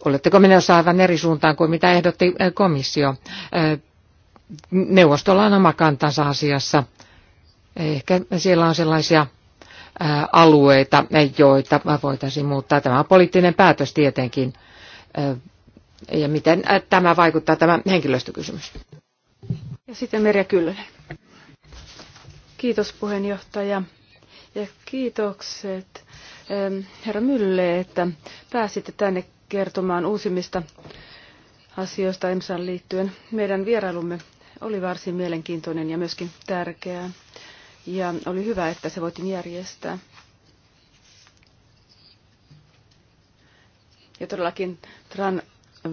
Oletteko menossa aivan eri suuntaan kuin mitä ehdotti komissio? Neuvostolla on oma kantansa asiassa. Ehkä siellä on sellaisia alueita, joita voitaisiin muuttaa. Tämä on poliittinen päätös tietenkin. Ja miten tämä vaikuttaa tämä henkilöstökysymys? Ja sitten Merja Kyllönen. Kiitos puheenjohtaja ja kiitokset herra Mylle, että pääsitte tänne kertomaan uusimmista asioista EMSAan liittyen. Meidän vierailumme oli varsin mielenkiintoinen ja myöskin tärkeä. Ja oli hyvä, että se voitiin järjestää. Ja todellakin Tran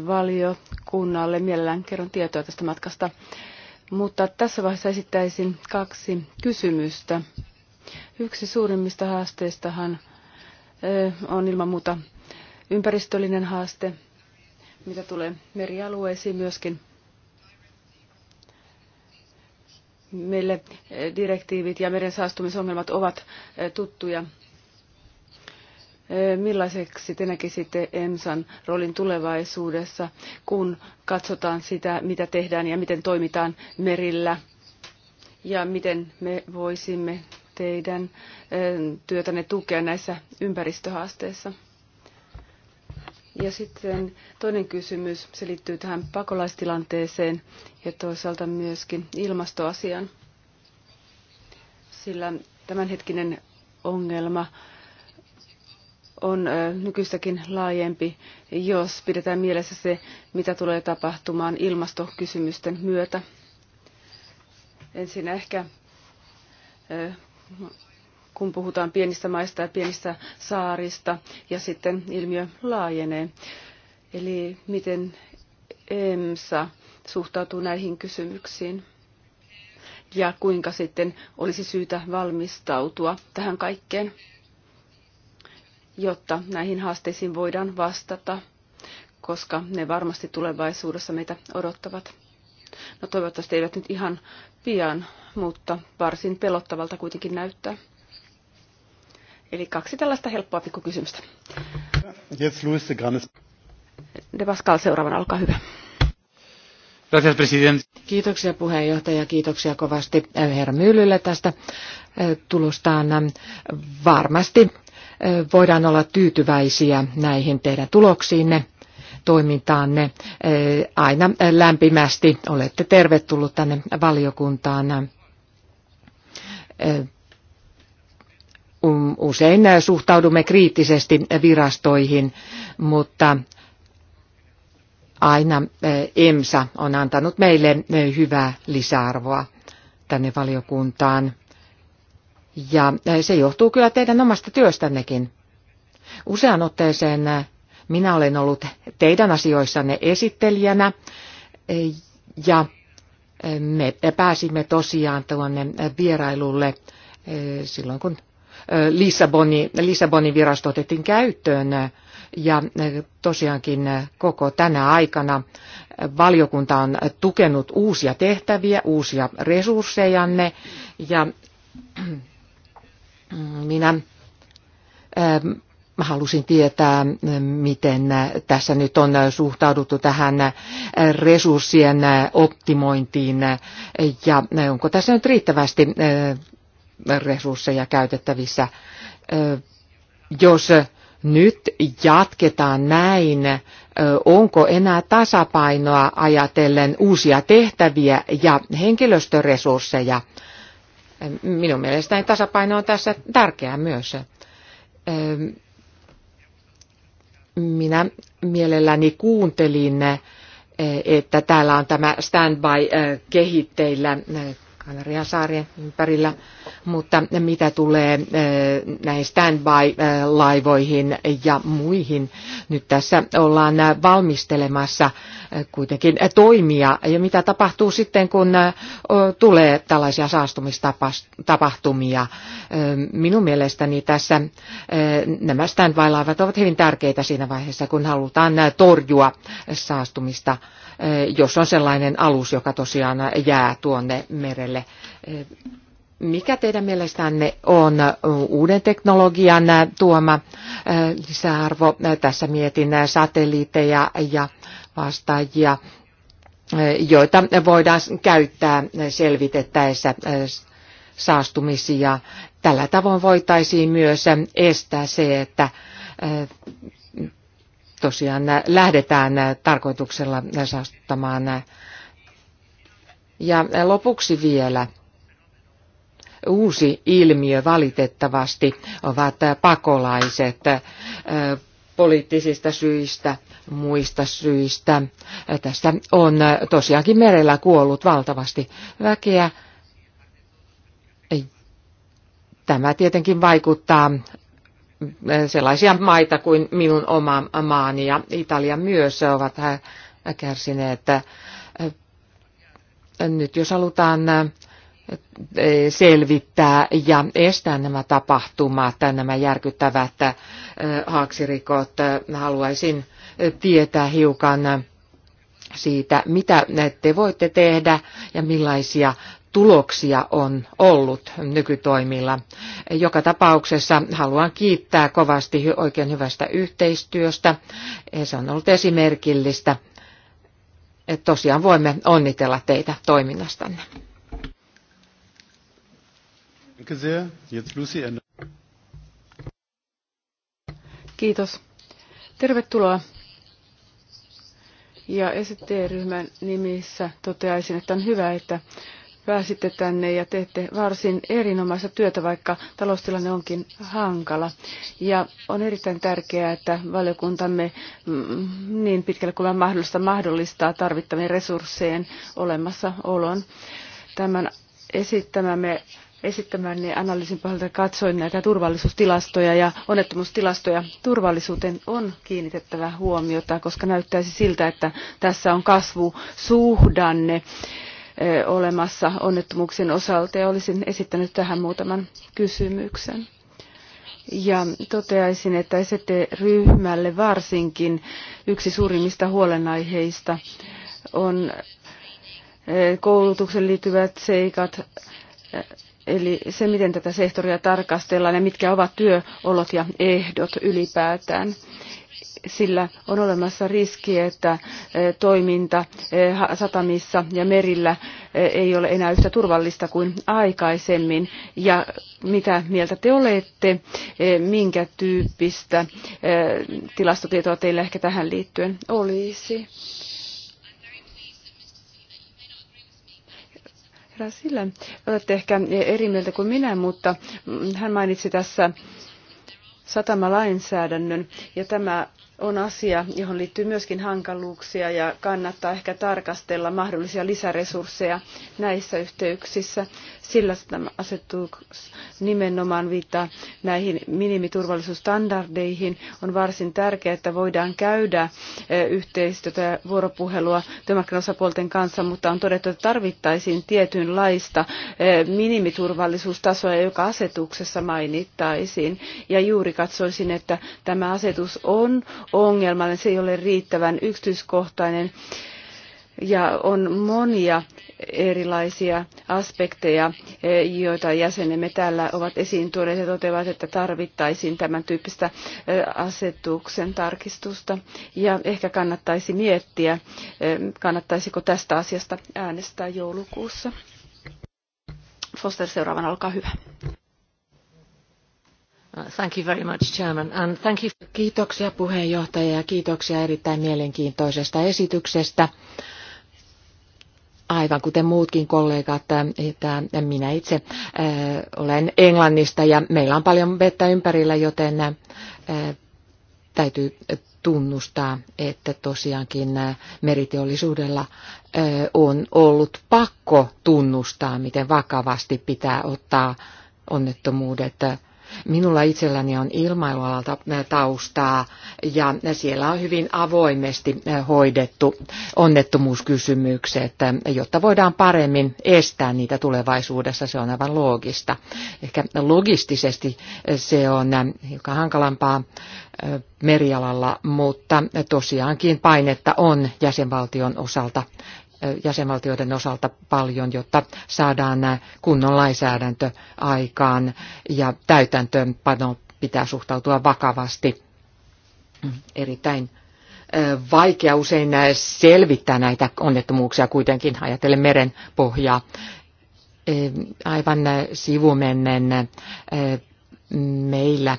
valiokunnalle mielellään kerron tietoa tästä matkasta. Mutta tässä vaiheessa esittäisin kaksi kysymystä. Yksi suurimmista haasteistahan on ilman muuta ympäristöllinen haaste, mitä tulee merialueisiin myöskin. Meille eh, direktiivit ja meren saastumisongelmat ovat eh, tuttuja. Eh, millaiseksi te näkisitte EMSAn roolin tulevaisuudessa, kun katsotaan sitä, mitä tehdään ja miten toimitaan merillä ja miten me voisimme teidän työtänne tukea näissä ympäristöhaasteissa? Ja sitten toinen kysymys, se liittyy tähän pakolaistilanteeseen ja toisaalta myöskin ilmastoasiaan. Sillä tämänhetkinen ongelma on nykyistäkin laajempi, jos pidetään mielessä se, mitä tulee tapahtumaan ilmastokysymysten myötä. Ensin ehkä kun puhutaan pienistä maista ja pienistä saarista, ja sitten ilmiö laajenee. Eli miten EMSA suhtautuu näihin kysymyksiin? Ja kuinka sitten olisi syytä valmistautua tähän kaikkeen, jotta näihin haasteisiin voidaan vastata, koska ne varmasti tulevaisuudessa meitä odottavat. No toivottavasti eivät nyt ihan pian, mutta varsin pelottavalta kuitenkin näyttää. Eli kaksi tällaista helppoa pikkukysymystä. kysymystä. Luis de Grandes. De Pascal seuraavana, olkaa hyvä. Gracias, president. Kiitoksia puheenjohtaja, kiitoksia kovasti eh, herra Myylylle tästä eh, tulostaan. Varmasti eh, voidaan olla tyytyväisiä näihin teidän tuloksiinne toimintaanne aina lämpimästi. Olette tervetullut tänne valiokuntaan. Um, usein suhtaudumme kriittisesti virastoihin, mutta aina eh, EMSA on antanut meille eh, hyvää lisäarvoa tänne valiokuntaan. Ja eh, se johtuu kyllä teidän omasta työstännekin. Usean otteeseen minä olen ollut teidän asioissanne esittelijänä ja me pääsimme tosiaan tuonne vierailulle silloin, kun Lissabonin, Lissabonin virasto otettiin käyttöön äh, ja äh, tosiaankin äh, koko tänä aikana valiokunta on tukenut uusia tehtäviä, uusia resurssejanne ja minä halusin tietää, miten tässä nyt on suhtauduttu tähän resurssien optimointiin ja onko tässä nyt riittävästi resursseja käytettävissä. Jos nyt jatketaan näin, onko enää tasapainoa ajatellen uusia tehtäviä ja henkilöstöresursseja? Minun mielestäni tasapaino on tässä tärkeää myös. Minä mielelläni kuuntelin, että täällä on tämä standby kehitteillä Kanarian saarien ympärillä, mutta mitä tulee eh, näihin standby-laivoihin ja muihin, nyt tässä ollaan valmistelemassa eh, kuitenkin toimia. Ja mitä tapahtuu sitten, kun eh, tulee tällaisia saastumistapahtumia? Minun mielestäni tässä nämä standby-laivat ovat hyvin tärkeitä siinä vaiheessa, kun halutaan torjua saastumista jos on sellainen alus, joka tosiaan jää tuonne merelle. Mikä teidän mielestänne on uuden teknologian tuoma lisäarvo? Tässä mietin satelliitteja ja vastaajia, joita voidaan käyttää selvitettäessä saastumisia. Tällä tavoin voitaisiin myös estää se, että tosiaan äh, lähdetään äh, tarkoituksella äh, saastuttamaan. Ja lopuksi vielä uusi ilmiö valitettavasti ovat pakolaiset poliittisista syistä, muista syistä. Tässä on tosiaankin merellä kuollut valtavasti väkeä. Tämä tietenkin vaikuttaa sellaisia maita kuin minun oma maani ja Italia myös ovat kärsineet. Nyt jos halutaan selvittää ja estää nämä tapahtumat, nämä järkyttävät haaksirikot, haluaisin tietää hiukan siitä, mitä te voitte tehdä ja millaisia tuloksia on ollut nykytoimilla. Joka tapauksessa haluan kiittää kovasti oikein hyvästä yhteistyöstä. Se on ollut esimerkillistä. Et tosiaan voimme onnitella teitä toiminnastanne. Kiitos. Tervetuloa. Ja ST-ryhmän nimissä toteaisin, että on hyvä, että pääsitte tänne ja teette varsin erinomaista työtä, vaikka taloustilanne onkin hankala. Ja on erittäin tärkeää, että valiokuntamme mm, niin pitkälle kuin mahdollista mahdollistaa tarvittavien resurssien olemassaolon. Tämän esittämämme niin analyysin pohjalta katsoin näitä turvallisuustilastoja ja onnettomuustilastoja. Turvallisuuteen on kiinnitettävä huomiota, koska näyttäisi siltä, että tässä on kasvusuhdanne. suhdanne olemassa onnettomuuksien osalta ja olisin esittänyt tähän muutaman kysymyksen. Ja toteaisin, että ST-ryhmälle varsinkin yksi suurimmista huolenaiheista on koulutuksen liittyvät seikat, eli se, miten tätä sektoria tarkastellaan ja mitkä ovat työolot ja ehdot ylipäätään sillä on olemassa riski, että e, toiminta e, satamissa ja merillä e, ei ole enää yhtä turvallista kuin aikaisemmin. Ja mitä mieltä te olette, minkä tyyppistä tilastotietoa teillä ehkä tähän liittyen olisi? Herra Sillä, olette ehkä eri mieltä kuin minä, mutta hän mainitsi tässä satamalainsäädännön ja tämä on asia, johon liittyy myöskin hankaluuksia ja kannattaa ehkä tarkastella mahdollisia lisäresursseja näissä yhteyksissä, sillä tämä asettuu nimenomaan viittaa näihin minimiturvallisuusstandardeihin. On varsin tärkeää, että voidaan käydä eh, yhteistyötä ja vuoropuhelua työmarkkinosapuolten kanssa, mutta on todettu, että tarvittaisiin tietynlaista eh, minimiturvallisuustasoa, joka asetuksessa mainittaisiin. Ja juuri katsoisin, että tämä asetus on ongelmallinen, se ei ole riittävän yksityiskohtainen ja on monia erilaisia aspekteja, e, joita jäsenemme täällä ovat esiin tuoneet ja toteavat, että tarvittaisiin tämän tyyppistä e, asetuksen tarkistusta. Ja ehkä kannattaisi miettiä, e, kannattaisiko tästä asiasta äänestää joulukuussa. Foster seuraavana, olkaa hyvä. Uh, thank you very much, Chairman, and thank you. Kiitoksia puheenjohtaja ja kiitoksia erittäin mielenkiintoisesta esityksestä. Aivan kuten muutkin kollegat, että minä itse uh, olen Englannista ja meillä on paljon vettä ympärillä, joten uh, täytyy tunnustaa, että tosiaankin meriteollisuudella on ollut pakko tunnustaa, miten vakavasti pitää ottaa onnettomuudet Minulla itselläni on ilmailualalta taustaa ja siellä on hyvin avoimesti hoidettu onnettomuuskysymykset, jotta voidaan paremmin estää niitä tulevaisuudessa. Se on aivan loogista. Ehkä logistisesti se on hiukan hankalampaa merialalla, mutta tosiaankin painetta on jäsenvaltion osalta jäsenvaltioiden osalta paljon, jotta saadaan kunnon lainsäädäntö aikaan ja täytäntöönpano pitää suhtautua vakavasti. Erittäin vaikea usein selvittää näitä onnettomuuksia kuitenkin ajatellen meren pohjaa. Aivan sivumennen meillä,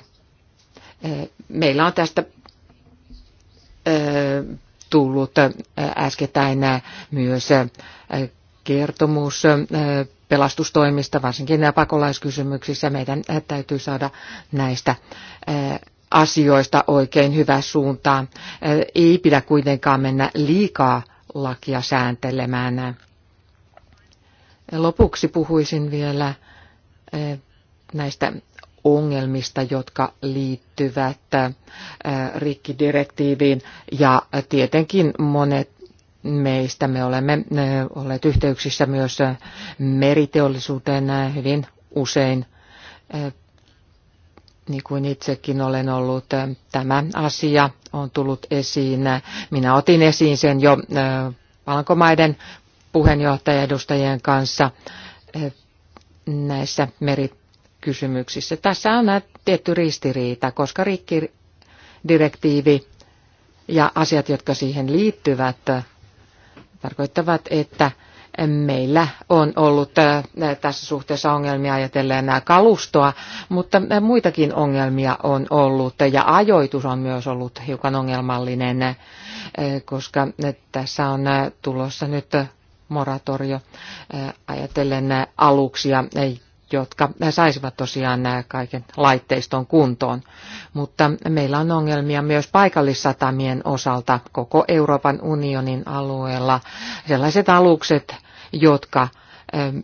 meillä on tästä tullut äh, äskettäin äh, myös äh, kertomus pelastustoimista, varsinkin nämä pakolaiskysymyksissä. Meidän täytyy saada näistä asioista oikein hyvä suuntaan. Ei pidä kuitenkaan mennä liikaa lakia sääntelemään. Lopuksi puhuisin vielä näistä ongelmista, jotka liittyvät äh, rikkidirektiiviin ja tietenkin monet meistä me olemme äh, olleet yhteyksissä myös äh, meriteollisuuteen hyvin usein, niin kuin itsekin olen ollut. Tämä asia on tullut esiin. Minä otin esiin sen jo Valkomaiden edustajien kanssa näissä meri kysymyksissä. Tässä on tietty ristiriita, koska rikkidirektiivi ja asiat, jotka siihen liittyvät, tarkoittavat, että meillä on ollut äh, tässä suhteessa ongelmia ajatellen nämä kalustoa, mutta äh, muitakin ongelmia on ollut ja ajoitus on myös ollut hiukan ongelmallinen, äh, koska tässä on tulossa nyt moratorio ajatellen aluksia, jotka saisivat tosiaan kaiken laitteiston kuntoon. Mutta meillä on ongelmia myös paikallissatamien osalta koko Euroopan unionin alueella. Sellaiset alukset, jotka ähm,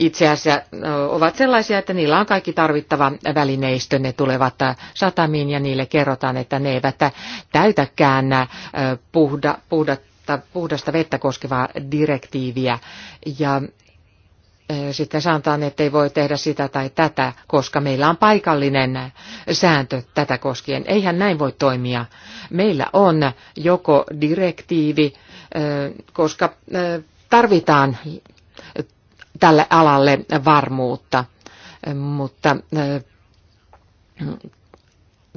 itse asiassa äh, ovat sellaisia, että niillä on kaikki tarvittava välineistö. Ne tulevat äh, satamiin ja niille kerrotaan, että ne eivät äh, täytäkään puhda, puhdata, puhdasta vettä koskevaa direktiiviä. Ja sitten sanotaan, että ei voi tehdä sitä tai tätä, koska meillä on paikallinen sääntö tätä koskien. Eihän näin voi toimia. Meillä on joko direktiivi, koska tarvitaan tälle alalle varmuutta, mutta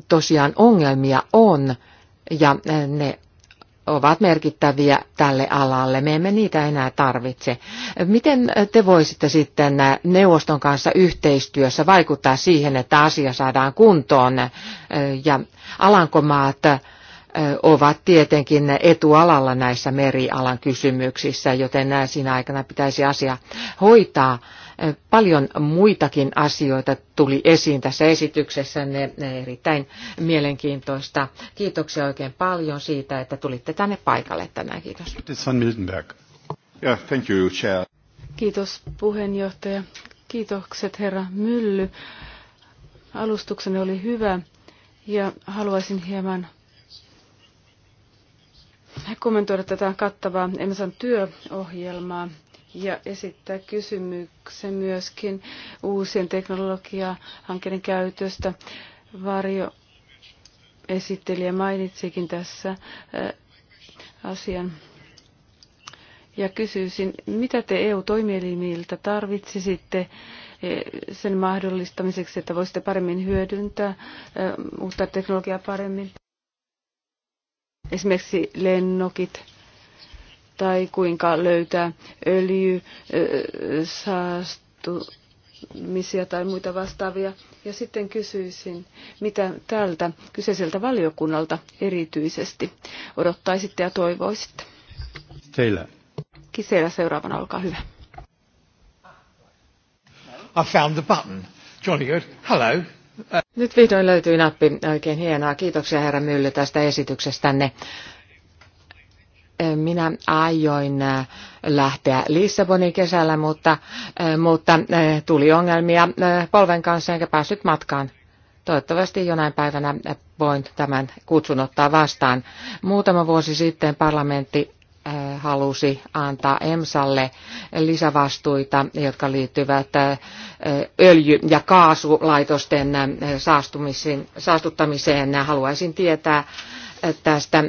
tosiaan ongelmia on ja ne ovat merkittäviä tälle alalle. Me emme niitä enää tarvitse. Miten te voisitte sitten neuvoston kanssa yhteistyössä vaikuttaa siihen, että asia saadaan kuntoon ja Alankomaat ovat tietenkin etualalla näissä merialan kysymyksissä, joten siinä aikana pitäisi asia hoitaa Paljon muitakin asioita tuli esiin tässä esityksessä, ne erittäin mielenkiintoista. Kiitoksia oikein paljon siitä, että tulitte tänne paikalle tänään. Kiitos. Yeah, thank you, chair. Kiitos puheenjohtaja. Kiitokset herra Mylly. Alustuksenne oli hyvä ja haluaisin hieman kommentoida tätä kattavaa Emsan työohjelmaa ja esittää kysymyksen myöskin uusien teknologiahankkeiden käytöstä. Varjo ja mainitsikin tässä äh, asian ja kysyisin, mitä te EU-toimielimiltä tarvitsisitte äh, sen mahdollistamiseksi, että voisitte paremmin hyödyntää äh, uutta teknologiaa paremmin? Esimerkiksi lennokit tai kuinka löytää öljysaastumisia tai muita vastaavia. Ja sitten kysyisin, mitä tältä kyseiseltä valiokunnalta erityisesti odottaisitte ja toivoisitte? Teillä. Kiseellä seuraavana, olkaa hyvä. I found the button. Jolly good. Hello. Nyt vihdoin löytyi nappi. Oikein hienoa. Kiitoksia herra Mylly tästä esityksestänne minä aioin äh, lähteä Lissabonin kesällä, mutta, äh, mutta äh, tuli ongelmia polven kanssa enkä päässyt matkaan. Toivottavasti jonain päivänä voin tämän kutsun ottaa vastaan. Muutama vuosi sitten parlamentti halusi antaa EMSalle lisävastuita, jotka liittyvät öljy- ja kaasulaitosten saastuttamiseen. Haluaisin tietää tästä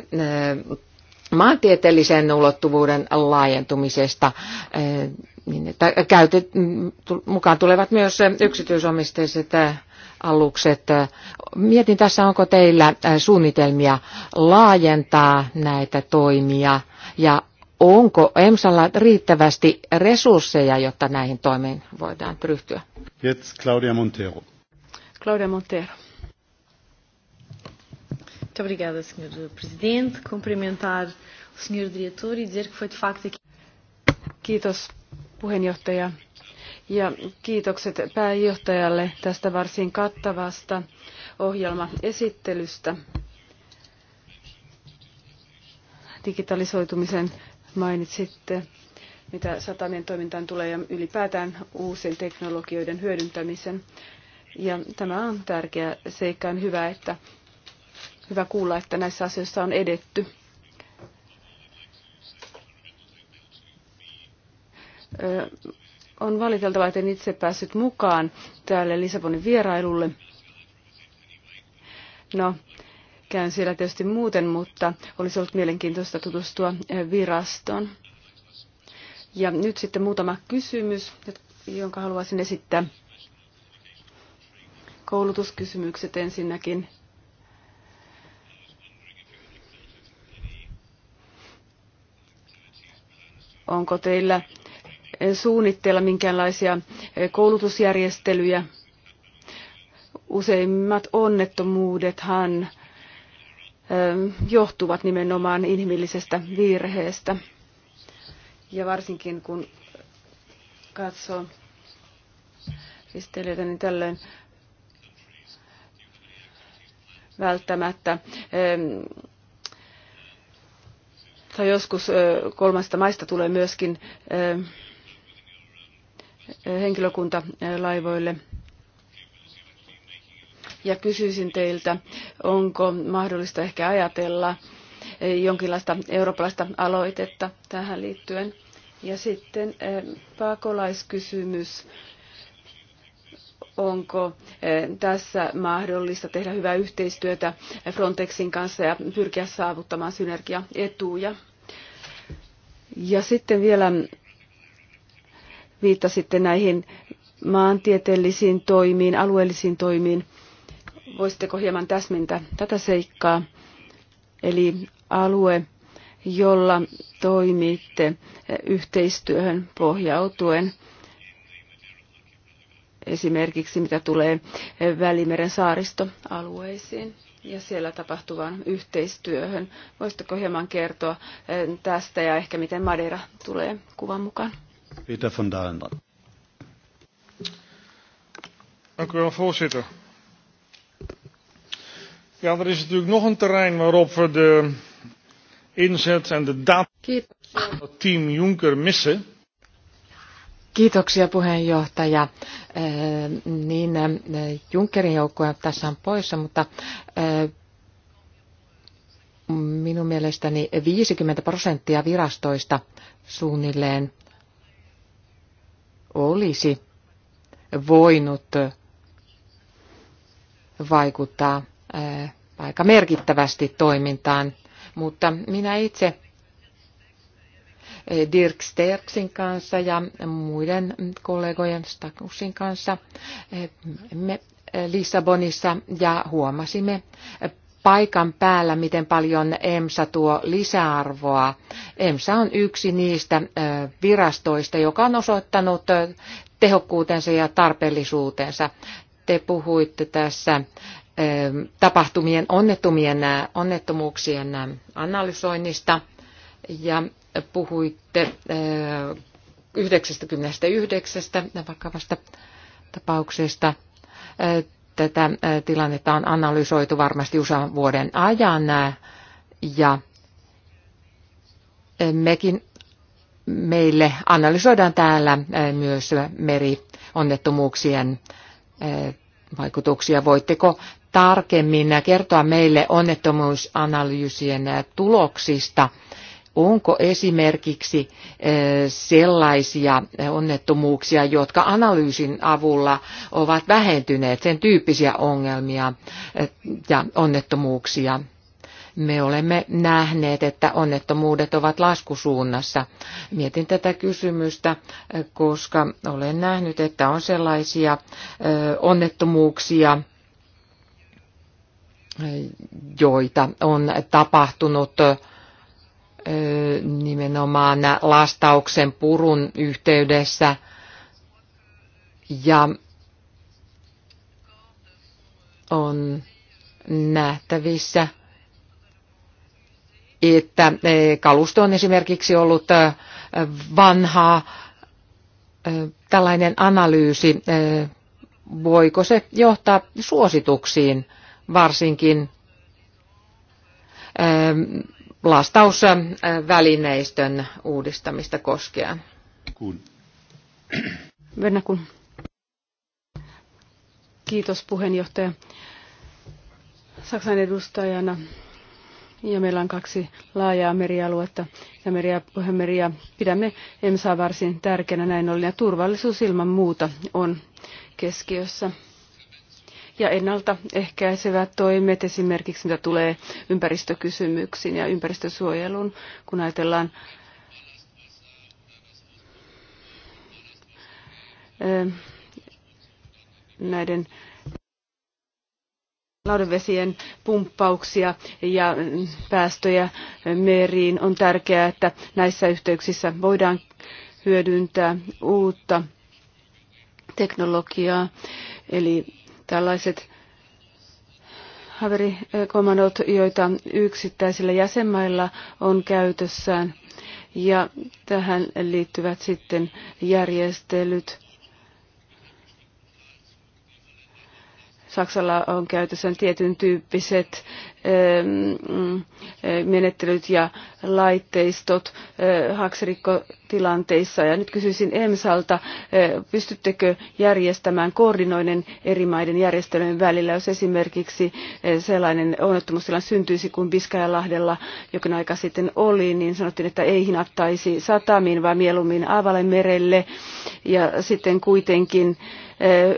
maantieteellisen ulottuvuuden laajentumisesta. Eh, niin, että käytet, mm, mukaan tulevat myös yksityisomisteiset eh, alukset. Mietin tässä, onko teillä eh, suunnitelmia laajentaa näitä toimia ja onko EMSalla riittävästi resursseja, jotta näihin toimiin voidaan ryhtyä? Jetzt Claudia Montero. Claudia Montero. Muito obrigada, Sr. Presidente. Cumprimentar o Sr. Diretor e dizer que foi de facto aqui. Kiitos, puheenjohtaja. Ja kiitokset pääjohtajalle tästä varsin kattavasta ohjelmaesittelystä. Digitalisoitumisen mainitsitte, mitä satamien toimintaan tulee ja ylipäätään uusien teknologioiden hyödyntämisen. Ja tämä on tärkeä seikka. On hyvä, että hyvä kuulla, että näissä asioissa on edetty. On valiteltavaa, että en itse päässyt mukaan tälle Lisabonin vierailulle. No, käyn siellä tietysti muuten, mutta olisi ollut mielenkiintoista tutustua virastoon. Ja nyt sitten muutama kysymys, jonka haluaisin esittää. Koulutuskysymykset ensinnäkin. Onko teillä suunnitteilla minkäänlaisia eh, koulutusjärjestelyjä? Useimmat onnettomuudethan eh, johtuvat nimenomaan inhimillisestä virheestä. Ja varsinkin kun katsoo risteilijöitä, niin tällöin välttämättä eh, tai joskus kolmesta maista tulee myöskin henkilökunta laivoille. Ja kysyisin teiltä, onko mahdollista ehkä ajatella jonkinlaista eurooppalaista aloitetta tähän liittyen. Ja sitten pakolaiskysymys onko eh, tässä mahdollista tehdä hyvää yhteistyötä Frontexin kanssa ja pyrkiä saavuttamaan synergiaetuja. Ja sitten vielä viittasitte näihin maantieteellisiin toimiin, alueellisiin toimiin. Voisitteko hieman täsmentää tätä seikkaa? Eli alue, jolla toimitte eh, yhteistyöhön pohjautuen – esimerkiksi mitä tulee Välimeren saaristoalueisiin ja siellä tapahtuvaan yhteistyöhön. Voisitko hieman kertoa eh, tästä ja ehkä miten Madeira tulee kuvan mukaan? Peter von Dalen. Dank u wel, voorzitter. Ja, er is natuurlijk nog een terrein waarop we de inzet en de data van het team Juncker missen. Kiitoksia puheenjohtaja. Äh, niin äh, Junckerin joukkoja tässä on poissa, mutta äh, minun mielestäni 50 prosenttia virastoista suunnilleen olisi voinut vaikuttaa aika merkittävästi toimintaan, mutta minä itse Eh, Dirk Sterksin kanssa ja muiden kollegojen Stakusin kanssa eh, me eh, Lissabonissa ja huomasimme paikan päällä, miten paljon EMSA tuo lisäarvoa. EMSA on yksi niistä virastoista, joka on osoittanut tehokkuutensa ja tarpeellisuutensa. Te puhuitte tässä tapahtumien onnettomien, onnettomuuksien analysoinnista ja puhuitte 99 eh, vakavasta tapauksesta. Eh, tätä eh, tilannetta on analysoitu varmasti usean vuoden ajan ja mekin meille analysoidaan täällä myös merionnettomuuksien vaikutuksia. Voitteko tarkemmin kertoa meille onnettomuusanalyysien tuloksista onko esimerkiksi eh, sellaisia onnettomuuksia, jotka analyysin avulla ovat vähentyneet, sen tyyppisiä ongelmia eh, ja onnettomuuksia. Me olemme nähneet, että onnettomuudet ovat laskusuunnassa. Mietin tätä kysymystä, eh, koska olen nähnyt, että on sellaisia onnettomuuksia, joita on tapahtunut nimenomaan lastauksen purun yhteydessä. Ja on nähtävissä, että kalusto on esimerkiksi ollut vanha Tällainen analyysi, voiko se johtaa suosituksiin, varsinkin lastausvälineistön uudistamista koskien. Kun. Kiitos puheenjohtaja. Saksan edustajana ja meillä on kaksi laajaa merialuetta ja meri- ja puhemeriä. Pidämme EMSAa varsin tärkeänä näin ollen ja turvallisuus ilman muuta on keskiössä ja ennaltaehkäisevät toimet esimerkiksi, mitä tulee ympäristökysymyksiin ja ympäristösuojeluun, kun ajatellaan eh, näiden laudenvesien pumppauksia ja päästöjä meriin. On tärkeää, että näissä yhteyksissä voidaan hyödyntää uutta teknologiaa, eli Tällaiset haverikomandot, joita yksittäisillä jäsenmailla on käytössään, ja tähän liittyvät sitten järjestelyt Saksalla on käytössä tietyn tyyppiset ähm, mm, äh, menettelyt ja laitteistot äh, haksirikkotilanteissa. Ja nyt kysyisin EMSalta, äh, pystyttekö järjestämään koordinoinen eri maiden järjestelyjen välillä, jos esimerkiksi sellainen onnettomuustilanne syntyisi, kun Biskajanlahdella jokin aika sitten oli, niin sanottiin, että ei hinattaisi satamiin, vaan mieluummin Aavalle merelle. Ja sitten kuitenkin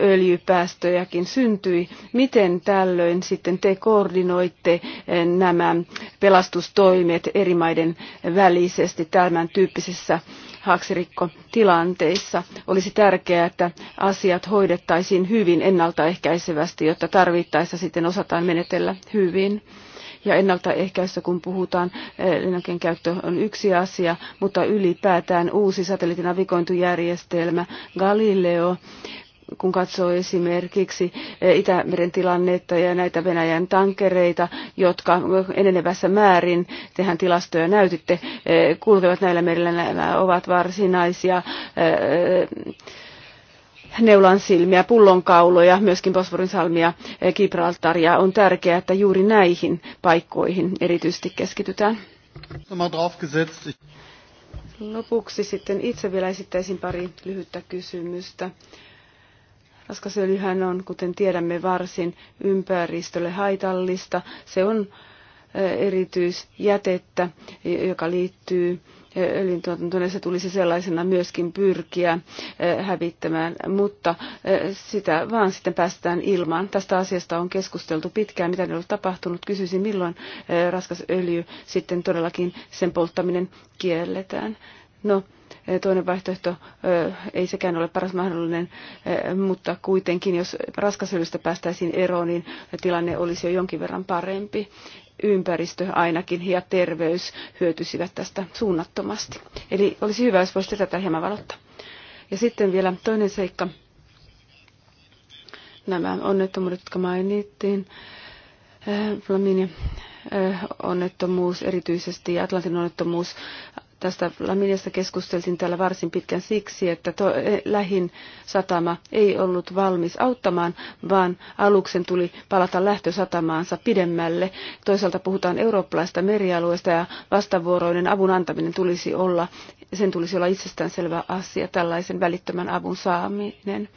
öljypäästöjäkin syntyi. Miten tällöin sitten te koordinoitte nämä pelastustoimet eri maiden välisesti tämän tyyppisissä haaksirikkotilanteissa. Olisi tärkeää, että asiat hoidettaisiin hyvin ennaltaehkäisevästi, jotta tarvittaessa sitten osataan menetellä hyvin ja ennaltaehkäisystä, kun puhutaan, lennokien käyttö on yksi asia, mutta ylipäätään uusi satelliitinavigointijärjestelmä Galileo kun katsoo esimerkiksi eh, Itämeren tilannetta ja näitä Venäjän tankereita, jotka enenevässä määrin, tehän tilastoja näytitte, eh, kulkevat näillä merillä, nämä ovat varsinaisia eh, neulan silmiä, pullonkauloja, myöskin salmia, Gibraltaria. On tärkeää, että juuri näihin paikkoihin erityisesti keskitytään. Lopuksi sitten itse vielä esittäisin pari lyhyttä kysymystä. Raskasöljyhän on, kuten tiedämme, varsin ympäristölle haitallista. Se on erityisjätettä, joka liittyy öljyntuotantoon ja se tulisi sellaisena myöskin pyrkiä hävittämään, mutta sitä vaan sitten päästään ilmaan. Tästä asiasta on keskusteltu pitkään, mitä ei ole tapahtunut. Kysyisin, milloin raskas öljy sitten todellakin sen polttaminen kielletään. No, Toinen vaihtoehto ei sekään ole paras mahdollinen, mutta kuitenkin jos raskasöljystä päästäisiin eroon, niin tilanne olisi jo jonkin verran parempi. Ympäristö ainakin ja terveys hyötyisivät tästä suunnattomasti. Eli olisi hyvä, jos voisi tätä hieman valottaa. Ja sitten vielä toinen seikka. Nämä onnettomuudet, jotka mainittiin. Flaminia onnettomuus erityisesti ja Atlantin onnettomuus Tästä Laminiasta keskusteltiin täällä varsin pitkän siksi, että to, eh, lähin satama ei ollut valmis auttamaan, vaan aluksen tuli palata lähtösatamaansa pidemmälle. Toisaalta puhutaan eurooppalaista merialueesta ja vastavuoroinen avun antaminen tulisi olla, sen tulisi olla itsestäänselvä asia, tällaisen välittömän avun saaminen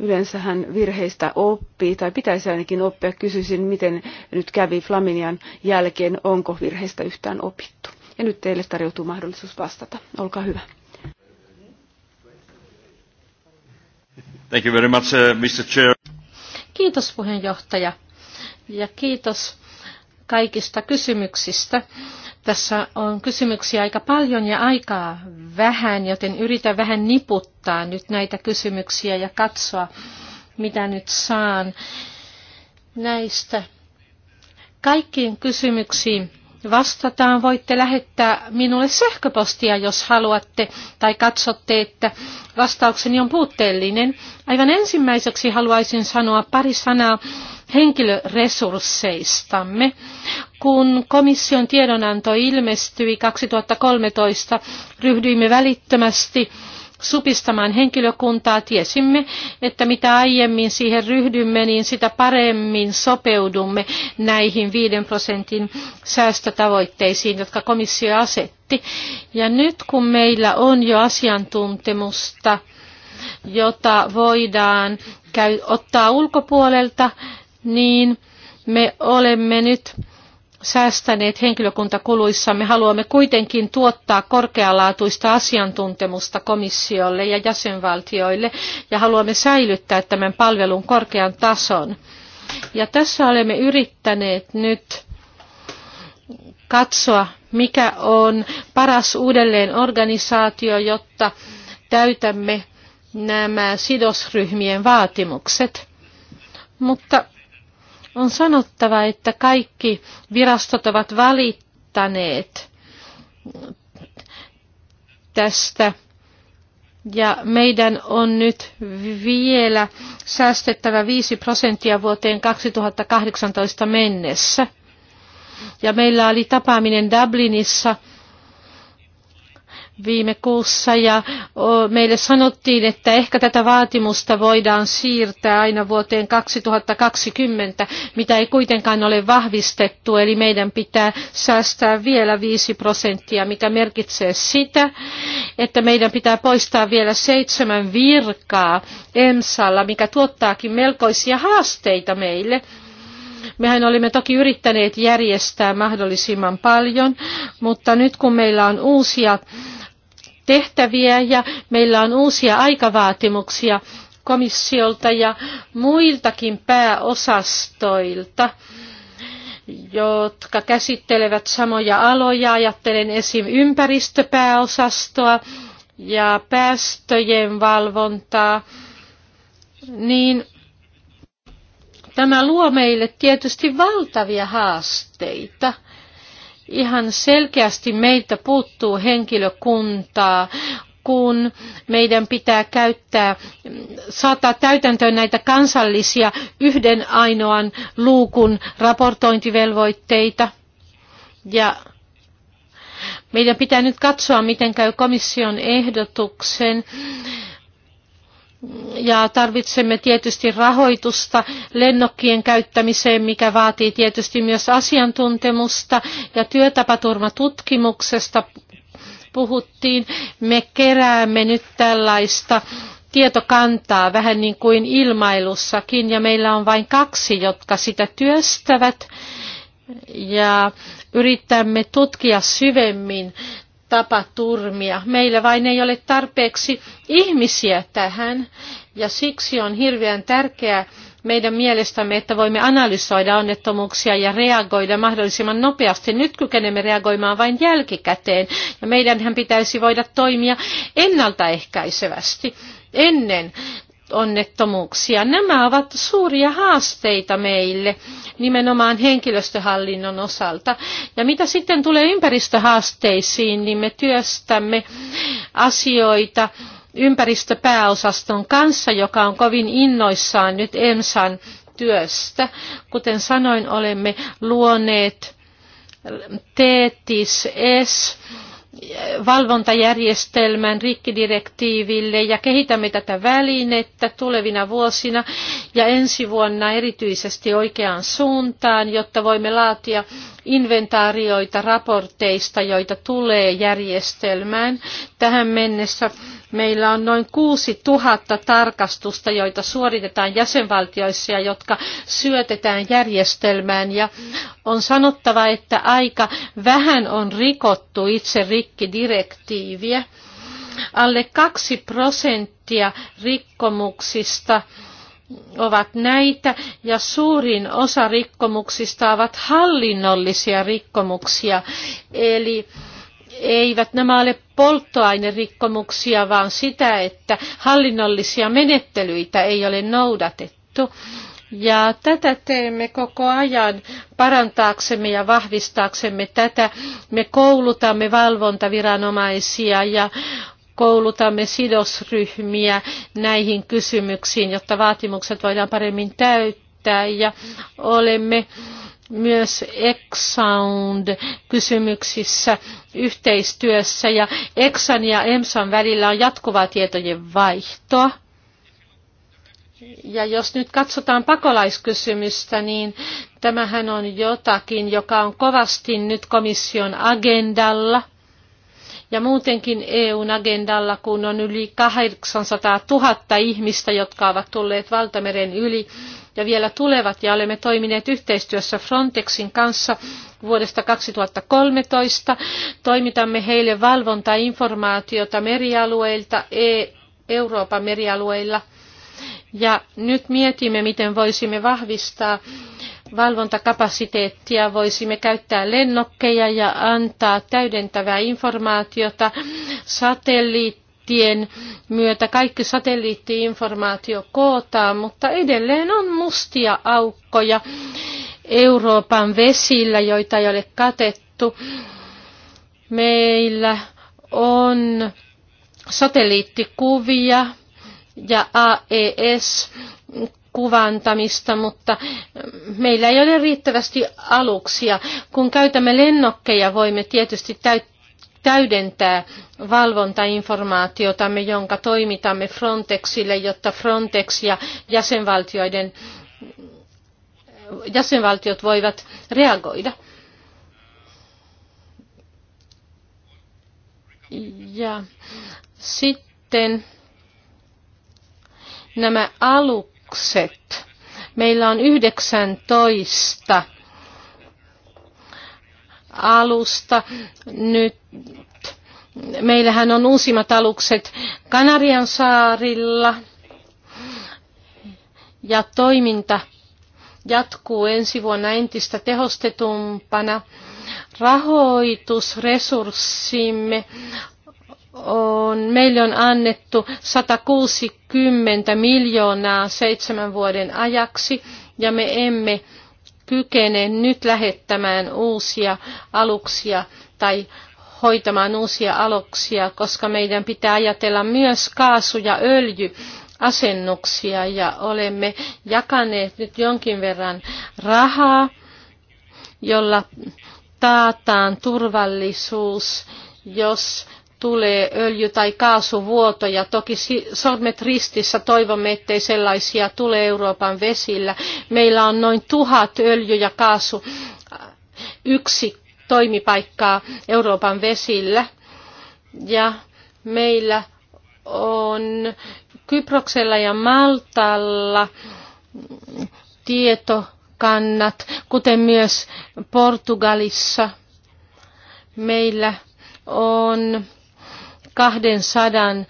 yleensähän virheistä oppii, tai pitäisi ainakin oppia. Kysyisin, miten nyt kävi Flaminian jälkeen, onko virheistä yhtään opittu. Ja nyt teille tarjoutuu mahdollisuus vastata. Olkaa hyvä. Thank you very much, uh, Mr. Chair. Kiitos puheenjohtaja ja kiitos kaikista kysymyksistä. Tässä on kysymyksiä aika paljon ja aikaa vähän, joten yritän vähän niputtaa nyt näitä kysymyksiä ja katsoa, mitä nyt saan näistä. Kaikkiin kysymyksiin vastataan. Voitte lähettää minulle sähköpostia, jos haluatte, tai katsotte, että vastaukseni on puutteellinen. Aivan ensimmäiseksi haluaisin sanoa pari sanaa henkilöresursseistamme. Kun komission tiedonanto ilmestyi 2013, ryhdyimme välittömästi supistamaan henkilökuntaa, tiesimme, että mitä aiemmin siihen ryhdymme, niin sitä paremmin sopeudumme näihin 5 prosentin säästötavoitteisiin, jotka komissio asetti. Ja nyt kun meillä on jo asiantuntemusta, jota voidaan käy, ottaa ulkopuolelta, niin me olemme nyt säästäneet henkilökuntakuluissa. Me haluamme kuitenkin tuottaa korkealaatuista asiantuntemusta komissiolle ja jäsenvaltioille ja haluamme säilyttää tämän palvelun korkean tason. Ja tässä olemme yrittäneet nyt katsoa, mikä on paras uudelleenorganisaatio, jotta täytämme nämä sidosryhmien vaatimukset. Mutta on sanottava, että kaikki virastot ovat valittaneet tästä ja meidän on nyt vielä säästettävä 5 prosenttia vuoteen 2018 mennessä. Ja meillä oli tapaaminen Dublinissa – viime kuussa ja meille sanottiin, että ehkä tätä vaatimusta voidaan siirtää aina vuoteen 2020, mitä ei kuitenkaan ole vahvistettu, eli meidän pitää säästää vielä 5 prosenttia, mikä merkitsee sitä, että meidän pitää poistaa vielä seitsemän virkaa EMSalla, mikä tuottaakin melkoisia haasteita meille. Mehän olimme toki yrittäneet järjestää mahdollisimman paljon, mutta nyt kun meillä on uusia tehtäviä ja meillä on uusia aikavaatimuksia komissiolta ja muiltakin pääosastoilta jotka käsittelevät samoja aloja. Ajattelen esim. ympäristöpääosastoa ja päästöjen valvontaa. Niin tämä luo meille tietysti valtavia haasteita ihan selkeästi meiltä puuttuu henkilökuntaa, kun meidän pitää käyttää, saattaa täytäntöön näitä kansallisia yhden ainoan luukun raportointivelvoitteita. Ja meidän pitää nyt katsoa, miten käy komission ehdotuksen ja tarvitsemme tietysti rahoitusta lennokkien käyttämiseen, mikä vaatii tietysti myös asiantuntemusta ja työtapaturmatutkimuksesta puhuttiin. Me keräämme nyt tällaista tietokantaa vähän niin kuin ilmailussakin ja meillä on vain kaksi, jotka sitä työstävät ja yritämme tutkia syvemmin tapaturmia. Meillä vain ei ole tarpeeksi ihmisiä tähän ja siksi on hirveän tärkeää meidän mielestämme, että voimme analysoida onnettomuuksia ja reagoida mahdollisimman nopeasti. Nyt kykenemme reagoimaan vain jälkikäteen ja meidänhän pitäisi voida toimia ennaltaehkäisevästi ennen onnettomuuksia. Nämä ovat suuria haasteita meille nimenomaan henkilöstöhallinnon osalta. Ja mitä sitten tulee ympäristöhaasteisiin, niin me työstämme asioita ympäristöpääosaston kanssa, joka on kovin innoissaan nyt Ensan työstä. Kuten sanoin, olemme luoneet TETIS S valvontajärjestelmän rikkidirektiiville ja kehitämme tätä välinettä tulevina vuosina ja ensi vuonna erityisesti oikeaan suuntaan, jotta voimme laatia inventaarioita raporteista, joita tulee järjestelmään. Tähän mennessä Meillä on noin 6000 tarkastusta, joita suoritetaan jäsenvaltioissa ja jotka syötetään järjestelmään. Ja on sanottava, että aika vähän on rikottu itse rikkidirektiiviä. Alle 2 prosenttia rikkomuksista ovat näitä ja suurin osa rikkomuksista ovat hallinnollisia rikkomuksia. Eli eivät nämä ole polttoainerikkomuksia, vaan sitä, että hallinnollisia menettelyitä ei ole noudatettu. Ja tätä teemme koko ajan parantaaksemme ja vahvistaaksemme tätä. Me koulutamme valvontaviranomaisia ja koulutamme sidosryhmiä näihin kysymyksiin, jotta vaatimukset voidaan paremmin täyttää ja olemme myös Exound kysymyksissä yhteistyössä ja Exan ja EMSAn välillä on jatkuvaa tietojen vaihtoa. Ja jos nyt katsotaan pakolaiskysymystä, niin tämähän on jotakin, joka on kovasti nyt komission agendalla ja muutenkin EUn agendalla, kun on yli 800 000 ihmistä, jotka ovat tulleet valtameren yli ja vielä tulevat ja olemme toimineet yhteistyössä Frontexin kanssa vuodesta 2013. Toimitamme heille valvontainformaatiota merialueilta e- Euroopan merialueilla. Ja nyt mietimme, miten voisimme vahvistaa valvontakapasiteettia, voisimme käyttää lennokkeja ja antaa täydentävää informaatiota satelliitti satelliittien myötä kaikki satelliittiinformaatio kootaan, mutta edelleen on mustia aukkoja Euroopan vesillä, joita ei ole katettu. Meillä on satelliittikuvia ja AES kuvantamista, mutta meillä ei ole riittävästi aluksia. Kun käytämme lennokkeja, voimme tietysti täyttää täydentää valvontainformaatiotamme, jonka toimitamme Frontexille, jotta Frontex ja jäsenvaltioiden, jäsenvaltiot voivat reagoida. Ja sitten nämä alukset. Meillä on 19 alusta. Nyt meillähän on uusimmat alukset Kanarian saarilla ja toiminta jatkuu ensi vuonna entistä tehostetumpana. Rahoitusresurssimme on, meille on annettu 160 miljoonaa seitsemän vuoden ajaksi ja me emme kykene nyt lähettämään uusia aluksia tai hoitamaan uusia aluksia, koska meidän pitää ajatella myös kaasu- ja öljyasennuksia ja olemme jakaneet nyt jonkin verran rahaa, jolla taataan turvallisuus, jos tulee öljy- tai kaasuvuotoja. Toki sormet ristissä toivomme, ettei sellaisia tule Euroopan vesillä. Meillä on noin tuhat öljy- ja kaasu äh, yksi toimipaikkaa Euroopan vesillä. Ja meillä on Kyproksella ja Maltalla tietokannat, kuten myös Portugalissa. Meillä on 200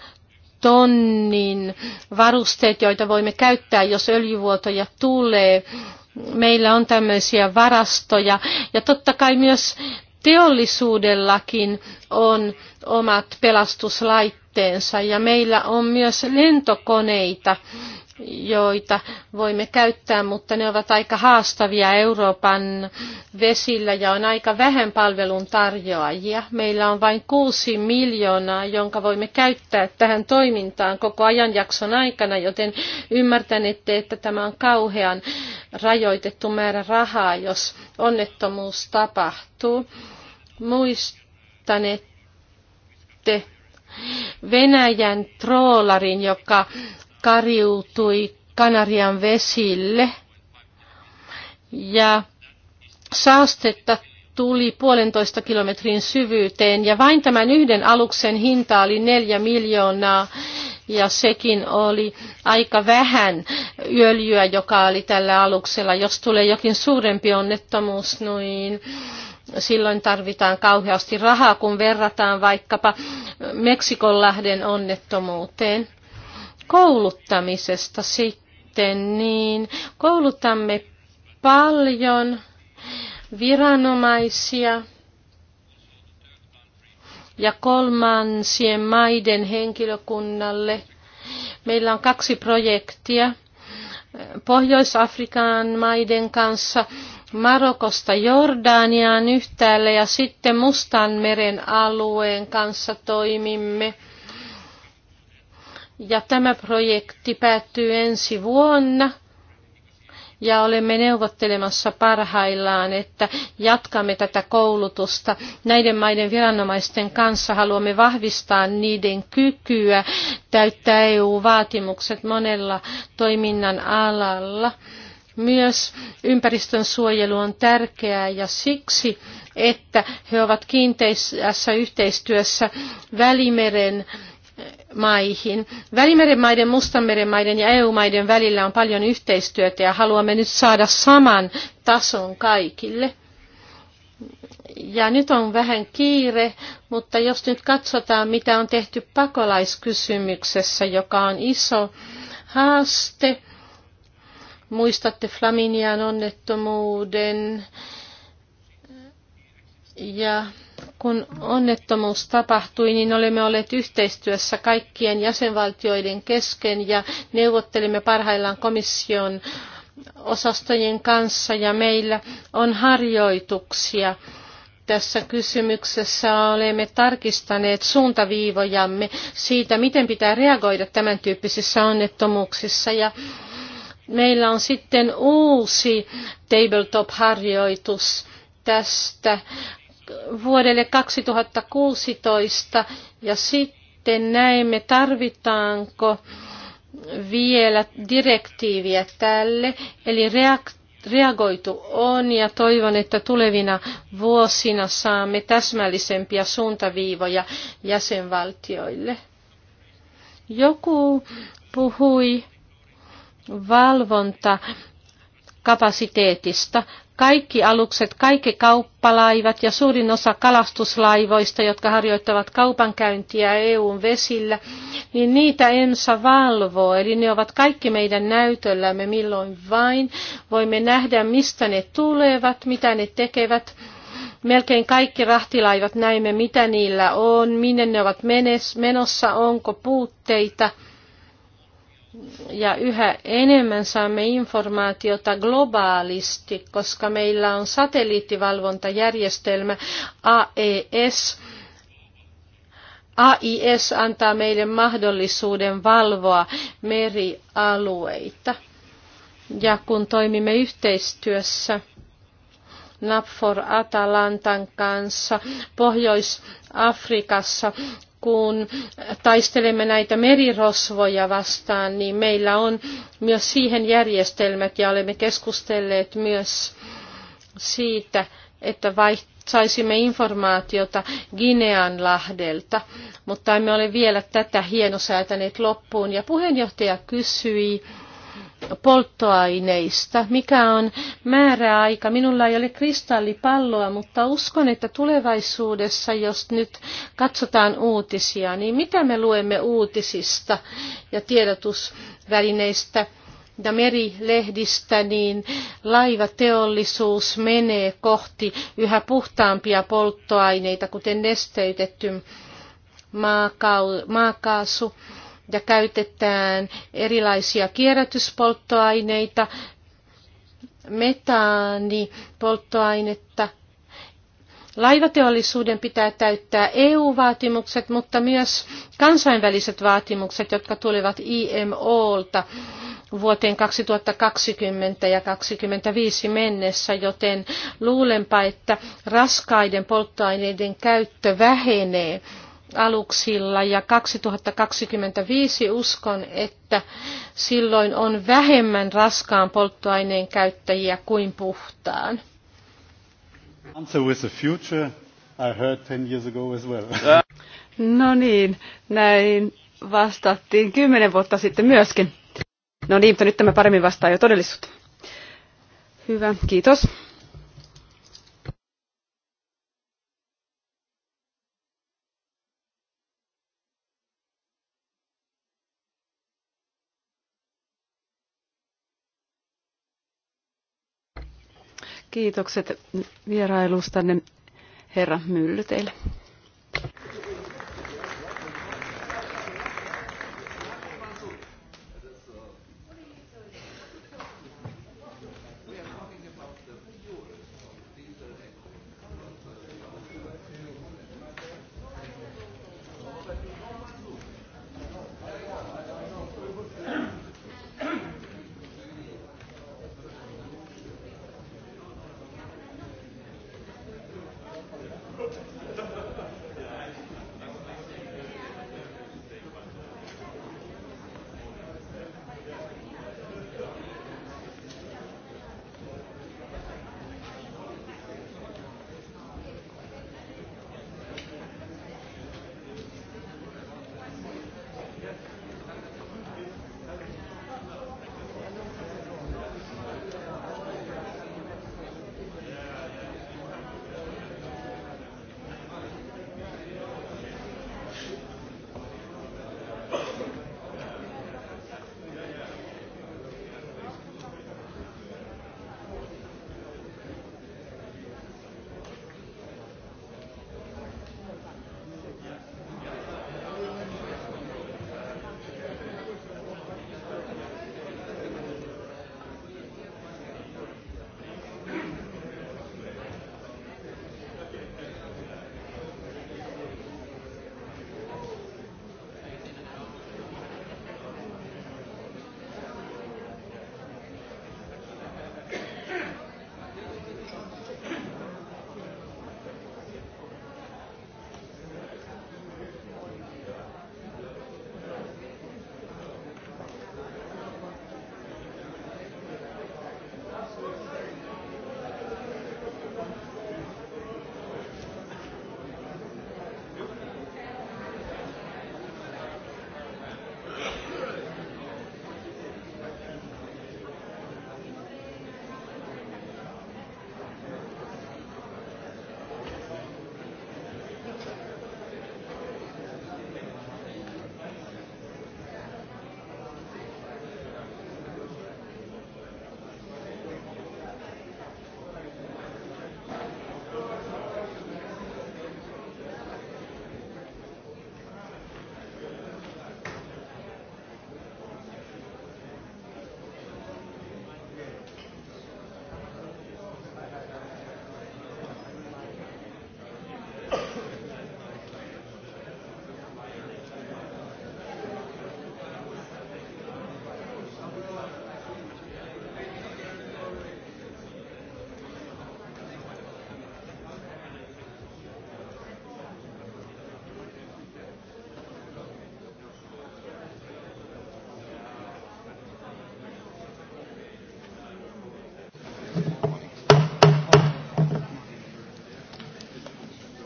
tonnin varusteet, joita voimme käyttää, jos öljyvuotoja tulee. Meillä on tämmöisiä varastoja ja totta kai myös teollisuudellakin on omat pelastuslaitteensa ja meillä on myös lentokoneita, joita voimme käyttää, mutta ne ovat aika haastavia Euroopan vesillä ja on aika vähän palvelun tarjoajia. Meillä on vain kuusi miljoonaa, jonka voimme käyttää tähän toimintaan koko ajanjakson aikana, joten ymmärtänette, että tämä on kauhean rajoitettu määrä rahaa, jos onnettomuus tapahtuu. Muistanette Venäjän troolarin, joka kariutui Kanarian vesille ja saastetta tuli puolentoista kilometrin syvyyteen ja vain tämän yhden aluksen hinta oli neljä miljoonaa ja sekin oli aika vähän öljyä, joka oli tällä aluksella. Jos tulee jokin suurempi onnettomuus, niin silloin tarvitaan kauheasti rahaa, kun verrataan vaikkapa Meksikonlahden onnettomuuteen. Kouluttamisesta sitten, niin koulutamme paljon viranomaisia ja kolmansien maiden henkilökunnalle. Meillä on kaksi projektia Pohjois-Afrikan maiden kanssa Marokosta Jordaniaan yhtäällä ja sitten Mustanmeren alueen kanssa toimimme – ja tämä projekti päättyy ensi vuonna ja olemme neuvottelemassa parhaillaan, että jatkamme tätä koulutusta. Näiden maiden viranomaisten kanssa haluamme vahvistaa niiden kykyä täyttää EU-vaatimukset monella toiminnan alalla. Myös ympäristön suojelu on tärkeää ja siksi, että he ovat kiinteissä yhteistyössä Välimeren maihin. Välimeren maiden, Mustanmeren maiden ja EU-maiden välillä on paljon yhteistyötä ja haluamme nyt saada saman tason kaikille. Ja nyt on vähän kiire, mutta jos nyt katsotaan, mitä on tehty pakolaiskysymyksessä, joka on iso haaste. Muistatte Flaminian onnettomuuden ja kun onnettomuus tapahtui, niin olemme olleet yhteistyössä kaikkien jäsenvaltioiden kesken ja neuvottelimme parhaillaan komission osastojen kanssa ja meillä on harjoituksia tässä kysymyksessä olemme tarkistaneet suuntaviivojamme siitä, miten pitää reagoida tämän tyyppisissä onnettomuuksissa. Ja meillä on sitten uusi tabletop-harjoitus tästä vuodelle 2016 ja sitten näemme tarvitaanko vielä direktiiviä tälle. Eli reaktio reagoitu on ja toivon, että tulevina vuosina saamme täsmällisempiä suuntaviivoja jäsenvaltioille. Joku puhui valvontakapasiteetista. Kaikki alukset, kaikki kauppalaivat ja suurin osa kalastuslaivoista, jotka harjoittavat kaupankäyntiä EUn vesillä, niin niitä ensa valvoo. Eli ne ovat kaikki meidän näytöllämme milloin vain. Voimme nähdä, mistä ne tulevat, mitä ne tekevät melkein kaikki rahtilaivat näimme, mitä niillä on, minne ne ovat menossa, onko puutteita ja yhä enemmän saamme informaatiota globaalisti, koska meillä on satelliittivalvontajärjestelmä AES. AIS antaa meille mahdollisuuden valvoa merialueita. Ja kun toimimme yhteistyössä NAPFOR Atalantan kanssa Pohjois-Afrikassa, kun taistelemme näitä merirosvoja vastaan, niin meillä on myös siihen järjestelmät ja olemme keskustelleet myös siitä, että vaiht- saisimme informaatiota Ginean lahdelta, mutta emme ole vielä tätä hienosäätäneet loppuun. Ja puheenjohtaja kysyi, polttoaineista. Mikä on määräaika? Minulla ei ole kristallipalloa, mutta uskon, että tulevaisuudessa, jos nyt katsotaan uutisia, niin mitä me luemme uutisista ja tiedotusvälineistä ja merilehdistä, niin laivateollisuus menee kohti yhä puhtaampia polttoaineita, kuten nesteytetty maakaasu ja käytetään erilaisia kierrätyspolttoaineita, metaanipolttoainetta. Laivateollisuuden pitää täyttää EU-vaatimukset, mutta myös kansainväliset vaatimukset, jotka tulevat IMOlta vuoteen 2020 ja 2025 mennessä, joten luulenpa, että raskaiden polttoaineiden käyttö vähenee aluksilla ja 2025 uskon, että silloin on vähemmän raskaan polttoaineen käyttäjiä kuin puhtaan. No niin, näin vastattiin kymmenen vuotta sitten myöskin. No niin, mutta nyt tämä paremmin vastaa jo todellisuutta. Hyvä, kiitos. Kiitokset vierailustanne, herra Mylly, teille.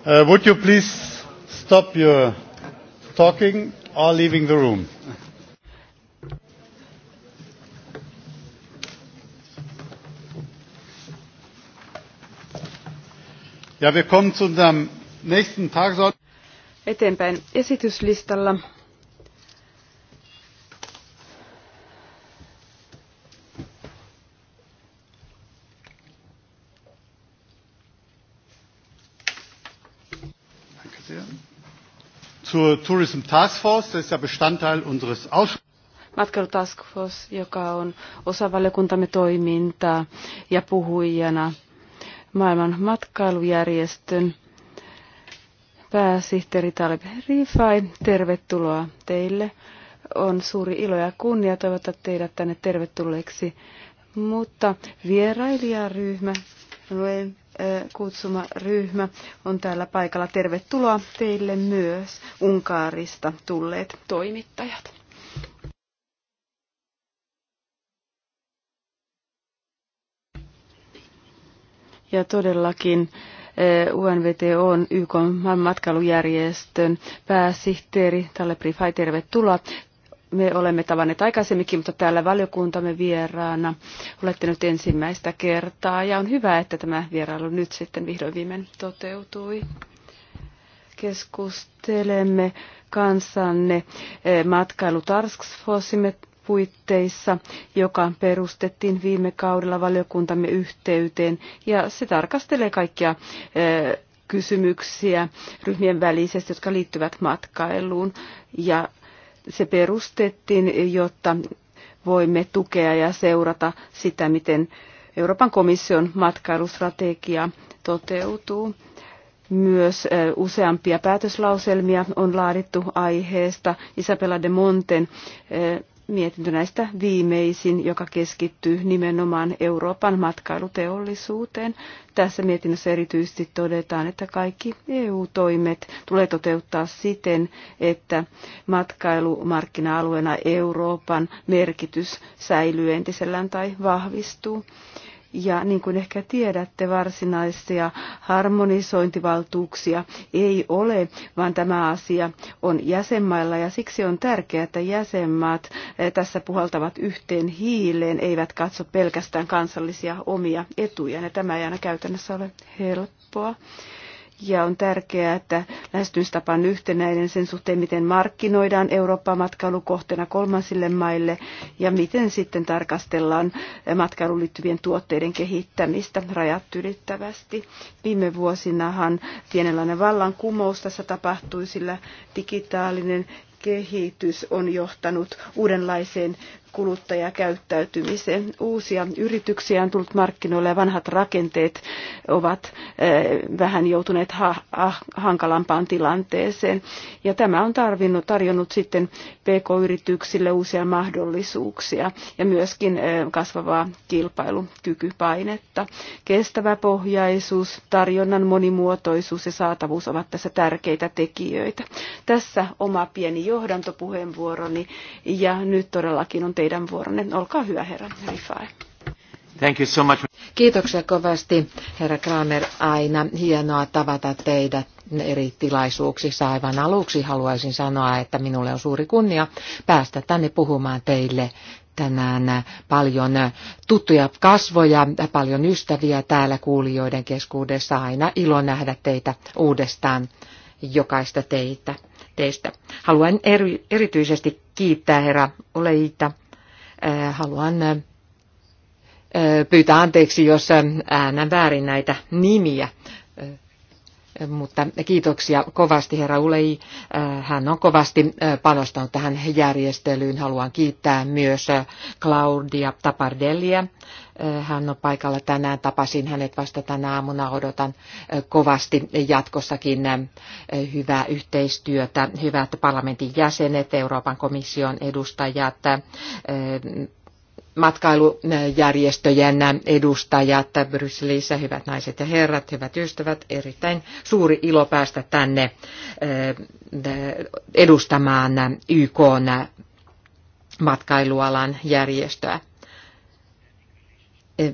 Uh, would you please stop your talking or leaving the room? Ja, wir kommen zu unserem nächsten Tagesordnungspunkt. Eteenpäin esityslistalla zur Tourism Task Force, das ist ja Bestandteil unseres Ausschusses. Matkailu Task Force, joka on osa valiokuntamme toimintaa ja puhujana maailman matkailujärjestön pääsihteeri Talib Rifai. Tervetuloa teille. On suuri ilo ja kunnia toivottaa teidät tänne tervetulleeksi. Mutta vierailijaryhmä Noen eh, kutsuma ryhmä on täällä paikalla. Tervetuloa teille myös Unkaarista tulleet toimittajat. Ja todellakin eh, UNVT on YK matkailujärjestön pääsihteeri Talle Prifai, tervetuloa me olemme tavanneet aikaisemminkin, mutta täällä valiokuntamme vieraana olette nyt ensimmäistä kertaa ja on hyvä, että tämä vierailu nyt sitten vihdoin viimein toteutui. Keskustelemme kansanne eh, matkailu puitteissa, joka perustettiin viime kaudella valiokuntamme yhteyteen ja se tarkastelee kaikkia eh, kysymyksiä ryhmien välisesti, jotka liittyvät matkailuun ja se perustettiin, jotta voimme tukea ja seurata sitä, miten Euroopan komission matkailustrategia toteutuu. Myös useampia päätöslauselmia on laadittu aiheesta. Isabella de Monten mietintö näistä viimeisin, joka keskittyy nimenomaan Euroopan matkailuteollisuuteen. Tässä mietinnössä erityisesti todetaan, että kaikki EU-toimet tulee toteuttaa siten, että matkailumarkkina-alueena Euroopan merkitys säilyy entisellään tai vahvistuu. Ja niin kuin ehkä tiedätte, varsinaisia harmonisointivaltuuksia ei ole, vaan tämä asia on jäsenmailla ja siksi on tärkeää, että jäsenmaat eh, tässä puhaltavat yhteen hiileen, eivät katso pelkästään kansallisia omia etuja. Ja tämä ei aina käytännössä ole helppoa ja on tärkeää, että lähestymistapa on yhtenäinen sen suhteen, miten markkinoidaan Eurooppaa matkailukohteena kolmansille maille ja miten sitten tarkastellaan matkailuun liittyvien tuotteiden kehittämistä rajat ylittävästi. Viime vuosinahan pienenlainen vallankumous tässä tapahtui, sillä digitaalinen kehitys on johtanut uudenlaiseen kuluttajakäyttäytymiseen. Uusia yrityksiä on tullut markkinoille ja vanhat rakenteet ovat eh, vähän joutuneet ha- ha- hankalampaan tilanteeseen. Ja tämä on tarvinnut, tarjonnut sitten PK-yrityksille uusia mahdollisuuksia ja myöskin eh, kasvavaa kilpailukykypainetta. Kestävä pohjaisuus, tarjonnan monimuotoisuus ja saatavuus ovat tässä tärkeitä tekijöitä. Tässä oma pieni johdantopuheenvuoroni ja nyt todellakin on te teidän vuoronne. Olkaa hyvä, herra Rifai. Thank you so much. Kiitoksia kovasti, herra Kramer. Aina hienoa tavata teidät eri tilaisuuksissa. Aivan aluksi haluaisin sanoa, että minulle on suuri kunnia päästä tänne puhumaan teille tänään paljon tuttuja kasvoja, paljon ystäviä täällä kuulijoiden keskuudessa. Aina ilo nähdä teitä uudestaan, jokaista teitä, teistä. Haluan eri, erityisesti kiittää herra Oleita Äh, haluan äh, pyytää anteeksi, jos äänän väärin näitä nimiä. Äh, mutta kiitoksia kovasti herra Ulei. Äh, hän on kovasti äh, panostanut tähän järjestelyyn. Haluan kiittää myös äh, Claudia Tapardellia. Hän on paikalla tänään. Tapasin hänet vasta tänä aamuna. Odotan kovasti jatkossakin hyvää yhteistyötä. Hyvät parlamentin jäsenet, Euroopan komission edustajat, matkailujärjestöjen edustajat Brysselissä, hyvät naiset ja herrat, hyvät ystävät, erittäin suuri ilo päästä tänne eh, edustamaan YK matkailualan järjestöä.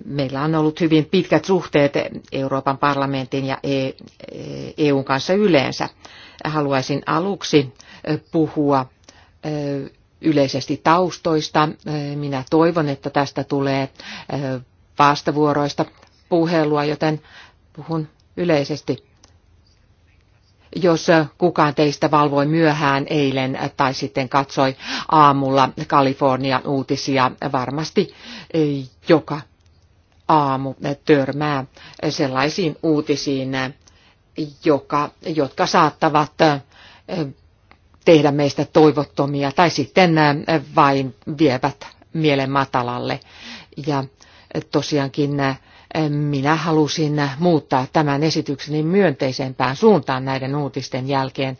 Meillä on ollut hyvin pitkät suhteet Euroopan parlamentin ja EUn e kanssa yleensä. Haluaisin aluksi puhua eh, yleisesti taustoista. Minä toivon, että tästä tulee vastavuoroista puhelua, joten puhun yleisesti. Jos kukaan teistä valvoi myöhään eilen tai sitten katsoi aamulla Kalifornian uutisia, varmasti joka aamu törmää sellaisiin uutisiin, joka, jotka saattavat tehdä meistä toivottomia tai sitten vain vievät mielen matalalle. Ja tosiaankin minä halusin muuttaa tämän esitykseni myönteisempään suuntaan näiden uutisten jälkeen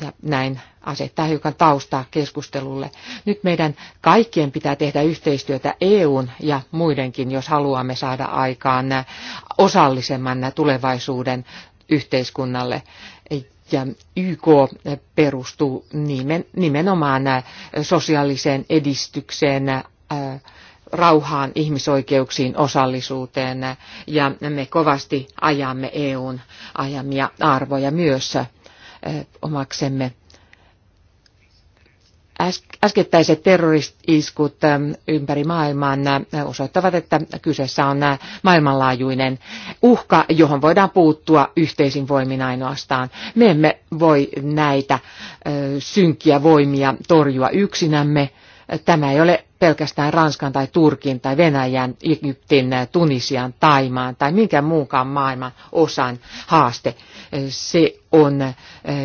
ja näin asettaa hiukan taustaa keskustelulle. Nyt meidän kaikkien pitää tehdä yhteistyötä EUn ja muidenkin, jos haluamme saada aikaan osallisemman tulevaisuuden yhteiskunnalle. Ja YK perustuu nimenomaan äh, sosiaaliseen edistykseen, äh, rauhaan, ihmisoikeuksiin, osallisuuteen ja me kovasti ajamme EUn ajamia arvoja myös äh, omaksemme. Äskettäiset terroristiskut ähm, ympäri maailman äh, osoittavat, että kyseessä on äh, maailmanlaajuinen uhka, johon voidaan puuttua yhteisin voimin ainoastaan. Me emme voi näitä äh, synkkiä voimia torjua yksinämme. Tämä ei ole pelkästään Ranskan tai Turkin tai Venäjän, Egyptin, Tunisian, Taimaan tai minkään muunkaan maailman osan haaste. Se on eh,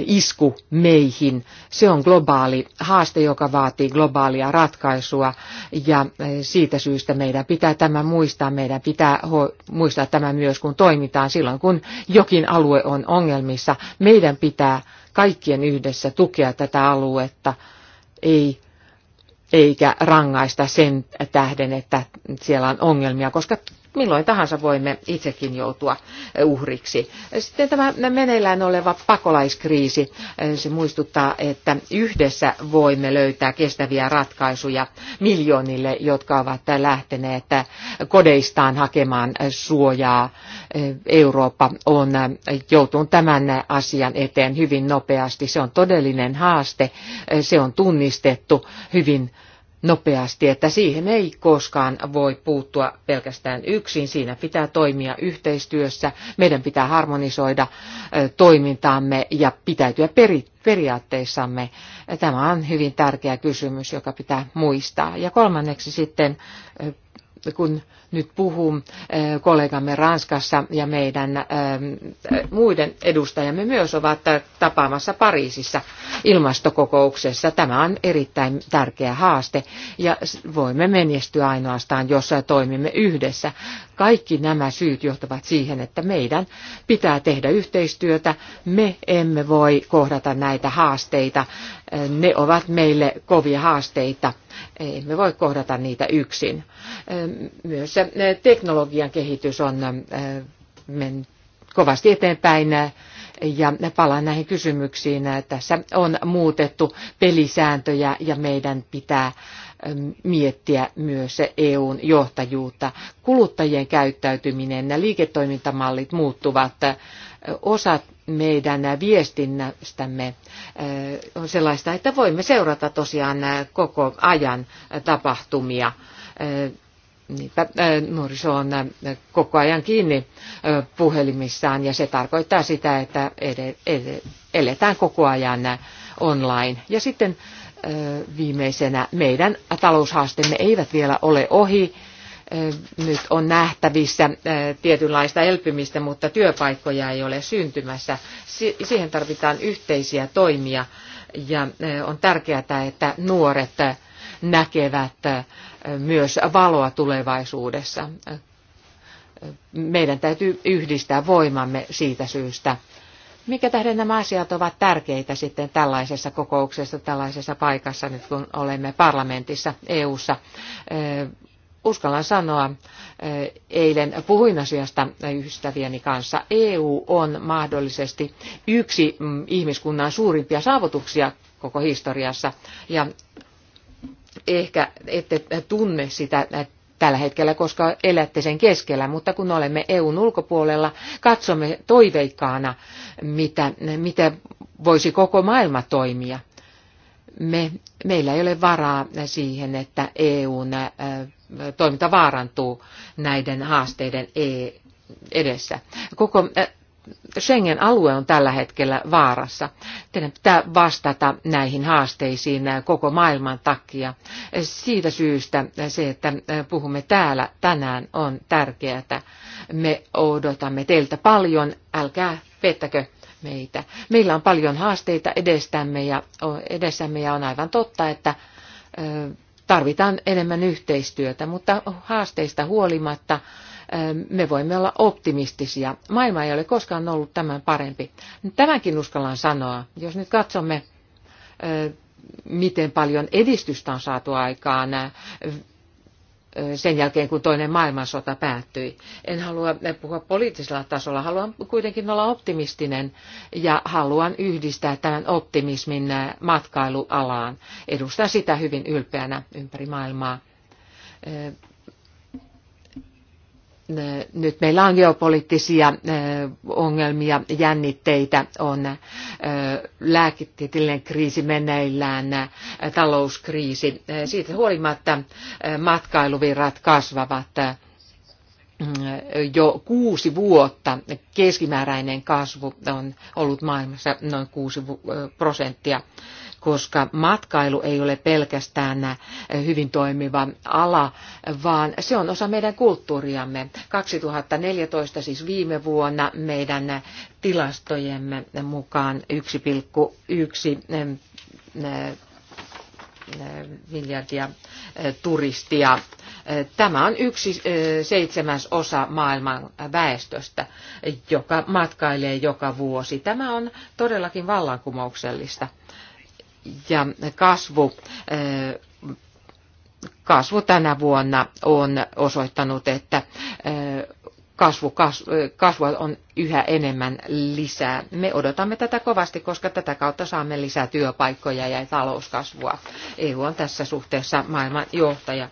isku meihin. Se on globaali haaste, joka vaatii globaalia ratkaisua ja eh, siitä syystä meidän pitää tämä muistaa. Meidän pitää muistaa tämä myös, kun toimitaan silloin, kun jokin alue on ongelmissa. Meidän pitää kaikkien yhdessä tukea tätä aluetta. Ei eikä rangaista sen tähden, että siellä on ongelmia, koska milloin tahansa voimme itsekin joutua eh, uhriksi. Sitten tämä meneillään oleva pakolaiskriisi, eh, se muistuttaa, että yhdessä voimme löytää kestäviä ratkaisuja miljoonille, jotka ovat lähteneet eh, kodeistaan hakemaan suojaa. Eurooppa on joutunut tämän asian eteen hyvin nopeasti. Se on todellinen haaste, se on tunnistettu hyvin nopeasti, että siihen ei koskaan voi puuttua pelkästään yksin. Siinä pitää toimia yhteistyössä. Meidän pitää harmonisoida toimintaamme ja pitäytyä peri- periaatteissamme. Tämä on hyvin tärkeä kysymys, joka pitää muistaa. Ja kolmanneksi sitten, kun nyt puhuu eh, kollegamme Ranskassa ja meidän eh, muiden edustajamme myös ovat tapaamassa Pariisissa ilmastokokouksessa. Tämä on erittäin tärkeä haaste ja voimme menestyä ainoastaan, jos toimimme yhdessä. Kaikki nämä syyt johtavat siihen, että meidän pitää tehdä yhteistyötä. Me emme voi kohdata näitä haasteita. Eh, ne ovat meille kovia haasteita. Emme voi kohdata niitä yksin. Myös teknologian kehitys on kovasti eteenpäin ja palaan näihin kysymyksiin. Tässä on muutettu pelisääntöjä ja meidän pitää miettiä myös EUn johtajuutta. Kuluttajien käyttäytyminen ja liiketoimintamallit muuttuvat. Osa meidän viestinnästämme on sellaista, että voimme seurata tosiaan koko ajan tapahtumia Niinpä äh, nuoriso on äh, koko ajan kiinni äh, puhelimissaan ja se tarkoittaa sitä, että eletään koko ajan online. Ja sitten viimeisenä meidän taloushaasteemme eivät vielä ole ohi. Nyt on nähtävissä tietynlaista elpymistä, mutta työpaikkoja ei ole syntymässä. Siihen tarvitaan yhteisiä toimia ja on tärkeää, että nuoret näkevät myös valoa tulevaisuudessa. Meidän täytyy yhdistää voimamme siitä syystä. Mikä tähden nämä asiat ovat tärkeitä sitten tällaisessa kokouksessa, tällaisessa paikassa, nyt kun olemme parlamentissa EU:ssa? Uskallan sanoa, eilen puhuin asiasta ystävieni kanssa. EU on mahdollisesti yksi mm, ihmiskunnan suurimpia saavutuksia koko historiassa. Ja ehkä ette tunne sitä tällä hetkellä, koska elätte sen keskellä, mutta kun olemme EUn ulkopuolella, katsomme toiveikkaana, mitä, mitä voisi koko maailma toimia. Me, meillä ei ole varaa siihen, että EUn ä, toiminta vaarantuu näiden haasteiden e-, edessä. Koko Schengen-alue on tällä hetkellä vaarassa. Teidän pitää vastata näihin haasteisiin koko maailman takia. Siitä syystä se, että puhumme täällä tänään, on tärkeää. Me odotamme teiltä paljon. Älkää vettäkö meitä. Meillä on paljon haasteita edestämme ja, edessämme ja on aivan totta, että tarvitaan enemmän yhteistyötä, mutta haasteista huolimatta – me voimme olla optimistisia. Maailma ei ole koskaan ollut tämän parempi. Tämänkin uskallan sanoa. Jos nyt katsomme, miten paljon edistystä on saatu aikaan sen jälkeen, kun toinen maailmansota päättyi. En halua puhua poliittisella tasolla, haluan kuitenkin olla optimistinen ja haluan yhdistää tämän optimismin äh, matkailualaan. Edustan sitä hyvin ylpeänä ympäri maailmaa. Äh, nyt meillä on geopoliittisia äh, ongelmia, jännitteitä, on äh, lääketieteellinen kriisi meneillään, talouskriisi. Siitä huolimatta matkailuvirrat kasvavat jo kuusi vuotta. Keskimääräinen kasvu on ollut maailmassa noin kuusi prosenttia koska matkailu ei ole pelkästään eh, hyvin toimiva ala, vaan se on osa meidän kulttuuriamme. 2014, siis viime vuonna, meidän eh, tilastojemme mukaan 1,1 eh, miljardia turistia. Tämä on yksi seitsemäs osa maailman väestöstä, joka matkailee joka vuosi. Tämä on todellakin vallankumouksellista ja kasvu eh, kasvu tänä vuonna on osoittanut, että eh, kasvu, eh, kasvu on yhä enemmän lisää. Me odotamme tätä kovasti, koska tätä kautta saamme lisää työpaikkoja ja talouskasvua. EU on tässä suhteessa maailman johtaja.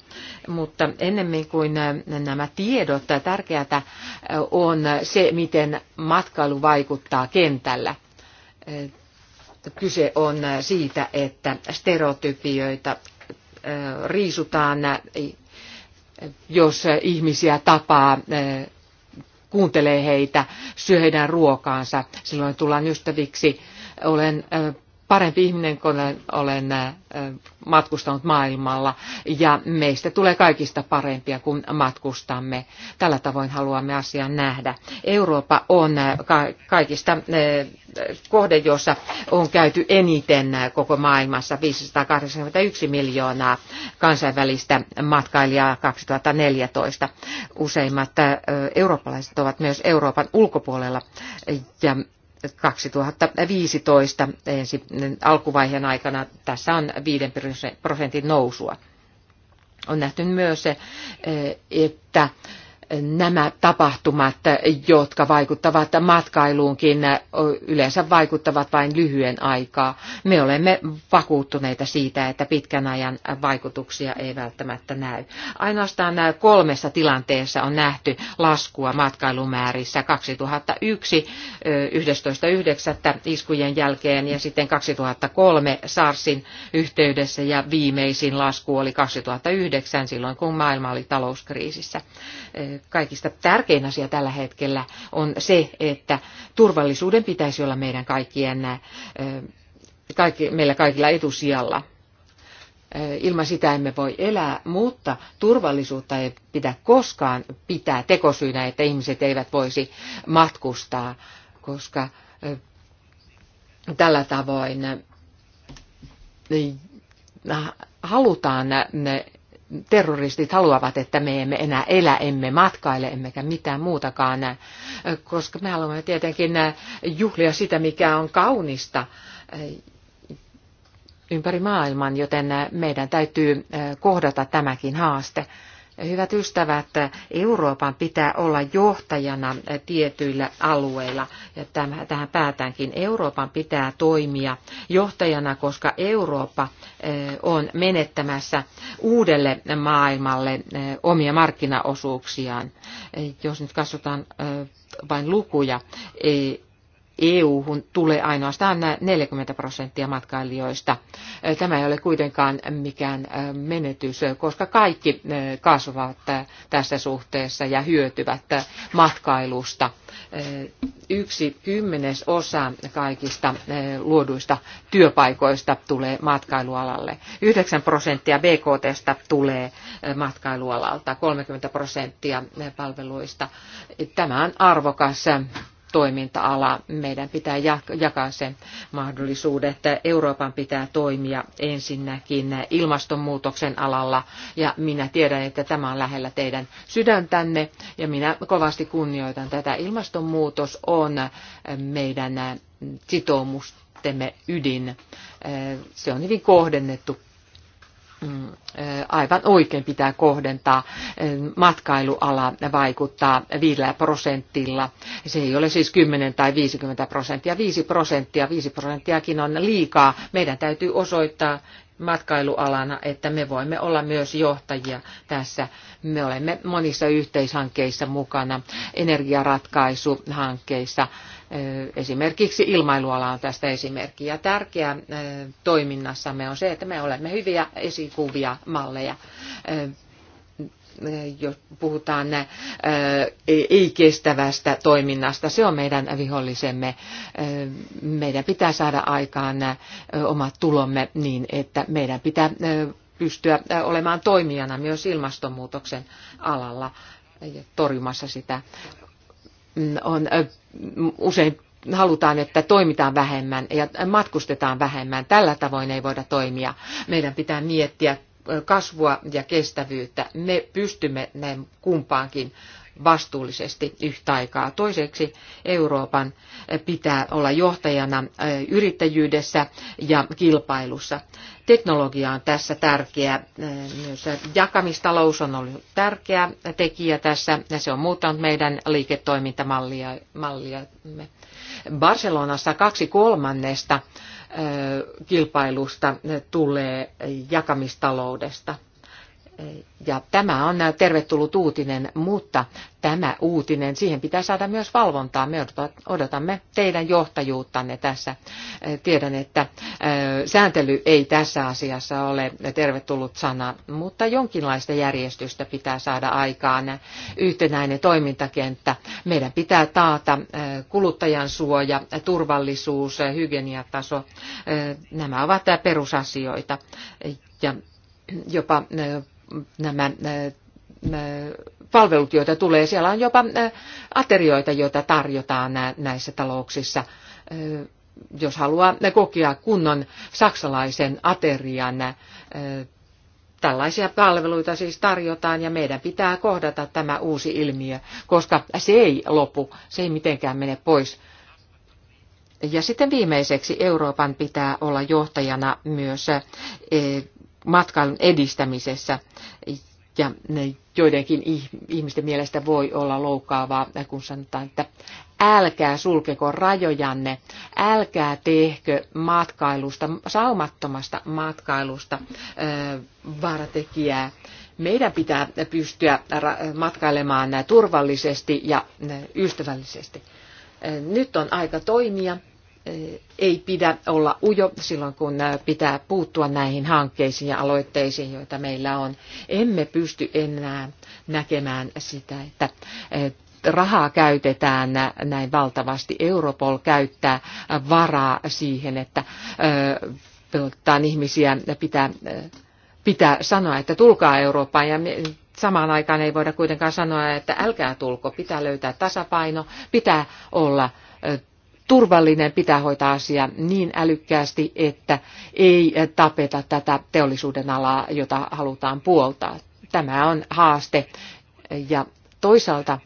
Mutta ennemmin kuin nämä tiedot, tärkeää on se, miten matkailu vaikuttaa kentällä Kyse on äh, siitä, että stereotypioita äh, riisutaan, äh, jos ihmisiä tapaa, kuuntelee heitä, syö heidän ruokaansa, silloin tullaan ystäviksi. Olen parempi ihminen, kun olen äh, matkustanut maailmalla, ja meistä tulee kaikista parempia, kun matkustamme. Tällä tavoin haluamme asian nähdä. Eurooppa on äh, kaikista äh, kohde, jossa on käyty eniten koko maailmassa, 581 miljoonaa kansainvälistä matkailijaa 2014. Useimmat eurooppalaiset ovat myös Euroopan ulkopuolella, ja 2015 ensi alkuvaiheen aikana tässä on 5 prosentin nousua. On nähty myös se, eh, että nämä tapahtumat, jotka vaikuttavat matkailuunkin, yleensä vaikuttavat vain lyhyen aikaa. Me olemme vakuuttuneita siitä, että pitkän ajan vaikutuksia ei välttämättä näy. Ainoastaan kolmessa tilanteessa on nähty laskua matkailumäärissä 2001 11.9. iskujen jälkeen ja sitten 2003 SARSin yhteydessä ja viimeisin lasku oli 2009 silloin, kun maailma oli talouskriisissä kaikista tärkein asia tällä hetkellä on se, että turvallisuuden pitäisi olla meidän kaikkien, kaikki, meillä kaikilla etusijalla. Ilman sitä emme voi elää, mutta turvallisuutta ei pidä koskaan pitää tekosyynä, että ihmiset eivät voisi matkustaa, koska tällä tavoin halutaan terroristit haluavat, että me emme enää elä, emme matkaile, emmekä mitään muutakaan, koska me haluamme tietenkin juhlia sitä, mikä on kaunista ympäri maailman, joten meidän täytyy kohdata tämäkin haaste. Hyvät ystävät, Euroopan pitää olla johtajana tietyillä alueilla. Ja tähän päätänkin. Euroopan pitää toimia johtajana, koska Eurooppa eh, on menettämässä uudelle maailmalle eh, omia markkinaosuuksiaan. Eh, jos nyt katsotaan vain lukuja, EU-hun tulee ainoastaan 40 prosenttia matkailijoista. Tämä ei ole kuitenkaan mikään menetys, koska kaikki kasvavat tässä suhteessa ja hyötyvät matkailusta. Yksi kymmenes osa kaikista luoduista työpaikoista tulee matkailualalle. 9 prosenttia BKT tulee matkailualalta, 30 prosenttia palveluista. Tämä on arvokas toiminta-ala. Meidän pitää jakaa sen että Euroopan pitää toimia ensinnäkin ilmastonmuutoksen alalla ja minä tiedän, että tämä on lähellä teidän sydäntänne ja minä kovasti kunnioitan tätä. Ilmastonmuutos on meidän sitoumustemme ydin. Se on hyvin kohdennettu Mm, eh, aivan oikein pitää kohdentaa. Eh, matkailuala vaikuttaa 5 prosentilla. Se ei ole siis 10 tai 50 prosenttia. 5 prosenttia, 5 prosenttiakin on liikaa. Meidän täytyy osoittaa matkailualana, että me voimme olla myös johtajia tässä. Me olemme monissa yhteishankkeissa mukana, energiaratkaisuhankkeissa, Esimerkiksi ilmailuala on tästä esimerkki. Ja tärkeä toiminnassamme on se, että me olemme hyviä esikuvia, malleja jos puhutaan ei-kestävästä toiminnasta, se on meidän vihollisemme. Meidän pitää saada aikaan omat tulomme niin, että meidän pitää pystyä olemaan toimijana myös ilmastonmuutoksen alalla torjumassa sitä on usein halutaan, että toimitaan vähemmän ja matkustetaan vähemmän. Tällä tavoin ei voida toimia. Meidän pitää miettiä kasvua ja kestävyyttä. Me pystymme näin kumpaankin vastuullisesti yhtä aikaa. Toiseksi Euroopan pitää olla johtajana yrittäjyydessä ja kilpailussa. Teknologia on tässä tärkeä. Äh, myös jakamistalous on ollut tärkeä tekijä tässä. Se on muuttanut meidän liiketoimintamalliamme. Barcelonassa kaksi kolmannesta äh, kilpailusta äh, tulee jakamistaloudesta – ja tämä on tervetullut uutinen, mutta tämä uutinen, siihen pitää saada myös valvontaa. Me odotamme teidän johtajuuttanne tässä. Tiedän, että sääntely ei tässä asiassa ole tervetullut sana, mutta jonkinlaista järjestystä pitää saada aikaan. Yhtenäinen toimintakenttä. Meidän pitää taata kuluttajan suoja, turvallisuus, hygieniataso. Nämä ovat perusasioita. Ja jopa Äh, nämä palvelut, joita tulee. Siellä on jopa äh, aterioita, joita tarjotaan näissä talouksissa. Äh, jos haluaa kokea kunnon saksalaisen aterian, tällaisia palveluita siis tarjotaan ja meidän pitää kohdata tämä uusi ilmiö, koska se ei lopu, se ei mitenkään mene pois. Ja sitten viimeiseksi Euroopan pitää olla johtajana myös matkailun edistämisessä. Ja joidenkin ihmisten mielestä voi olla loukkaavaa, kun sanotaan, että älkää sulkeko rajojanne, älkää tehkö matkailusta, saumattomasta matkailusta vaaratekijää. Meidän pitää pystyä matkailemaan turvallisesti ja ystävällisesti. Nyt on aika toimia ei pidä olla ujo silloin, kun pitää puuttua näihin hankkeisiin ja aloitteisiin, joita meillä on. Emme pysty enää näkemään sitä, että rahaa käytetään näin valtavasti. Europol käyttää varaa siihen, että pelottaa ihmisiä pitää, pitää sanoa, että tulkaa Eurooppaan ja samaan aikaan ei voida kuitenkaan sanoa, että älkää tulko, pitää löytää tasapaino, pitää olla turvallinen, pitää hoitaa asia niin älykkäästi, että ei tapeta tätä teollisuuden alaa, jota halutaan puoltaa. Tämä on haaste ja toisaalta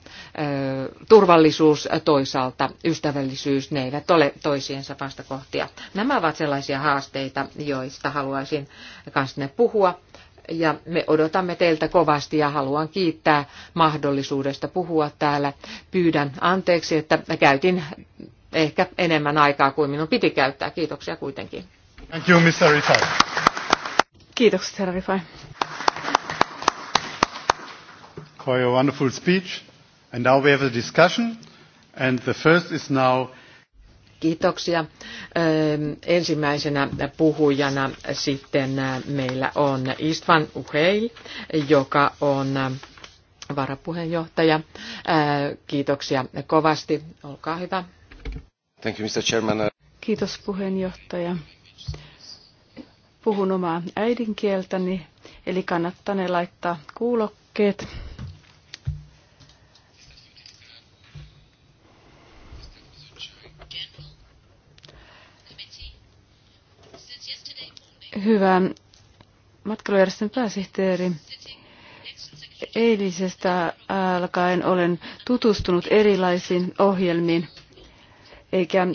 turvallisuus, toisaalta ystävällisyys, ne eivät ole toisiensa vastakohtia. Nämä ovat sellaisia haasteita, joista haluaisin kanssanne puhua. Ja me odotamme teiltä kovasti ja haluan kiittää mahdollisuudesta puhua täällä. Pyydän anteeksi, että käytin ehkä enemmän aikaa kuin minun piti käyttää. Kiitoksia kuitenkin. Thank you, Mr. Rifai. Kiitokset, herra Rifai. For your wonderful speech. And now we have a discussion. And the first is now Kiitoksia. Ensimmäisenä puhujana sitten äh, meillä on Istvan Uheil, joka on äh, varapuheenjohtaja. Äh, kiitoksia kovasti. Olkaa hyvä. Thank you, Mr. Chairman. Kiitos puheenjohtaja. Puhun omaa äidinkieltäni, eli kannattaa ne laittaa kuulokkeet. Hyvä matkailujärjestön pääsihteeri. Eilisestä alkaen olen tutustunut erilaisiin ohjelmiin eikä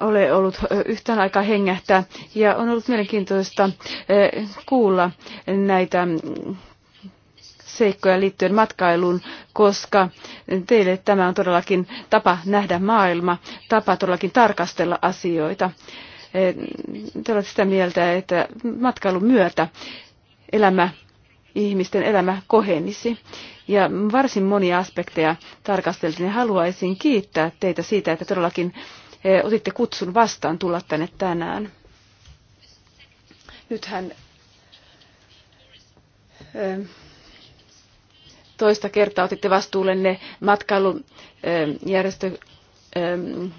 ole ollut yhtään aikaa hengähtää. Ja on ollut mielenkiintoista kuulla näitä seikkoja liittyen matkailuun, koska teille tämä on todellakin tapa nähdä maailma, tapa todellakin tarkastella asioita. Te olette sitä mieltä, että matkailun myötä elämä ihmisten elämä kohenisi. Ja varsin monia aspekteja tarkasteltiin haluaisin kiittää teitä siitä, että todellakin eh, otitte kutsun vastaan tulla tänne tänään. Nythän eh, toista kertaa otitte vastuullenne matkailujärjestö eh,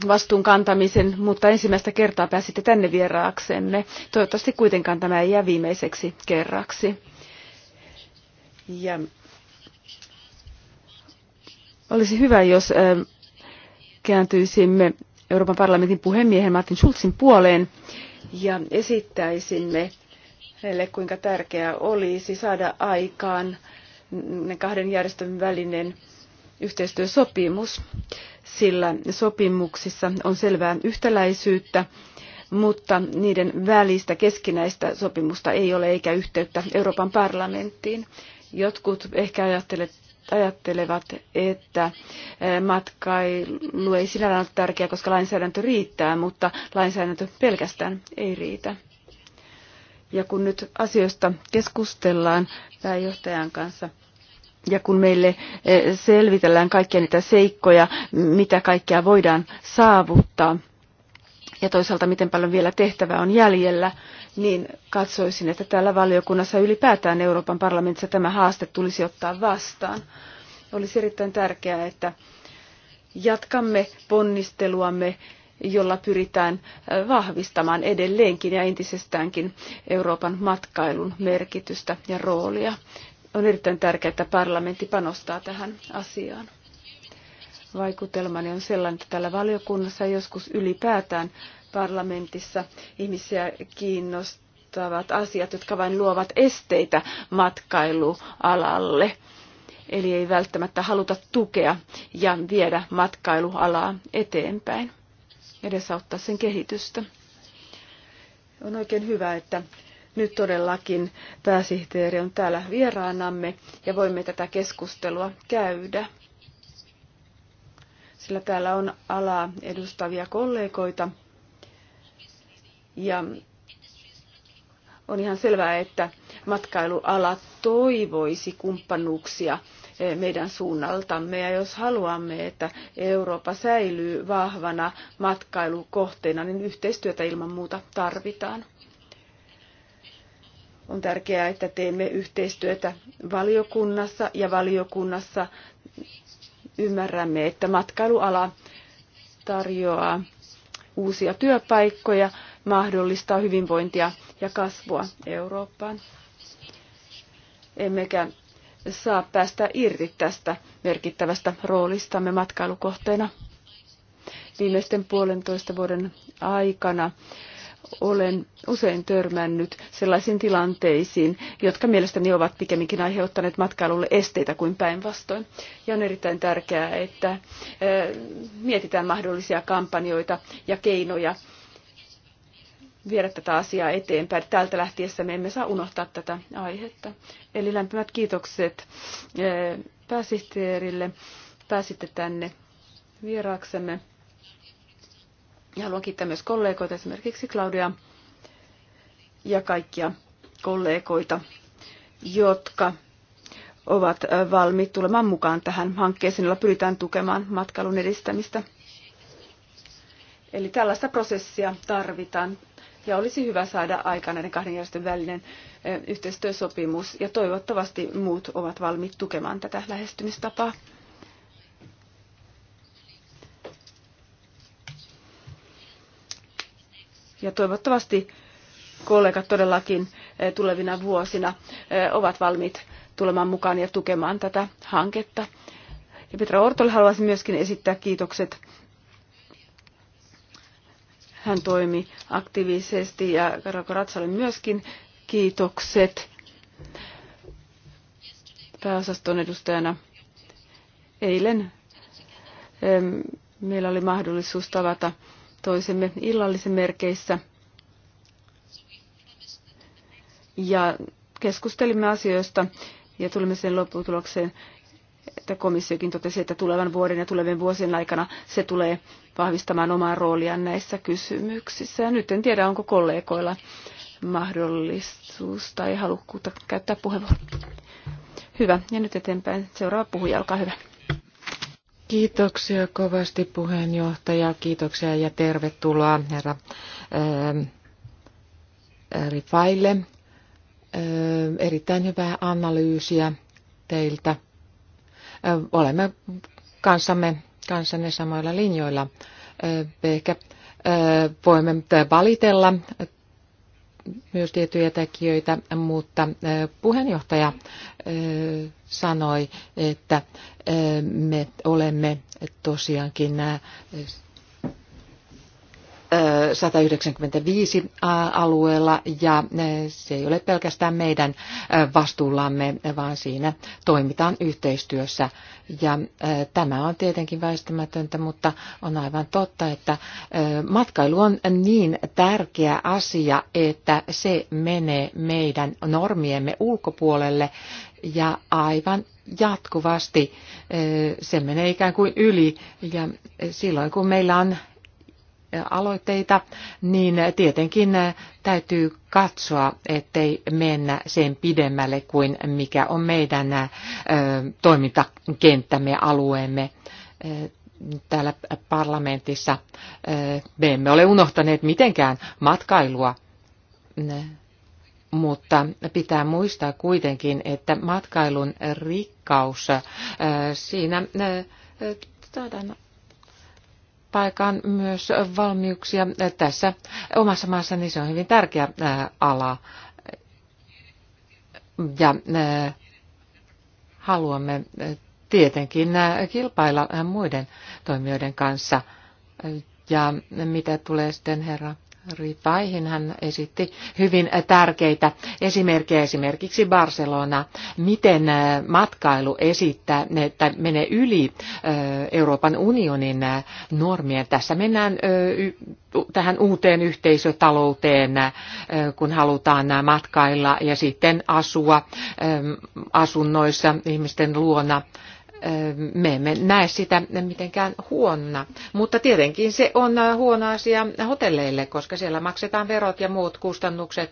vastuun kantamisen, mutta ensimmäistä kertaa pääsitte tänne vieraaksenne. Toivottavasti kuitenkaan tämä ei jää viimeiseksi kerraksi. Ja olisi hyvä, jos kääntyisimme Euroopan parlamentin puhemiehen Martin Schulzin puoleen ja esittäisimme hänelle, kuinka tärkeää olisi saada aikaan kahden järjestön välinen yhteistyösopimus, sillä sopimuksissa on selvää yhtäläisyyttä, mutta niiden välistä keskinäistä sopimusta ei ole eikä yhteyttä Euroopan parlamenttiin. Jotkut ehkä ajattelevat, että matkailu ei sinällään ole tärkeää, koska lainsäädäntö riittää, mutta lainsäädäntö pelkästään ei riitä. Ja kun nyt asioista keskustellaan pääjohtajan kanssa, ja kun meille selvitellään kaikkia niitä seikkoja, mitä kaikkea voidaan saavuttaa, ja toisaalta miten paljon vielä tehtävää on jäljellä, niin katsoisin, että täällä valiokunnassa ylipäätään Euroopan parlamentissa tämä haaste tulisi ottaa vastaan. Olisi erittäin tärkeää, että jatkamme ponnisteluamme, jolla pyritään vahvistamaan edelleenkin ja entisestäänkin Euroopan matkailun merkitystä ja roolia. On erittäin tärkeää, että parlamentti panostaa tähän asiaan. Vaikutelmani on sellainen, että täällä valiokunnassa joskus ylipäätään parlamentissa ihmisiä kiinnostavat asiat, jotka vain luovat esteitä matkailualalle. Eli ei välttämättä haluta tukea ja viedä matkailualaa eteenpäin, edesauttaa sen kehitystä. On oikein hyvä, että nyt todellakin pääsihteeri on täällä vieraanamme ja voimme tätä keskustelua käydä. Sillä täällä on alaa edustavia kollegoita ja on ihan selvää, että matkailuala toivoisi kumppanuuksia eh, meidän suunnaltamme. Ja jos haluamme, että Eurooppa säilyy vahvana matkailukohteena, niin yhteistyötä ilman muuta tarvitaan. On tärkeää, että teemme yhteistyötä valiokunnassa ja valiokunnassa ymmärrämme, että matkailuala tarjoaa uusia työpaikkoja, mahdollistaa hyvinvointia ja kasvua Eurooppaan. Emmekä saa päästä irti tästä merkittävästä roolistamme matkailukohteena. Viimeisten puolentoista vuoden aikana olen usein törmännyt sellaisiin tilanteisiin, jotka mielestäni ovat pikemminkin aiheuttaneet matkailulle esteitä kuin päinvastoin. Ja on erittäin tärkeää, että eh, mietitään mahdollisia kampanjoita ja keinoja viedä tätä asiaa eteenpäin. Täältä lähtiessä me emme saa unohtaa tätä aihetta. Eli lämpimät kiitokset eh, pääsihteerille. Pääsitte tänne vieraaksemme. Ja haluan kiittää myös kollegoita, esimerkiksi Claudia ja kaikkia kollegoita, jotka ovat eh, valmiit tulemaan mukaan tähän hankkeeseen, jolla pyritään tukemaan matkailun edistämistä. Eli tällaista prosessia tarvitaan ja olisi hyvä saada aikaan näiden kahden järjestön välinen yhteistyösopimus ja toivottavasti muut ovat valmiit tukemaan tätä lähestymistapaa. Ja toivottavasti kollegat todellakin tulevina vuosina ovat valmiit tulemaan mukaan ja tukemaan tätä hanketta. Ja Petra Ortolle haluaisin myöskin esittää kiitokset hän toimi aktiivisesti ja Karako Ratsalle myöskin kiitokset pääosaston edustajana eilen. Meillä oli mahdollisuus tavata toisemme illallisen merkeissä. Ja keskustelimme asioista ja tulimme sen lopputulokseen, että komissiokin totesi, että tulevan vuoden ja tulevien vuosien aikana se tulee vahvistamaan omaa rooliaan näissä kysymyksissä. Ja nyt en tiedä, onko kollegoilla mahdollisuus tai halukkuutta käyttää puheenvuoron. Hyvä, ja nyt eteenpäin. Seuraava puhuja, olkaa hyvä. Kiitoksia kovasti puheenjohtaja, kiitoksia ja tervetuloa herra ähm, Rifaille. Ähm, erittäin hyvää analyysiä teiltä olemme kanssamme, kanssanne samoilla linjoilla. Ehkä voimme valitella myös tiettyjä tekijöitä, mutta puheenjohtaja sanoi, että me olemme tosiaankin 195 alueella ja se ei ole pelkästään meidän vastuullamme, vaan siinä toimitaan yhteistyössä. Ja tämä on tietenkin väistämätöntä, mutta on aivan totta, että matkailu on niin tärkeä asia, että se menee meidän normiemme ulkopuolelle ja aivan jatkuvasti se menee ikään kuin yli. Ja silloin kun meillä on aloitteita, niin tietenkin täytyy katsoa, ettei mennä sen pidemmälle kuin mikä on meidän toimintakenttämme alueemme täällä parlamentissa. Me emme ole unohtaneet mitenkään matkailua, mutta pitää muistaa kuitenkin, että matkailun rikkaus siinä saadaan paikan myös valmiuksia tässä omassa maassa, niin se on hyvin tärkeä ala. Ja haluamme tietenkin kilpailla muiden toimijoiden kanssa. Ja mitä tulee sitten herra Ripaihin hän esitti hyvin tärkeitä esimerkkejä, esimerkiksi Barcelona, miten äh, matkailu esittää, että menee yli äh, Euroopan unionin äh, normien. Tässä mennään tähän uuteen yhteisötalouteen, kun halutaan matkailla ja sitten asua ähm, asunnoissa ihmisten luona me emme näe sitä mitenkään huonona, mutta tietenkin se on huono asia hotelleille, koska siellä maksetaan verot ja muut kustannukset.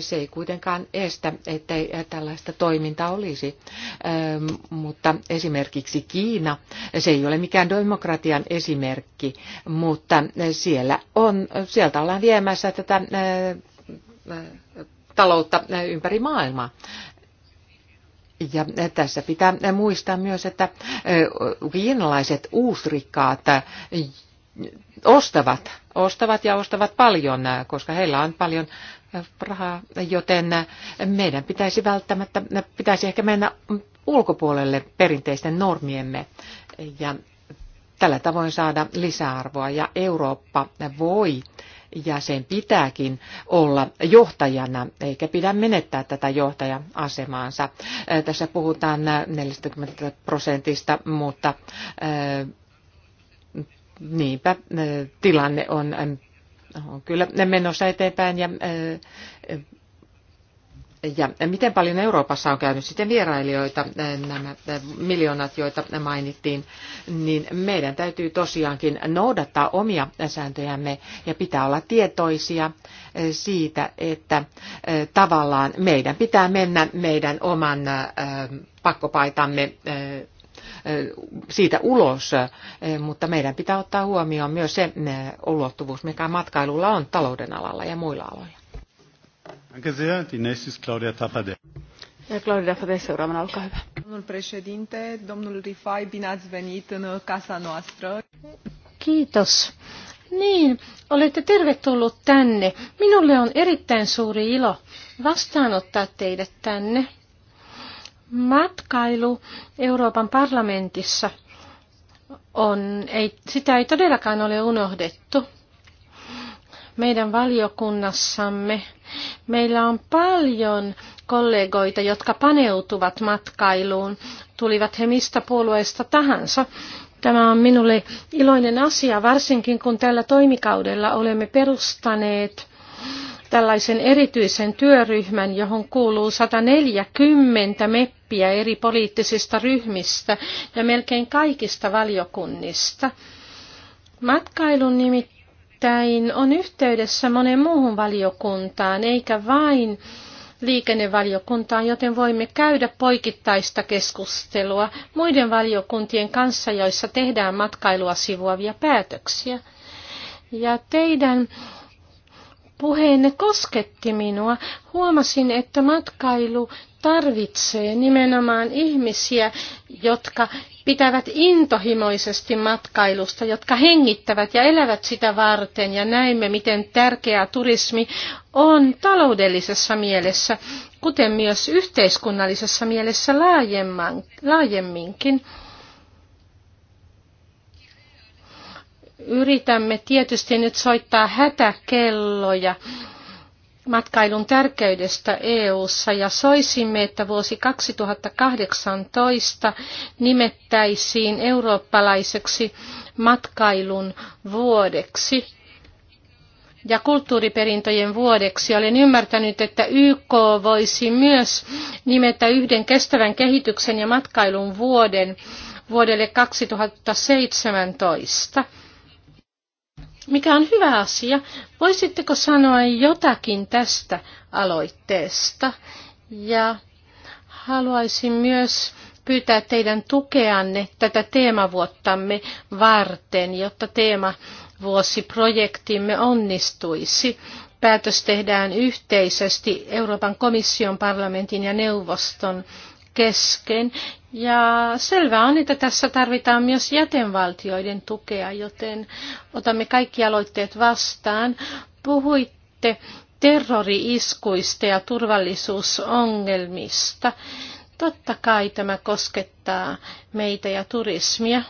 Se ei kuitenkaan estä, ettei tällaista toimintaa olisi. Mutta esimerkiksi Kiina, se ei ole mikään demokratian esimerkki, mutta siellä on, sieltä ollaan viemässä tätä taloutta ympäri maailmaa. Ja tässä pitää muistaa myös, että kiinalaiset uusrikkaat ostavat, ostavat ja ostavat paljon, koska heillä on paljon rahaa, joten meidän pitäisi välttämättä, pitäisi ehkä mennä ulkopuolelle perinteisten normiemme ja tällä tavoin saada lisäarvoa ja Eurooppa voi ja sen pitääkin olla johtajana, eikä pidä menettää tätä johtaja-asemaansa. Tässä puhutaan 40 prosentista, mutta niinpä tilanne on, on kyllä menossa eteenpäin ja ja miten paljon Euroopassa on käynyt sitten vierailijoita, eh, nämä eh, miljoonat, joita mainittiin, niin meidän täytyy tosiaankin noudattaa omia sääntöjämme ja pitää olla tietoisia eh, siitä, että tavallaan meidän pitää mennä meidän oman pakkopaitamme siitä ulos, mutta meidän pitää ottaa huomioon myös se ulottuvuus, mikä matkailulla on talouden alalla ja muilla aloilla. Danke sehr. Die nächste ist Claudia Ja, Claudia seuraavana, olkaa hyvä. Domnul președinte, domnul Rifai, bine ați venit în casa noastră. Kiitos. Niin, olette tervetullut tänne. Minulle on erittäin suuri ilo vastaanottaa teidät tänne. Matkailu Euroopan parlamentissa on, ei, sitä ei todellakaan ole unohdettu. Meidän valiokunnassamme Meillä on paljon kollegoita, jotka paneutuvat matkailuun, tulivat he mistä puolueesta tahansa. Tämä on minulle iloinen asia, varsinkin kun tällä toimikaudella olemme perustaneet tällaisen erityisen työryhmän, johon kuuluu 140 meppiä eri poliittisista ryhmistä ja melkein kaikista valiokunnista. Matkailun nimittäin nimittäin on yhteydessä moneen muuhun valiokuntaan, eikä vain liikennevaliokuntaan, joten voimme käydä poikittaista keskustelua muiden valiokuntien kanssa, joissa tehdään matkailua sivuavia päätöksiä. Ja teidän puheenne kosketti minua. Huomasin, että matkailu tarvitsee nimenomaan ihmisiä, jotka pitävät intohimoisesti matkailusta, jotka hengittävät ja elävät sitä varten ja näemme, miten tärkeää turismi on taloudellisessa mielessä, kuten myös yhteiskunnallisessa mielessä laajemminkin. Yritämme tietysti nyt soittaa hätäkelloja matkailun tärkeydestä EU:ssa ja soisimme, että vuosi 2018 nimettäisiin eurooppalaiseksi matkailun vuodeksi ja kulttuuriperintöjen vuodeksi. Olen ymmärtänyt, että YK voisi myös nimetä yhden kestävän kehityksen ja matkailun vuoden vuodelle 2017 mikä on hyvä asia. Voisitteko sanoa jotakin tästä aloitteesta? Ja haluaisin myös pyytää teidän tukeanne tätä teemavuottamme varten, jotta teemavuosiprojektimme onnistuisi. Päätös tehdään yhteisesti Euroopan komission, parlamentin ja neuvoston kesken. Ja selvää on, että tässä tarvitaan myös jätenvaltioiden tukea, joten otamme kaikki aloitteet vastaan. Puhuitte terrori-iskuista ja turvallisuusongelmista. Totta kai tämä koskettaa meitä ja turismia.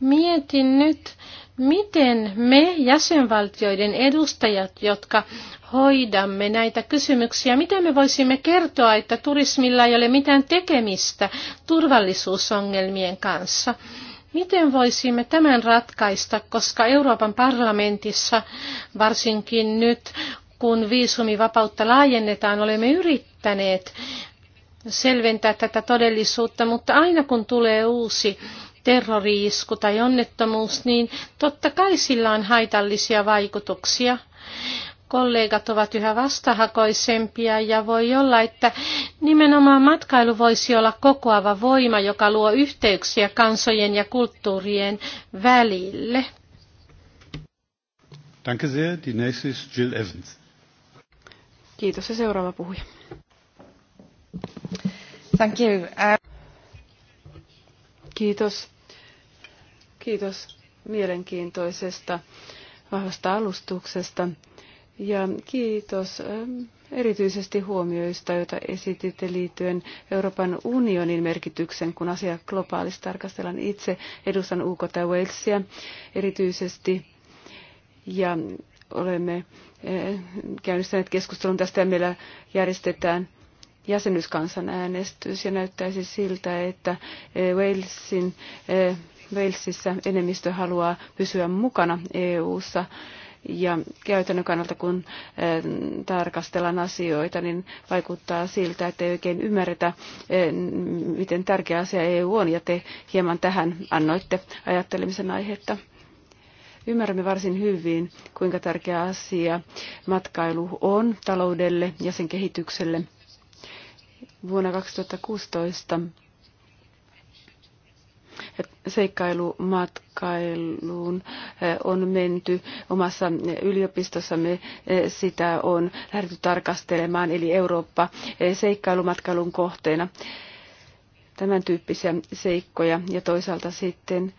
Mietin nyt, miten me jäsenvaltioiden edustajat, jotka hoidamme näitä kysymyksiä, miten me voisimme kertoa, että turismilla ei ole mitään tekemistä turvallisuusongelmien kanssa. Miten voisimme tämän ratkaista, koska Euroopan parlamentissa, varsinkin nyt kun viisumivapautta laajennetaan, olemme yrittäneet selventää tätä todellisuutta, mutta aina kun tulee uusi terroriisku tai onnettomuus, niin totta kai sillä on haitallisia vaikutuksia kollegat ovat yhä vastahakoisempia ja voi olla, että nimenomaan matkailu voisi olla kokoava voima, joka luo yhteyksiä kansojen ja kulttuurien välille. Danke sehr. Die nächste ist Jill Evans. Kiitos ja seuraava puhuja. Thank you. Uh... Kiitos. Kiitos mielenkiintoisesta vahvasta alustuksesta. Ja kiitos ähm, erityisesti huomioista, joita esititte liittyen Euroopan unionin merkityksen, kun asia globaalisti tarkastellaan. Itse edustan UK Walesia erityisesti ja olemme äh, käynnistäneet keskustelun tästä ja meillä järjestetään jäsenyyskansanäänestys ja näyttäisi siltä, että äh, Walesin, äh, Walesissa enemmistö haluaa pysyä mukana EU-ssa. Ja käytännön kannalta, kun eh, tarkastellaan asioita, niin vaikuttaa siltä, että ei oikein ymmärretä, eh, miten tärkeä asia EU on, ja te hieman tähän annoitte ajattelemisen aihetta ymmärrämme varsin hyvin, kuinka tärkeä asia matkailu on taloudelle ja sen kehitykselle. Vuonna 2016 seikkailumatkailuun eh, on menty. Omassa eh, yliopistossamme eh, sitä on lähdetty tarkastelemaan, eli Eurooppa seikkailumatkailun kohteena. Tämän tyyppisiä seikkoja ja toisaalta sitten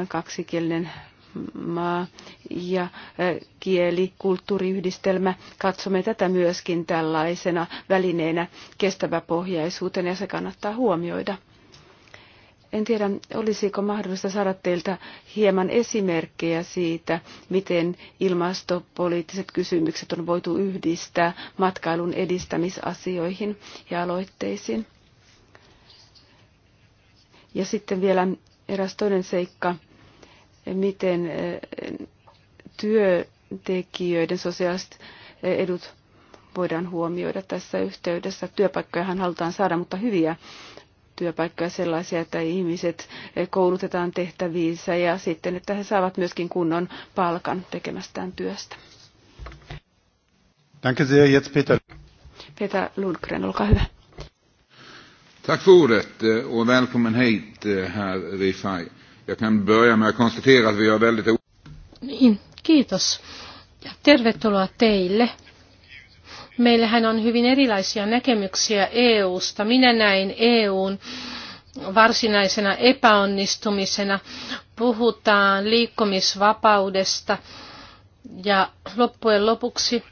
on kaksikielinen maa ja kieli, kulttuuriyhdistelmä. Katsomme tätä myöskin tällaisena välineenä kestäväpohjaisuuteen ja se kannattaa huomioida. En tiedä, olisiko mahdollista saada teiltä hieman esimerkkejä siitä, miten ilmastopoliittiset kysymykset on voitu yhdistää matkailun edistämisasioihin ja aloitteisiin. Ja sitten vielä eräs toinen seikka, miten eh, työntekijöiden sosiaaliset eh, edut voidaan huomioida tässä yhteydessä. Työpaikkojahan halutaan saada, mutta hyviä työpaikkoja sellaisia, että ihmiset koulutetaan tehtäviinsä ja sitten, että he saavat myöskin kunnon palkan tekemästään työstä. Danke sehr, jetzt Peter. Peter Lundgren, olkaa hyvä. Tack för ordet eh, och välkommen hit, eh, här Rifai. Jag kan börja med att konstatera att vi har väldigt... Niin, kiitos. Ja tervetuloa teille. Meillähän on hyvin erilaisia näkemyksiä EUsta. Minä näin EUn varsinaisena epäonnistumisena. Puhutaan liikkumisvapaudesta ja loppujen lopuksi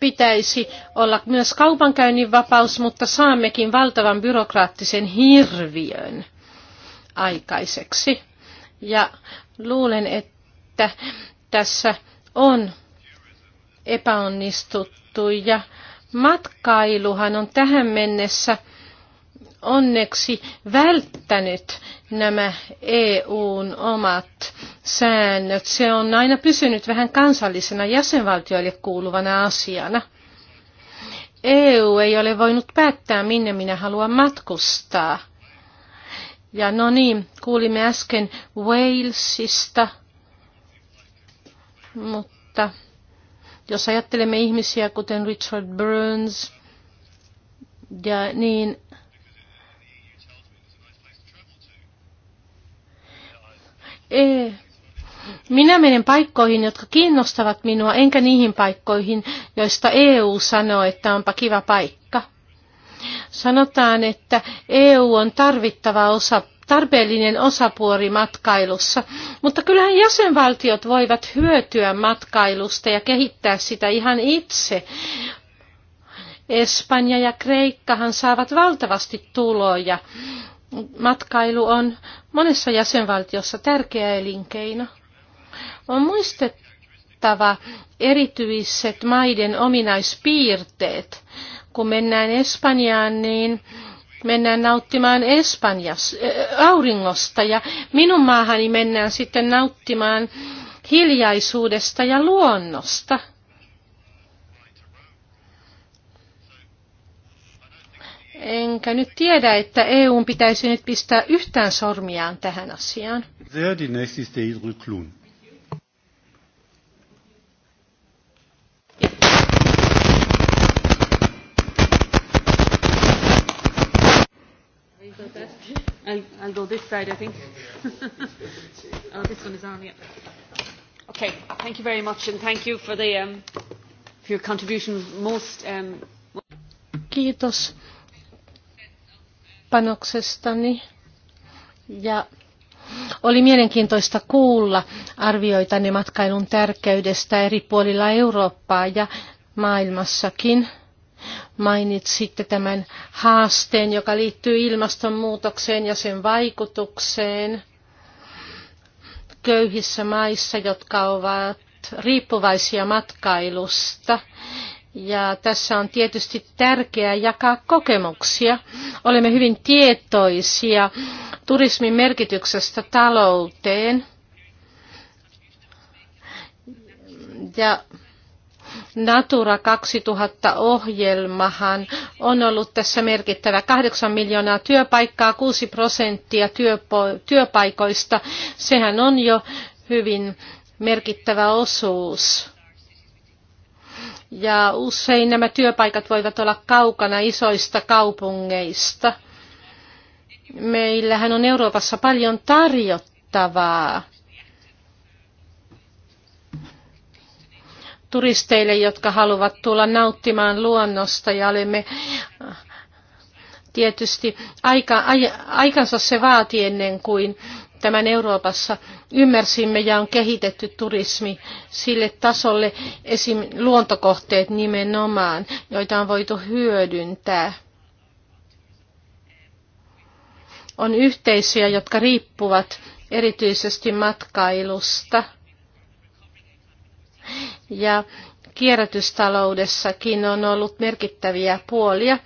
pitäisi olla myös kaupankäynnin vapaus, mutta saammekin valtavan byrokraattisen hirviön aikaiseksi. Ja luulen, että tässä on epäonnistuttu ja matkailuhan on tähän mennessä onneksi välttänyt nämä EUn omat säännöt. Se on aina pysynyt vähän kansallisena jäsenvaltioille kuuluvana asiana. EU ei ole voinut päättää, minne minä haluan matkustaa. Ja no niin, kuulimme äsken Walesista, mutta jos ajattelemme ihmisiä kuten Richard Burns ja niin Ee. Minä menen paikkoihin, jotka kiinnostavat minua, enkä niihin paikkoihin, joista EU sanoo, että onpa kiva paikka. Sanotaan, että EU on tarvittava osa tarpeellinen osapuori matkailussa. Mutta kyllähän jäsenvaltiot voivat hyötyä matkailusta ja kehittää sitä ihan itse. Espanja ja Kreikkahan saavat valtavasti tuloja. Matkailu on monessa jäsenvaltiossa tärkeä elinkeino. On muistettava erityiset maiden ominaispiirteet. Kun mennään Espanjaan, niin mennään nauttimaan Espanjas, äh, auringosta ja minun maahani mennään sitten nauttimaan hiljaisuudesta ja luonnosta. Enkä nyt tiedä, että EUn pitäisi nyt pistää yhtään sormiaan tähän asiaan. Sehr die nächste I'll, go this side, I think. [LAUGHS] oh, this one is on, yeah. Okay, thank you very much and thank you for, the, um, for your contribution most. Um, Kiitos panoksestani ja oli mielenkiintoista kuulla arvioitanne matkailun tärkeydestä eri puolilla Eurooppaa ja maailmassakin mainitsitte tämän haasteen, joka liittyy ilmastonmuutokseen ja sen vaikutukseen köyhissä maissa, jotka ovat riippuvaisia matkailusta. Ja tässä on tietysti tärkeää jakaa kokemuksia. Olemme hyvin tietoisia turismin merkityksestä talouteen. Ja Natura 2000-ohjelmahan on ollut tässä merkittävä. 8 miljoonaa työpaikkaa, 6 prosenttia työpaikoista. Sehän on jo hyvin merkittävä osuus. Ja usein nämä työpaikat voivat olla kaukana isoista kaupungeista. Meillähän on Euroopassa paljon tarjottavaa turisteille, jotka haluavat tulla nauttimaan luonnosta ja olemme tietysti aika, ai, aikansa se vaati ennen kuin tämän Euroopassa ymmärsimme ja on kehitetty turismi sille tasolle, esim. luontokohteet nimenomaan, joita on voitu hyödyntää. On yhteisöjä, jotka riippuvat erityisesti matkailusta – ja kierrätystaloudessakin on ollut merkittäviä puolia.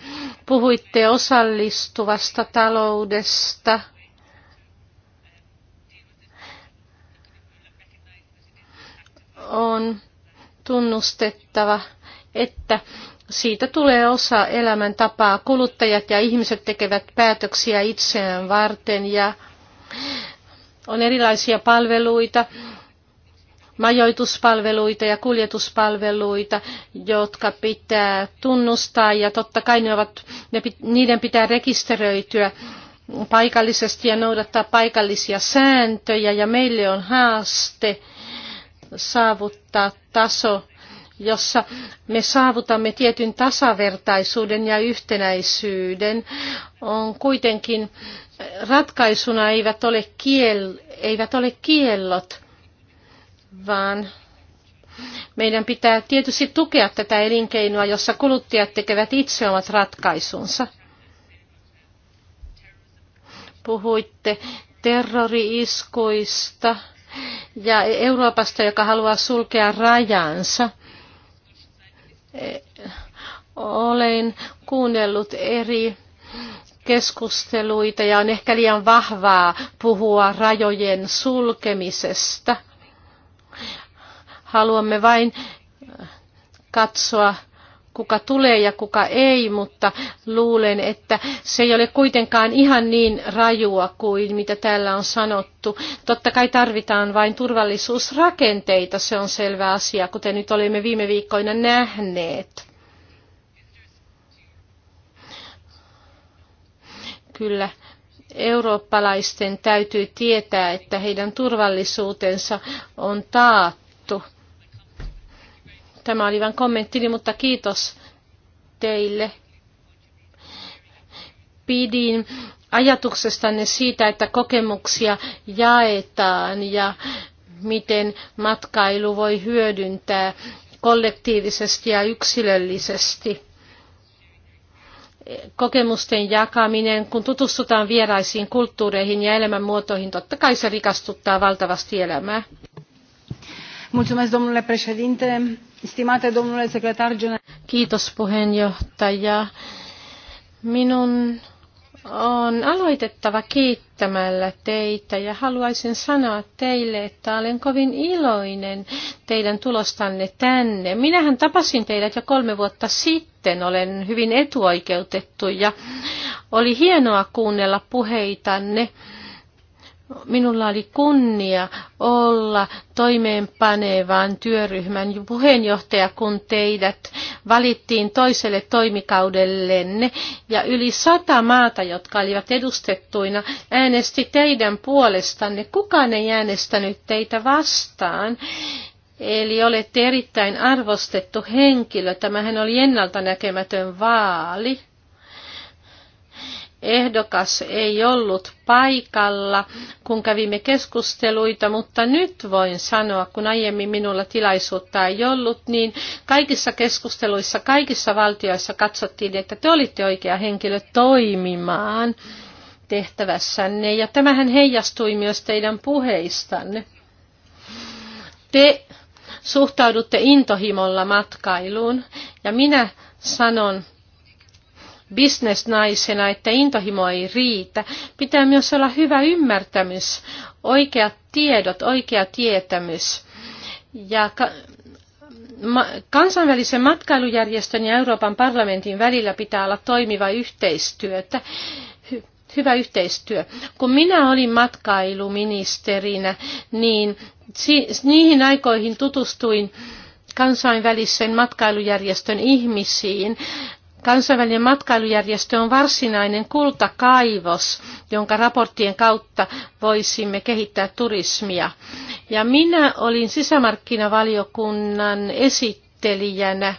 Puhuitte osallistuvasta taloudesta. On tunnustettava, että siitä tulee osa elämäntapaa. Kuluttajat ja ihmiset tekevät päätöksiä itseään varten ja on erilaisia palveluita majoituspalveluita ja kuljetuspalveluita, jotka pitää tunnustaa ja totta kai ne ovat, ne, niiden pitää rekisteröityä paikallisesti ja noudattaa paikallisia sääntöjä ja meille on haaste saavuttaa taso, jossa me saavutamme tietyn tasavertaisuuden ja yhtenäisyyden, on kuitenkin ratkaisuna eivät ole, kiel, eivät ole kiellot, vaan meidän pitää tietysti tukea tätä elinkeinoa, jossa kuluttajat tekevät itse omat ratkaisunsa. Puhuitte terrori-iskuista ja Euroopasta, joka haluaa sulkea rajansa. Olen kuunnellut eri keskusteluita ja on ehkä liian vahvaa puhua rajojen sulkemisesta – Haluamme vain katsoa, kuka tulee ja kuka ei, mutta luulen, että se ei ole kuitenkaan ihan niin rajua kuin mitä täällä on sanottu. Totta kai tarvitaan vain turvallisuusrakenteita, se on selvä asia, kuten nyt olimme viime viikkoina nähneet. Kyllä eurooppalaisten täytyy tietää, että heidän turvallisuutensa on taattu Tämä oli vain kommenttini, mutta kiitos teille. Pidin ajatuksestanne siitä, että kokemuksia jaetaan ja miten matkailu voi hyödyntää kollektiivisesti ja yksilöllisesti. Kokemusten jakaminen, kun tutustutaan vieraisiin kulttuureihin ja elämänmuotoihin, totta kai se rikastuttaa valtavasti elämää. Mulțumesc, domnule președinte. Stimate domnule secretar general. Kiitos puheenjohtaja. Minun on aloitettava kiittämällä teitä ja haluaisin sanoa teille, että olen kovin iloinen teidän tulostanne tänne. Minähän tapasin teidät jo kolme vuotta sitten, olen hyvin etuoikeutettu ja oli hienoa kuunnella puheitanne Minulla oli kunnia olla toimeenpanevan työryhmän puheenjohtaja, kun teidät valittiin toiselle toimikaudellenne. Ja yli sata maata, jotka olivat edustettuina, äänesti teidän puolestanne. Kukaan ei äänestänyt teitä vastaan. Eli olette erittäin arvostettu henkilö. Tämähän oli ennalta näkemätön vaali ehdokas ei ollut paikalla, kun kävimme keskusteluita, mutta nyt voin sanoa, kun aiemmin minulla tilaisuutta ei ollut, niin kaikissa keskusteluissa, kaikissa valtioissa katsottiin, että te olitte oikea henkilö toimimaan tehtävässänne, ja tämähän heijastui myös teidän puheistanne. Te suhtaudutte intohimolla matkailuun, ja minä sanon, bisnesnaisena, että intohimo ei riitä. Pitää myös olla hyvä ymmärtämys, oikeat tiedot, oikea tietämys. Ja kansainvälisen matkailujärjestön ja Euroopan parlamentin välillä pitää olla toimiva yhteistyötä hyvä yhteistyö. Kun minä olin matkailuministerinä, niin niihin aikoihin tutustuin kansainvälisen matkailujärjestön ihmisiin. Kansainvälinen matkailujärjestö on varsinainen kultakaivos, jonka raporttien kautta voisimme kehittää turismia. Ja minä olin sisämarkkinavaliokunnan esittelijänä,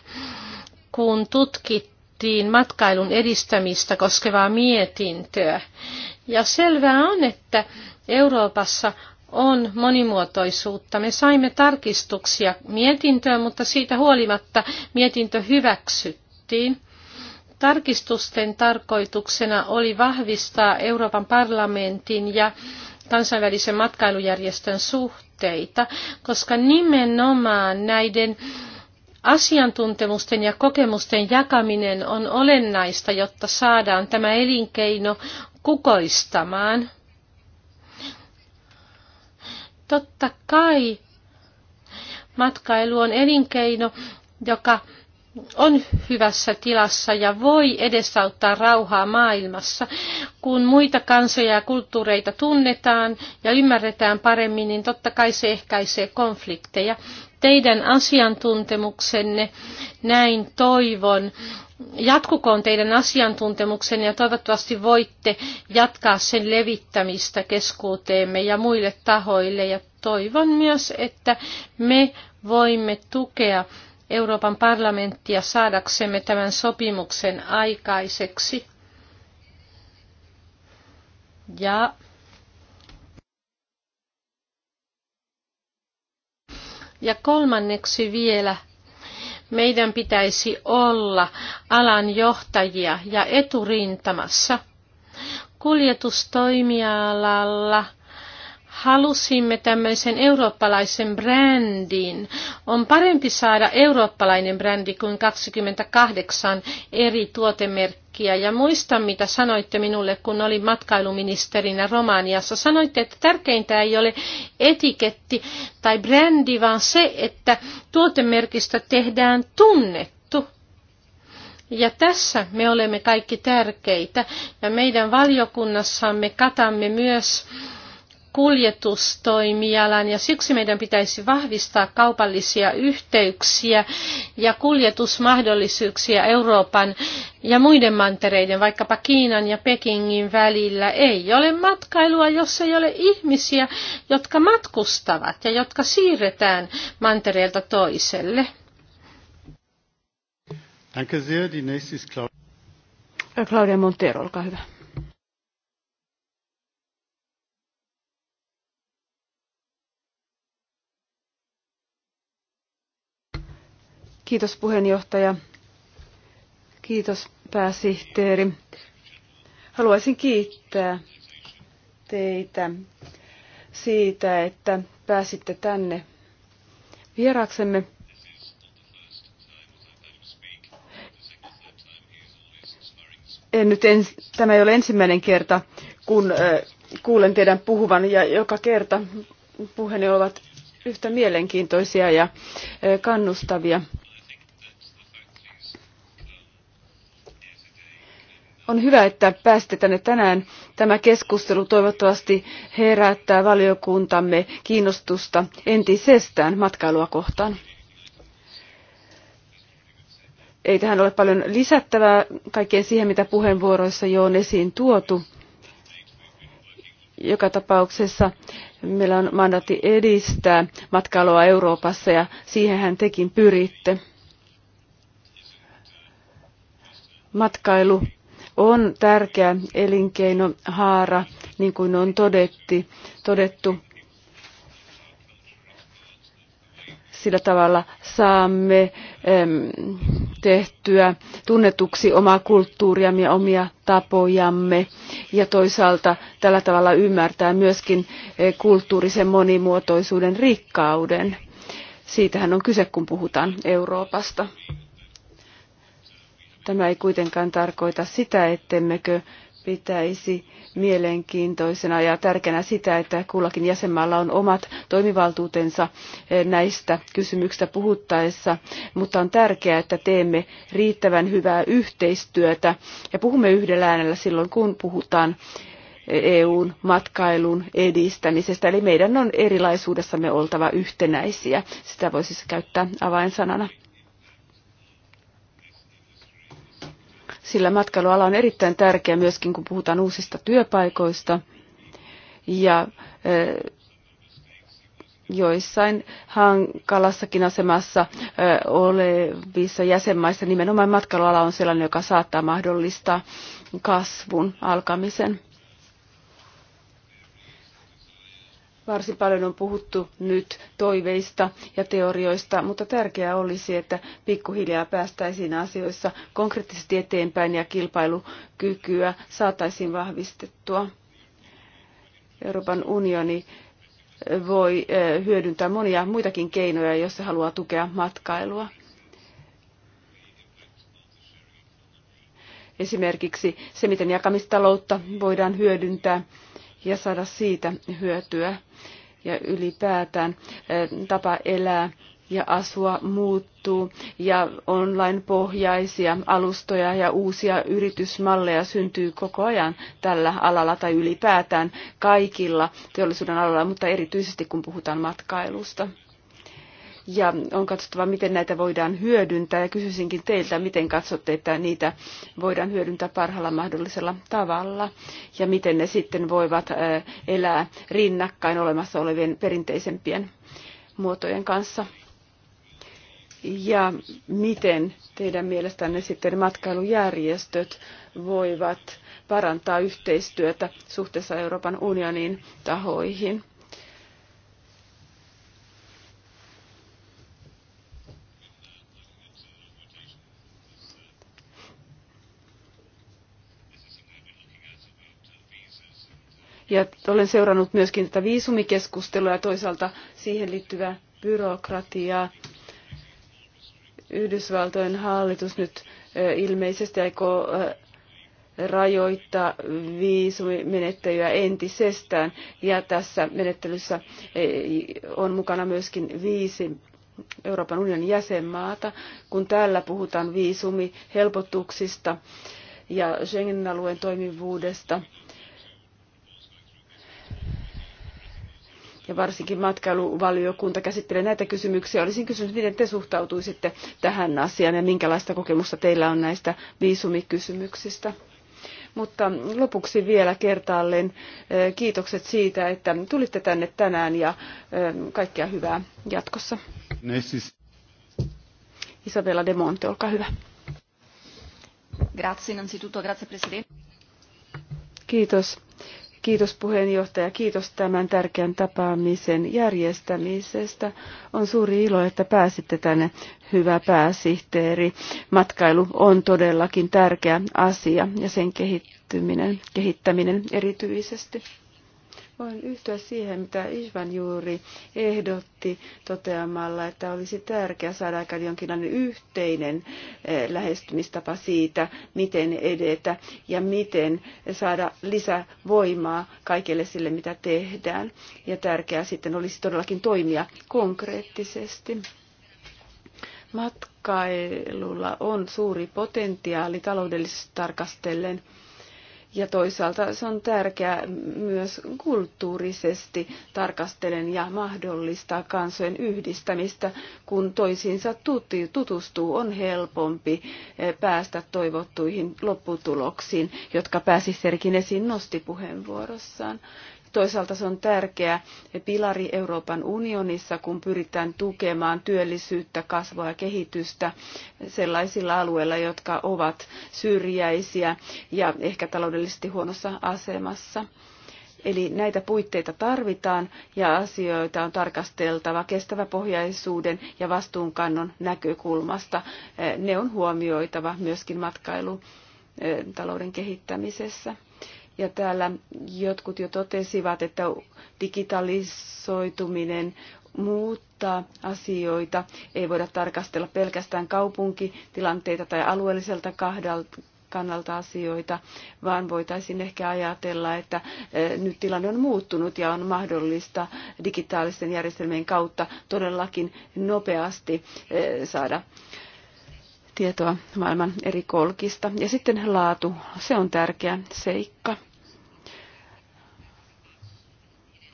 kun tutkittiin matkailun edistämistä koskevaa mietintöä. Ja selvää on, että Euroopassa on monimuotoisuutta. Me saimme tarkistuksia mietintöön, mutta siitä huolimatta mietintö hyväksyttiin. Tarkistusten tarkoituksena oli vahvistaa Euroopan parlamentin ja kansainvälisen matkailujärjestön suhteita, koska nimenomaan näiden asiantuntemusten ja kokemusten jakaminen on olennaista, jotta saadaan tämä elinkeino kukoistamaan. Totta kai matkailu on elinkeino, joka on hyvässä tilassa ja voi edesauttaa rauhaa maailmassa. Kun muita kansoja ja kulttuureita tunnetaan ja ymmärretään paremmin, niin totta kai se ehkäisee konflikteja. Teidän asiantuntemuksenne, näin toivon, jatkukoon teidän asiantuntemuksenne ja toivottavasti voitte jatkaa sen levittämistä keskuuteemme ja muille tahoille. Ja toivon myös, että me voimme tukea Euroopan parlamenttia saadaksemme tämän sopimuksen aikaiseksi. Ja Ja kolmanneksi vielä, meidän pitäisi olla alan johtajia ja eturintamassa. Kuljetustoimialalla – halusimme tämmöisen eurooppalaisen brändin. On parempi saada eurooppalainen brändi kuin 28 eri tuotemerkkiä. Ja muista, mitä sanoitte minulle, kun olin matkailuministerinä Romaniassa. Sanoitte, että tärkeintä ei ole etiketti tai brändi, vaan se, että tuotemerkistä tehdään tunnettu. Ja tässä me olemme kaikki tärkeitä ja meidän valiokunnassamme katamme myös äh, kuljetustoimialan ja siksi meidän pitäisi vahvistaa kaupallisia yhteyksiä ja kuljetusmahdollisuuksia Euroopan ja muiden mantereiden, vaikkapa Kiinan ja Pekingin välillä. Ei ole matkailua, jos ei ole ihmisiä, jotka matkustavat ja jotka siirretään mantereelta toiselle. Danke sehr. Die nächste ist Claudia. Claudia Montero, olkaa hyvä. Kiitos puheenjohtaja. Kiitos pääsihteeri. Haluaisin kiittää teitä siitä, että pääsitte tänne vieraksemme. En nyt ens, tämä ei ole ensimmäinen kerta, kun kuulen teidän puhuvan ja joka kerta puheenne ovat yhtä mielenkiintoisia ja kannustavia. On hyvä, että pääsitte tänne tänään. Tämä keskustelu toivottavasti herättää valiokuntamme kiinnostusta entisestään matkailua kohtaan. Ei tähän ole paljon lisättävää kaikkeen siihen, mitä puheenvuoroissa jo on esiin tuotu. Joka tapauksessa meillä on mandaatti edistää matkailua Euroopassa ja siihenhän tekin pyritte. Matkailu on tärkeä elinkeinohaara, niin kuin on todetti, todettu. Sillä tavalla saamme tehtyä tunnetuksi omaa kulttuuriamme ja omia tapojamme ja toisaalta tällä tavalla ymmärtää myöskin e, kulttuurisen monimuotoisuuden rikkauden. Siitähän on kyse, kun puhutaan Euroopasta. Tämä ei kuitenkaan tarkoita sitä, ettemmekö pitäisi mielenkiintoisena ja tärkeänä sitä, että kullakin jäsenmaalla on omat toimivaltuutensa eh, näistä kysymyksistä puhuttaessa, mutta on tärkeää, että teemme riittävän hyvää yhteistyötä ja puhumme yhdellä äänellä silloin, kun puhutaan eh, EUn matkailun edistämisestä. Eli meidän on erilaisuudessamme oltava yhtenäisiä. Sitä voisi siis käyttää avainsanana. sillä matkailuala on erittäin tärkeä myöskin, kun puhutaan uusista työpaikoista. Ja joissain hankalassakin asemassa olevissa jäsenmaissa nimenomaan matkailuala on sellainen, joka saattaa mahdollistaa kasvun alkamisen. Varsin paljon on puhuttu nyt toiveista ja teorioista, mutta tärkeää olisi, että pikkuhiljaa päästäisiin asioissa konkreettisesti eteenpäin ja kilpailukykyä saataisiin vahvistettua. Euroopan unioni voi eh, hyödyntää monia muitakin keinoja, jos se haluaa tukea matkailua. Esimerkiksi se, miten jakamistaloutta voidaan hyödyntää – ja saada siitä hyötyä ja ylipäätään tapa elää ja asua muuttuu ja online-pohjaisia alustoja ja uusia yritysmalleja syntyy koko ajan tällä alalla tai ylipäätään kaikilla teollisuuden alalla, mutta erityisesti kun puhutaan matkailusta ja on katsottava, miten näitä voidaan hyödyntää. Ja kysyisinkin teiltä, miten katsotte, että niitä voidaan hyödyntää parhaalla mahdollisella tavalla ja miten ne sitten voivat elää rinnakkain olemassa olevien perinteisempien muotojen kanssa. Ja miten teidän mielestänne sitten matkailujärjestöt voivat parantaa yhteistyötä suhteessa Euroopan unionin tahoihin? Ja olen seurannut myöskin tätä viisumikeskustelua ja toisaalta siihen liittyvää byrokratiaa. Yhdysvaltojen hallitus nyt ilmeisesti aikoo rajoittaa viisumimenettelyä entisestään ja tässä menettelyssä on mukana myöskin viisi Euroopan unionin jäsenmaata, kun täällä puhutaan viisumihelpotuksista ja Schengen-alueen toimivuudesta, ja varsinkin matkailuvaliokunta käsittelee näitä kysymyksiä. Olisin kysynyt, miten te suhtautuisitte tähän asiaan ja minkälaista kokemusta teillä on näistä viisumikysymyksistä. Mutta lopuksi vielä kertaalleen eh, kiitokset siitä, että tulitte tänne tänään ja eh, kaikkea hyvää jatkossa. Isabella De Monte, olkaa hyvä. Grazie innanzitutto, grazie Presidente. Kiitos Kiitos puheenjohtaja, kiitos tämän tärkeän tapaamisen järjestämisestä. On suuri ilo, että pääsitte tänne, hyvä pääsihteeri. Matkailu on todellakin tärkeä asia ja sen kehittyminen, kehittäminen erityisesti. Voin yhtyä siihen, mitä Isvan juuri ehdotti toteamalla, että olisi tärkeää saada aika jonkinlainen yhteinen eh, lähestymistapa siitä, miten edetä ja miten saada lisävoimaa kaikille sille, mitä tehdään. Ja tärkeää sitten olisi todellakin toimia konkreettisesti matkailulla on suuri potentiaali taloudellisesti tarkastellen. Ja toisaalta se on tärkeää myös kulttuurisesti tarkastellen ja mahdollistaa kansojen yhdistämistä, kun toisiinsa tutustuu, on helpompi eh, päästä toivottuihin lopputuloksiin, jotka pääsisterikin esiin nosti puheenvuorossaan. Toisaalta se on tärkeä pilari Euroopan unionissa, kun pyritään tukemaan työllisyyttä, kasvua ja kehitystä sellaisilla alueilla, jotka ovat syrjäisiä ja ehkä taloudellisesti huonossa asemassa. Eli näitä puitteita tarvitaan ja asioita on tarkasteltava kestäväpohjaisuuden ja vastuunkannon näkökulmasta. Ne on huomioitava myöskin matkailutalouden eh, kehittämisessä. Ja täällä jotkut jo totesivat, että digitalisoituminen muuttaa asioita. Ei voida tarkastella pelkästään kaupunkitilanteita tai alueelliselta kannalta asioita, vaan voitaisiin ehkä ajatella, että e, nyt tilanne on muuttunut ja on mahdollista digitaalisten järjestelmien kautta todellakin nopeasti e, saada tietoa maailman eri kolkista. Ja sitten laatu, se on tärkeä seikka.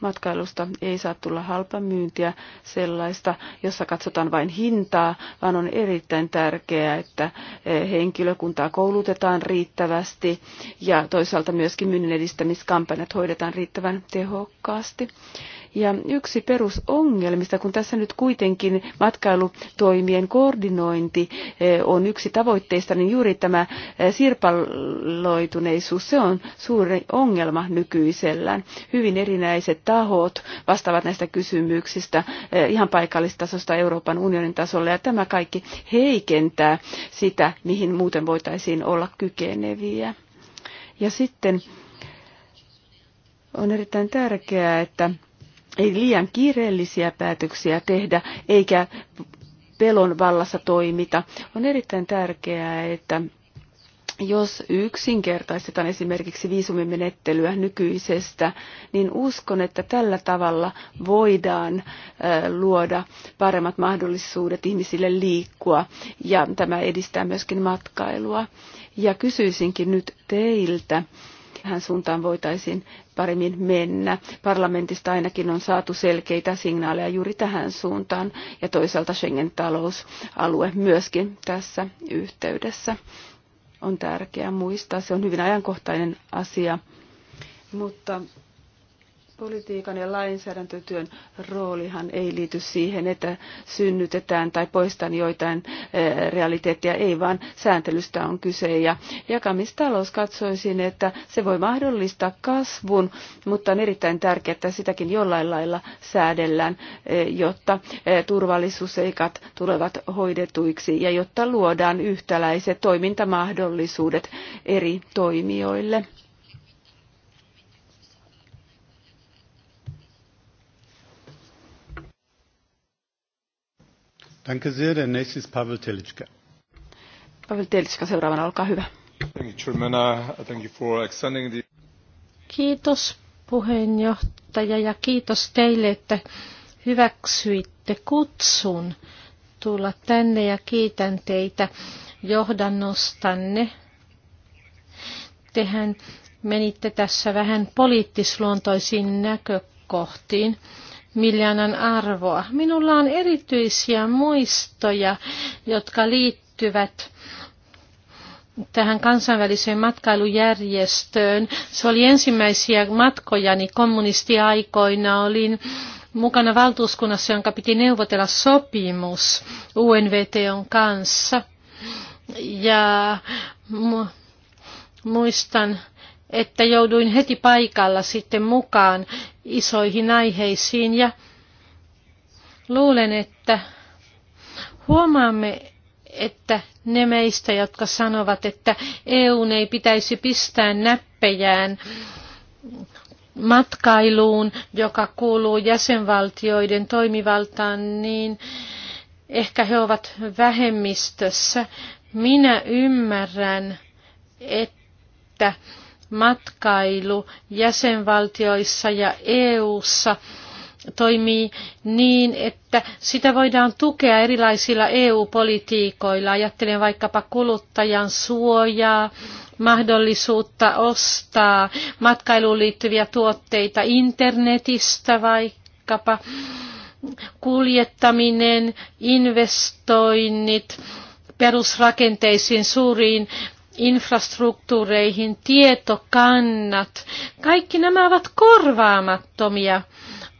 Matkailusta ei saa tulla halpamyyntiä sellaista, jossa katsotaan vain hintaa, vaan on erittäin tärkeää, että e, henkilökuntaa koulutetaan riittävästi ja toisaalta myöskin myynnin edistämiskampanjat hoidetaan riittävän tehokkaasti. Ja yksi perusongelmista, kun tässä nyt kuitenkin matkailutoimien koordinointi eh, on yksi tavoitteista, niin juuri tämä eh, sirpaloituneisuus, se on suuri ongelma nykyisellään. Hyvin erinäiset tahot vastaavat näistä kysymyksistä eh, ihan paikallistasosta Euroopan unionin tasolla, ja tämä kaikki heikentää sitä, mihin muuten voitaisiin olla kykeneviä. Ja sitten on erittäin tärkeää, että ei liian kiireellisiä päätöksiä tehdä, eikä pelon vallassa toimita. On erittäin tärkeää, että jos yksinkertaistetaan esimerkiksi viisumimenettelyä nykyisestä, niin uskon, että tällä tavalla voidaan luoda paremmat mahdollisuudet ihmisille liikkua ja tämä edistää myöskin matkailua. Ja kysyisinkin nyt teiltä, tähän suuntaan voitaisiin paremmin mennä. Parlamentista ainakin on saatu selkeitä signaaleja juuri tähän suuntaan ja toisaalta Schengen-talousalue myöskin tässä yhteydessä on tärkeää muistaa. Se on hyvin ajankohtainen asia, mutta Politiikan ja lainsäädäntötyön roolihan ei liity siihen, että synnytetään tai poistetaan joitain eh, realiteetteja, ei vaan sääntelystä on kyse. Ja jakamistalous katsoisin, että se voi mahdollistaa kasvun, mutta on erittäin tärkeää, että sitäkin jollain lailla säädellään, eh, jotta eh, turvallisuusseikat tulevat hoidetuiksi ja jotta luodaan yhtäläiset toimintamahdollisuudet eri toimijoille Danke sehr. Der nächste ist Pavel Telitschka. Pavel Telitschka seuraavana, olkaa hyvä. Uh, kiitos puheenjohtaja ja kiitos teille, että hyväksyitte kutsun tulla tänne ja kiitän teitä johdannostanne. Tehän menitte tässä vähän poliittisluontoisiin näkökohtiin miljoonan arvoa. Minulla on erityisiä muistoja, jotka liittyvät tähän kansainväliseen matkailujärjestöön. Se oli ensimmäisiä matkojani kommunistiaikoina. Olin mukana valtuuskunnassa, jonka piti neuvotella sopimus UNVTOn kanssa. Ja mu- muistan, että jouduin heti paikalla sitten mukaan isoihin aiheisiin ja luulen, että huomaamme, että ne meistä, jotka sanovat, että EU ei pitäisi pistää näppejään matkailuun, joka kuuluu jäsenvaltioiden toimivaltaan, niin ehkä he ovat vähemmistössä. Minä ymmärrän, että matkailu jäsenvaltioissa ja EU:ssa toimii niin, että sitä voidaan tukea erilaisilla EU-politiikoilla. Ajattelen vaikkapa kuluttajan suojaa, mahdollisuutta ostaa matkailuun liittyviä tuotteita internetistä vaikkapa, kuljettaminen, investoinnit, perusrakenteisiin, suuriin infrastruktuureihin, tietokannat. Kaikki nämä ovat korvaamattomia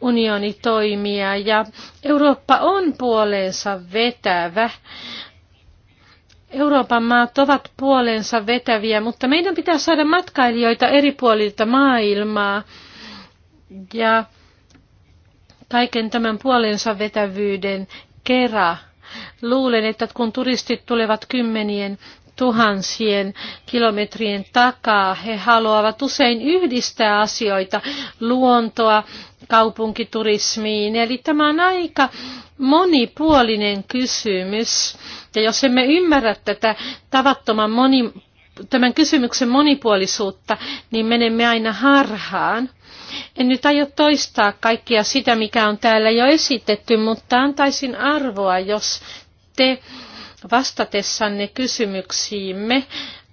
unionitoimia ja Eurooppa on puoleensa vetävä. Euroopan maat ovat puoleensa vetäviä, mutta meidän pitää saada matkailijoita eri puolilta maailmaa. Ja kaiken tämän puolensa vetävyyden kera. Luulen, että kun turistit tulevat kymmenien tuhansien kilometrien takaa. He haluavat usein yhdistää asioita, luontoa, kaupunkiturismiin. Eli tämä on aika monipuolinen kysymys. Ja jos emme ymmärrä tätä tavattoman moni, tämän kysymyksen monipuolisuutta, niin menemme aina harhaan. En nyt aio toistaa kaikkia sitä, mikä on täällä jo esitetty, mutta antaisin arvoa, jos te vastatessanne kysymyksiimme.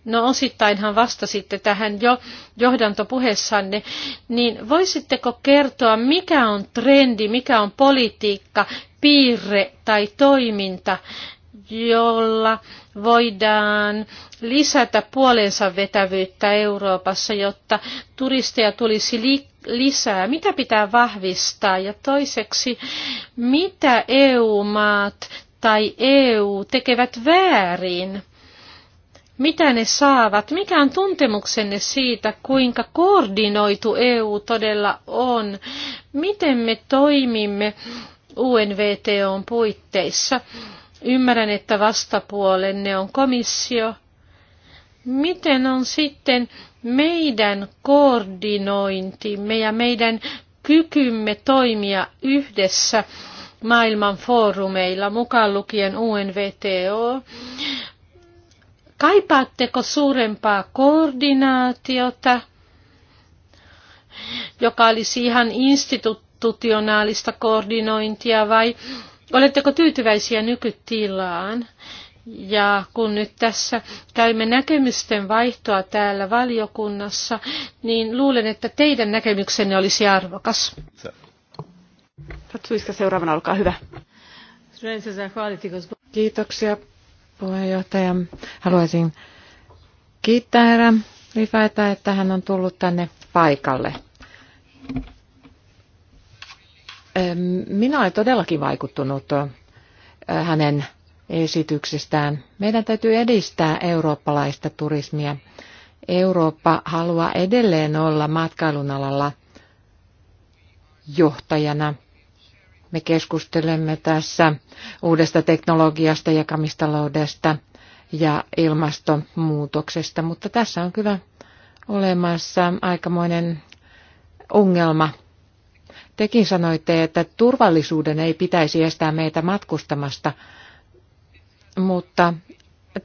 No osittainhan vastasitte tähän jo johdantopuheessanne, niin voisitteko kertoa, mikä on trendi, mikä on politiikka, piirre tai toiminta, jolla voidaan lisätä puolensa vetävyyttä Euroopassa, jotta turisteja tulisi li- lisää. Mitä pitää vahvistaa? Ja toiseksi, mitä EU-maat tai EU tekevät väärin? Mitä ne saavat? Mikä on tuntemuksenne siitä, kuinka koordinoitu EU todella on? Miten me toimimme UNVTOn puitteissa? Ymmärrän, että vastapuolenne on komissio. Miten on sitten meidän koordinointimme ja meidän kykymme toimia yhdessä maailman foorumeilla, mukaan lukien UNVTO. Kaipaatteko suurempaa koordinaatiota, joka olisi ihan institutionaalista koordinointia, vai oletteko tyytyväisiä nykytilaan? Ja kun nyt tässä käymme näkemysten vaihtoa täällä valiokunnassa, niin luulen, että teidän näkemyksenne olisi arvokas. Katsuiska seuraavana, olkaa hyvä. Kiitoksia puheenjohtaja. Haluaisin kiittää herra Rifaita, että hän on tullut tänne paikalle. Minä olen todellakin vaikuttunut hänen esityksestään. Meidän täytyy edistää eurooppalaista turismia. Eurooppa haluaa edelleen olla matkailun alalla johtajana. Me keskustelemme tässä uudesta teknologiasta, jakamistaloudesta ja ilmastonmuutoksesta, mutta tässä on kyllä olemassa aikamoinen ongelma. Tekin sanoitte, että turvallisuuden ei pitäisi estää meitä matkustamasta, mutta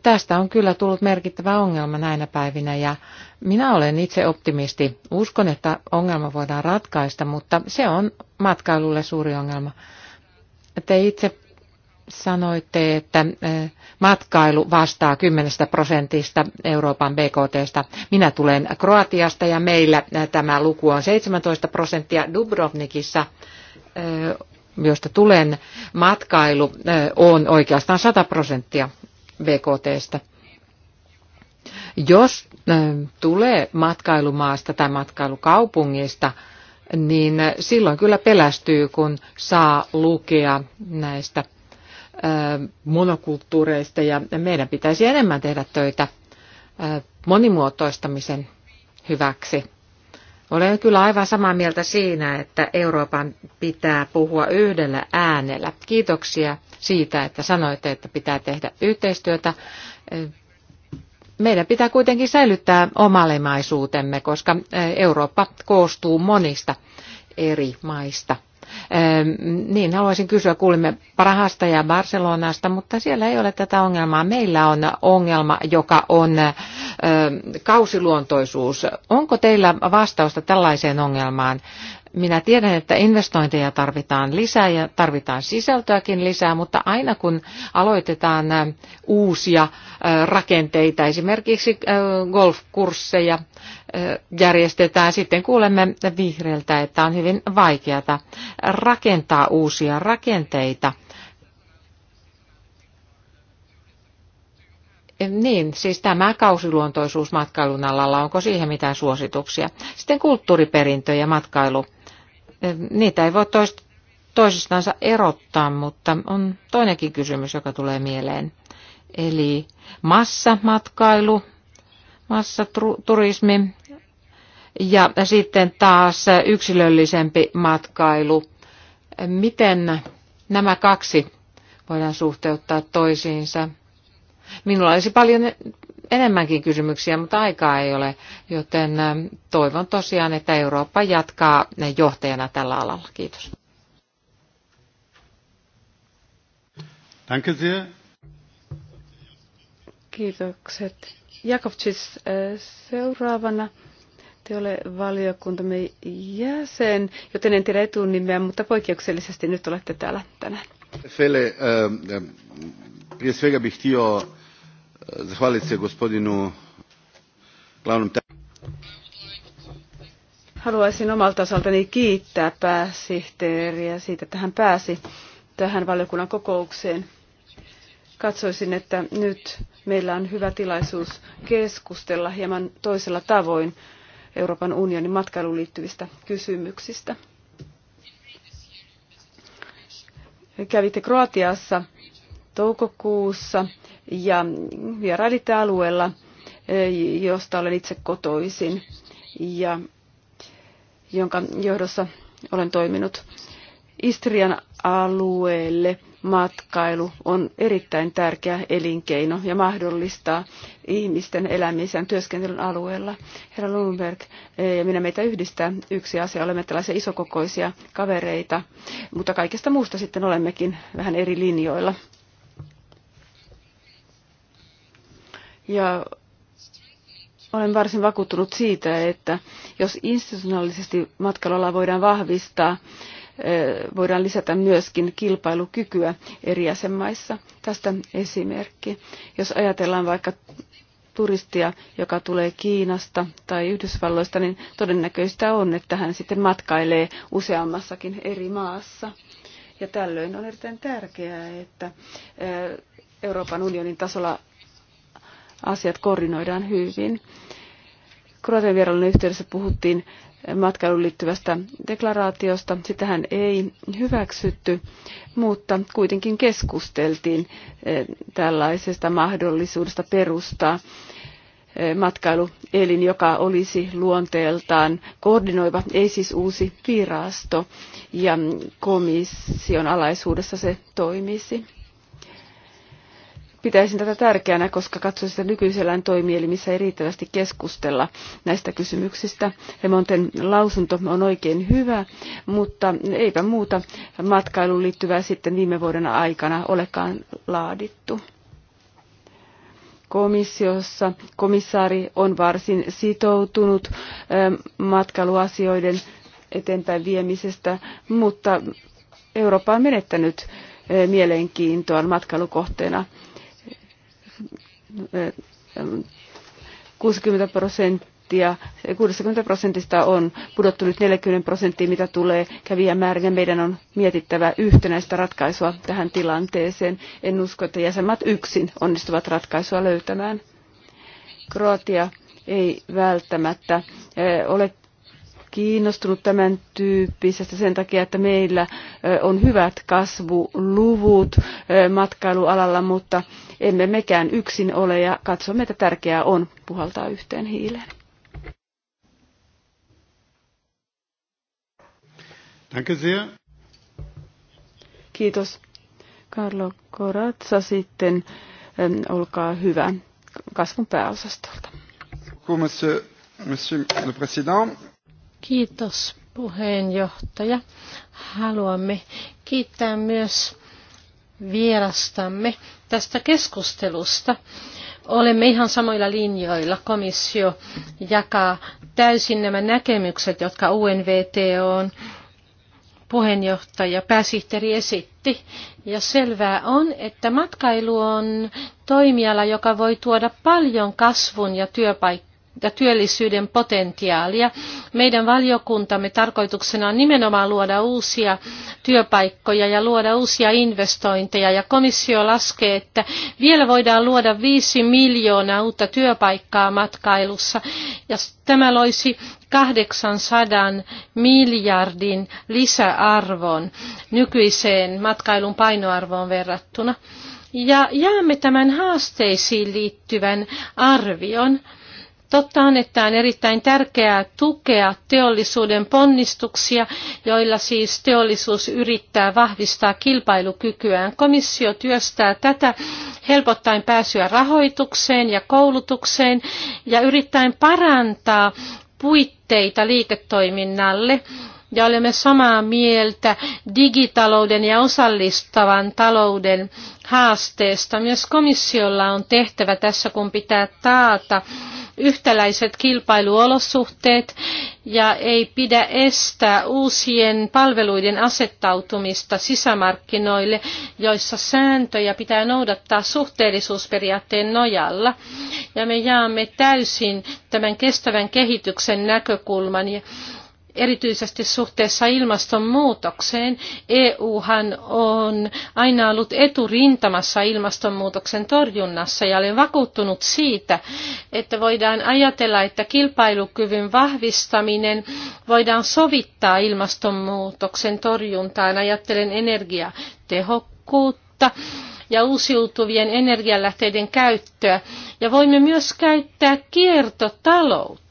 tästä on kyllä tullut merkittävä ongelma näinä päivinä ja minä olen itse optimisti. Uskon, että ongelma voidaan ratkaista, mutta se on matkailulle suuri ongelma. Te itse sanoitte, että eh, matkailu vastaa 10 prosentista Euroopan BKTstä. Minä tulen Kroatiasta ja meillä eh, tämä luku on 17 prosenttia Dubrovnikissa eh, josta tulen, matkailu on oikeastaan 100 prosenttia BKTstä. Jos tulee matkailumaasta tai matkailukaupungista, niin silloin kyllä pelästyy, kun saa lukea näistä monokulttuureista ja meidän pitäisi enemmän tehdä töitä monimuotoistamisen hyväksi. Olen kyllä aivan samaa mieltä siinä, että Euroopan pitää puhua yhdellä äänellä. Kiitoksia siitä, että sanoitte, että pitää tehdä yhteistyötä. Meidän pitää kuitenkin säilyttää omalemaisuutemme, koska Eurooppa koostuu monista eri maista. Ehm, niin, haluaisin kysyä, kuulimme Prahasta ja Barcelonasta, mutta siellä ei ole tätä ongelmaa. Meillä on ongelma, joka on ehm, kausiluontoisuus. Onko teillä vastausta tällaiseen ongelmaan? Minä tiedän, että investointeja tarvitaan lisää ja tarvitaan sisältöäkin lisää, mutta aina kun aloitetaan ehm, uusia rakenteita, esimerkiksi golfkursseja, järjestetään. Sitten kuulemme vihreiltä, että on hyvin vaikeata rakentaa uusia rakenteita. Niin, siis tämä kausiluontoisuus matkailun alalla, onko siihen mitään suosituksia? Sitten kulttuuriperintö ja matkailu. Niitä ei voi toista, toisistansa erottaa, mutta on toinenkin kysymys, joka tulee mieleen. Eli massamatkailu, massaturismi, ja sitten taas yksilöllisempi matkailu. Miten nämä kaksi voidaan suhteuttaa toisiinsa? Minulla olisi paljon enemmänkin kysymyksiä, mutta aikaa ei ole, joten toivon tosiaan, että Eurooppa jatkaa johtajana tällä alalla. Kiitos. Danke sehr. Kiitokset. Jakovcis eh, seuraavana te ole valiokuntamme jäsen, joten en tiedä etunimeä, mutta poikkeuksellisesti nyt olette täällä tänään. Fele, eh, eh, prije svega bih htio eh, zahvaliti se gospodinu glavnom Haluaisin omalta osaltani kiittää pääsihteeriä siitä, että hän pääsi tähän valiokunnan kokoukseen. Katsoisin, että nyt meillä on hyvä tilaisuus keskustella hieman toisella tavoin Euroopan unionin matkailuun liittyvistä kysymyksistä. Kävitte Kroatiassa toukokuussa ja vierailitte alueella, josta olen itse kotoisin ja jonka johdossa olen toiminut Istrian alueelle matkailu on erittäin tärkeä elinkeino ja mahdollistaa ihmisten elämisen työskentelyn alueella. Herra Lundberg ja eh, minä meitä yhdistää yksi asia. Olemme tällaisia isokokoisia kavereita, mutta kaikesta muusta sitten olemmekin vähän eri linjoilla. Ja olen varsin vakuuttunut siitä, että jos institutionaalisesti matkailualaa voidaan vahvistaa, voidaan lisätä myöskin kilpailukykyä eri jäsenmaissa. Tästä esimerkki. Jos ajatellaan vaikka turistia, joka tulee Kiinasta tai Yhdysvalloista, niin todennäköistä on, että hän sitten matkailee useammassakin eri maassa. Ja tällöin on erittäin tärkeää, että Euroopan unionin tasolla asiat koordinoidaan hyvin. Kroatian vierailun yhteydessä puhuttiin matkailuun liittyvästä deklaraatiosta. Sitähän ei hyväksytty, mutta kuitenkin keskusteltiin eh, tällaisesta mahdollisuudesta perustaa eh, matkailuelin, joka olisi luonteeltaan koordinoiva, ei siis uusi virasto, ja komission alaisuudessa se toimisi pitäisin tätä tärkeänä, koska katsoisin, että nykyisellään toimielimissä ei riittävästi keskustella näistä kysymyksistä. Remonten lausunto on oikein hyvä, mutta eipä muuta matkailuun liittyvää sitten viime vuoden aikana olekaan laadittu. Komissiossa komissaari on varsin sitoutunut ähm, matkailuasioiden eteenpäin viemisestä, mutta Eurooppa on menettänyt äh, mielenkiintoa matkailukohteena 60 prosenttia, 60 prosentista on pudottunut 40 prosenttia, mitä tulee kävijämäärin, ja meidän on mietittävä yhtenäistä ratkaisua tähän tilanteeseen. En usko, että jäsenmaat yksin onnistuvat ratkaisua löytämään. Kroatia ei välttämättä eh, ole kiinnostunut tämän tyyppisestä sen takia, että meillä on hyvät kasvuluvut matkailualalla, mutta emme mekään yksin ole ja katsomme, että tärkeää on puhaltaa yhteen hiileen. Danke sehr. Kiitos. Carlo Corazza sitten, olkaa hyvä kasvun pääosastolta. Monsieur le Président, Kiitos puheenjohtaja. Haluamme kiittää myös vierastamme tästä keskustelusta. Olemme ihan samoilla linjoilla. Komissio jakaa täysin nämä näkemykset, jotka on puheenjohtaja, pääsihteeri esitti. Ja selvää on, että matkailu on toimiala, joka voi tuoda paljon kasvun ja työpaikkoja ja työllisyyden potentiaalia. Meidän valiokuntamme tarkoituksena on nimenomaan luoda uusia työpaikkoja ja luoda uusia investointeja. Ja komissio laskee, että vielä voidaan luoda 5 miljoonaa uutta työpaikkaa matkailussa. Ja tämä loisi 800 miljardin lisäarvon nykyiseen matkailun painoarvoon verrattuna. Ja jaamme tämän haasteisiin liittyvän arvion Totta on, että on erittäin tärkeää tukea teollisuuden ponnistuksia, joilla siis teollisuus yrittää vahvistaa kilpailukykyään. Komissio työstää tätä helpottaen pääsyä rahoitukseen ja koulutukseen ja yrittäen parantaa puitteita liiketoiminnalle ja olemme samaa mieltä digitalouden ja osallistavan talouden haasteesta. Myös komissiolla on tehtävä tässä, kun pitää taata yhtäläiset kilpailuolosuhteet ja ei pidä estää uusien palveluiden asettautumista sisämarkkinoille, joissa sääntöjä pitää noudattaa suhteellisuusperiaatteen nojalla. Ja me jaamme täysin tämän kestävän kehityksen näkökulman. Ja erityisesti suhteessa ilmastonmuutokseen. EUhan on aina ollut eturintamassa ilmastonmuutoksen torjunnassa ja olen vakuuttunut siitä, että voidaan ajatella, että kilpailukyvyn vahvistaminen voidaan sovittaa ilmastonmuutoksen torjuntaan. Ajattelen energiatehokkuutta ja uusiutuvien energialähteiden käyttöä. Ja voimme myös käyttää kiertotaloutta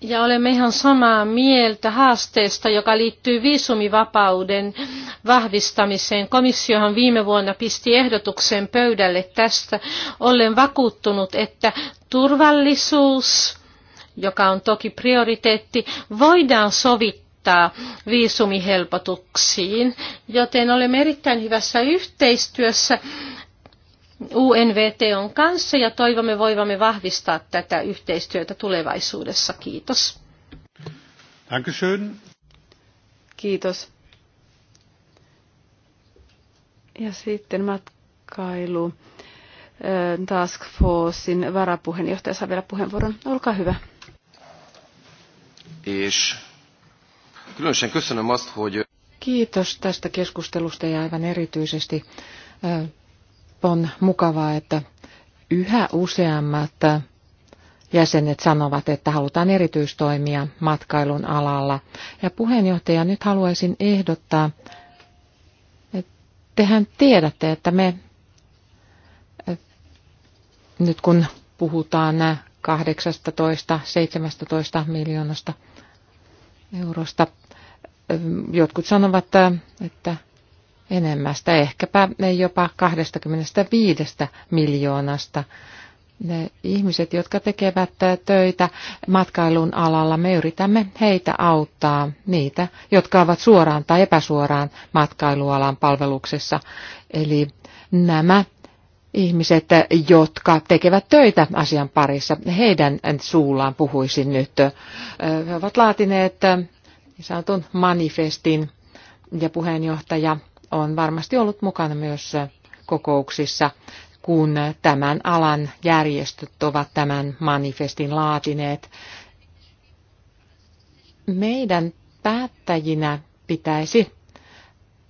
Ja olemme ihan samaa mieltä haasteesta, joka liittyy viisumivapauden vahvistamiseen. Komissiohan viime vuonna pisti ehdotuksen pöydälle tästä. Olen vakuuttunut, että turvallisuus, joka on toki prioriteetti, voidaan sovittaa viisumihelpotuksiin, joten olemme erittäin hyvässä yhteistyössä UNVTOn kanssa ja toivomme voivamme vahvistaa tätä yhteistyötä tulevaisuudessa. Kiitos. Dankeschön. Kiitos. Ja sitten matkailu. Task Forcein varapuheenjohtaja saa vielä puheenvuoron. Olkaa hyvä. És különösen köszönöm azt, hogy... Kiitos tästä keskustelusta ja aivan erityisesti on mukavaa, että yhä useammat jäsenet sanovat, että halutaan erityistoimia matkailun alalla. Ja puheenjohtaja, nyt haluaisin ehdottaa, että tehän tiedätte, että me nyt kun puhutaan 18-17 miljoonasta eurosta, jotkut sanovat, että enemmästä, ehkäpä jopa 25 miljoonasta. Ne ihmiset, jotka tekevät töitä matkailun alalla, me yritämme heitä auttaa, niitä, jotka ovat suoraan tai epäsuoraan matkailualan palveluksessa. Eli nämä ihmiset, jotka tekevät töitä asian parissa, heidän suullaan puhuisin nyt. He ovat laatineet niin sanotun manifestin ja puheenjohtaja on varmasti ollut mukana myös kokouksissa, kun tämän alan järjestöt ovat tämän manifestin laatineet. Meidän päättäjinä pitäisi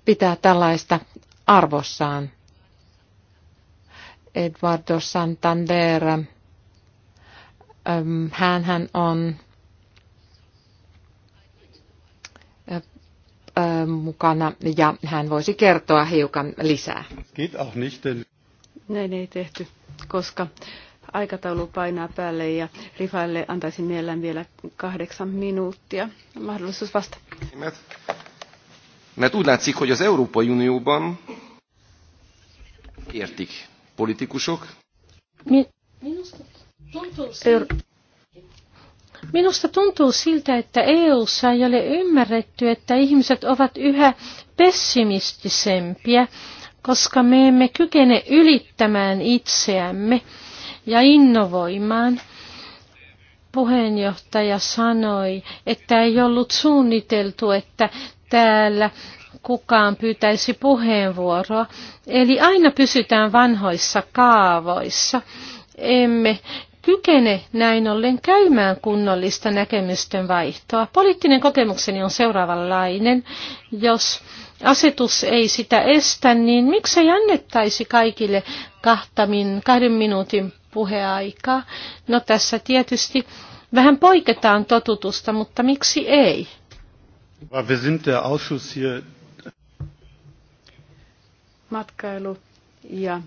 pitää tällaista arvossaan. Eduardo Santander, hän on Ähm, mukana ja hän voisi kertoa hiukan lisää. Geht auch nicht, denn... Näin ei tehty, koska aikataulu painaa päälle ja Rifaille antaisin mielellään vielä kahdeksan minuuttia. Mahdollisuus vasta. Mert úgy látszik, hogy az Európai Unióban értik politikusok. Mi, minusta tuntuu, Euro- Minusta tuntuu siltä, että EU-ssa ei ole ymmärretty, että ihmiset ovat yhä pessimistisempiä, koska me emme kykene ylittämään itseämme ja innovoimaan. Puheenjohtaja sanoi, että ei ollut suunniteltu, että täällä kukaan pyytäisi puheenvuoroa. Eli aina pysytään vanhoissa kaavoissa. Emme kykene näin ollen käymään kunnollista näkemysten vaihtoa. Poliittinen kokemukseni on seuraavanlainen. Jos asetus ei sitä estä, niin miksei annettaisi kaikille kahtamin, kahden minuutin puheaikaa? No tässä tietysti vähän poiketaan totutusta, mutta miksi ei? Matkailu ja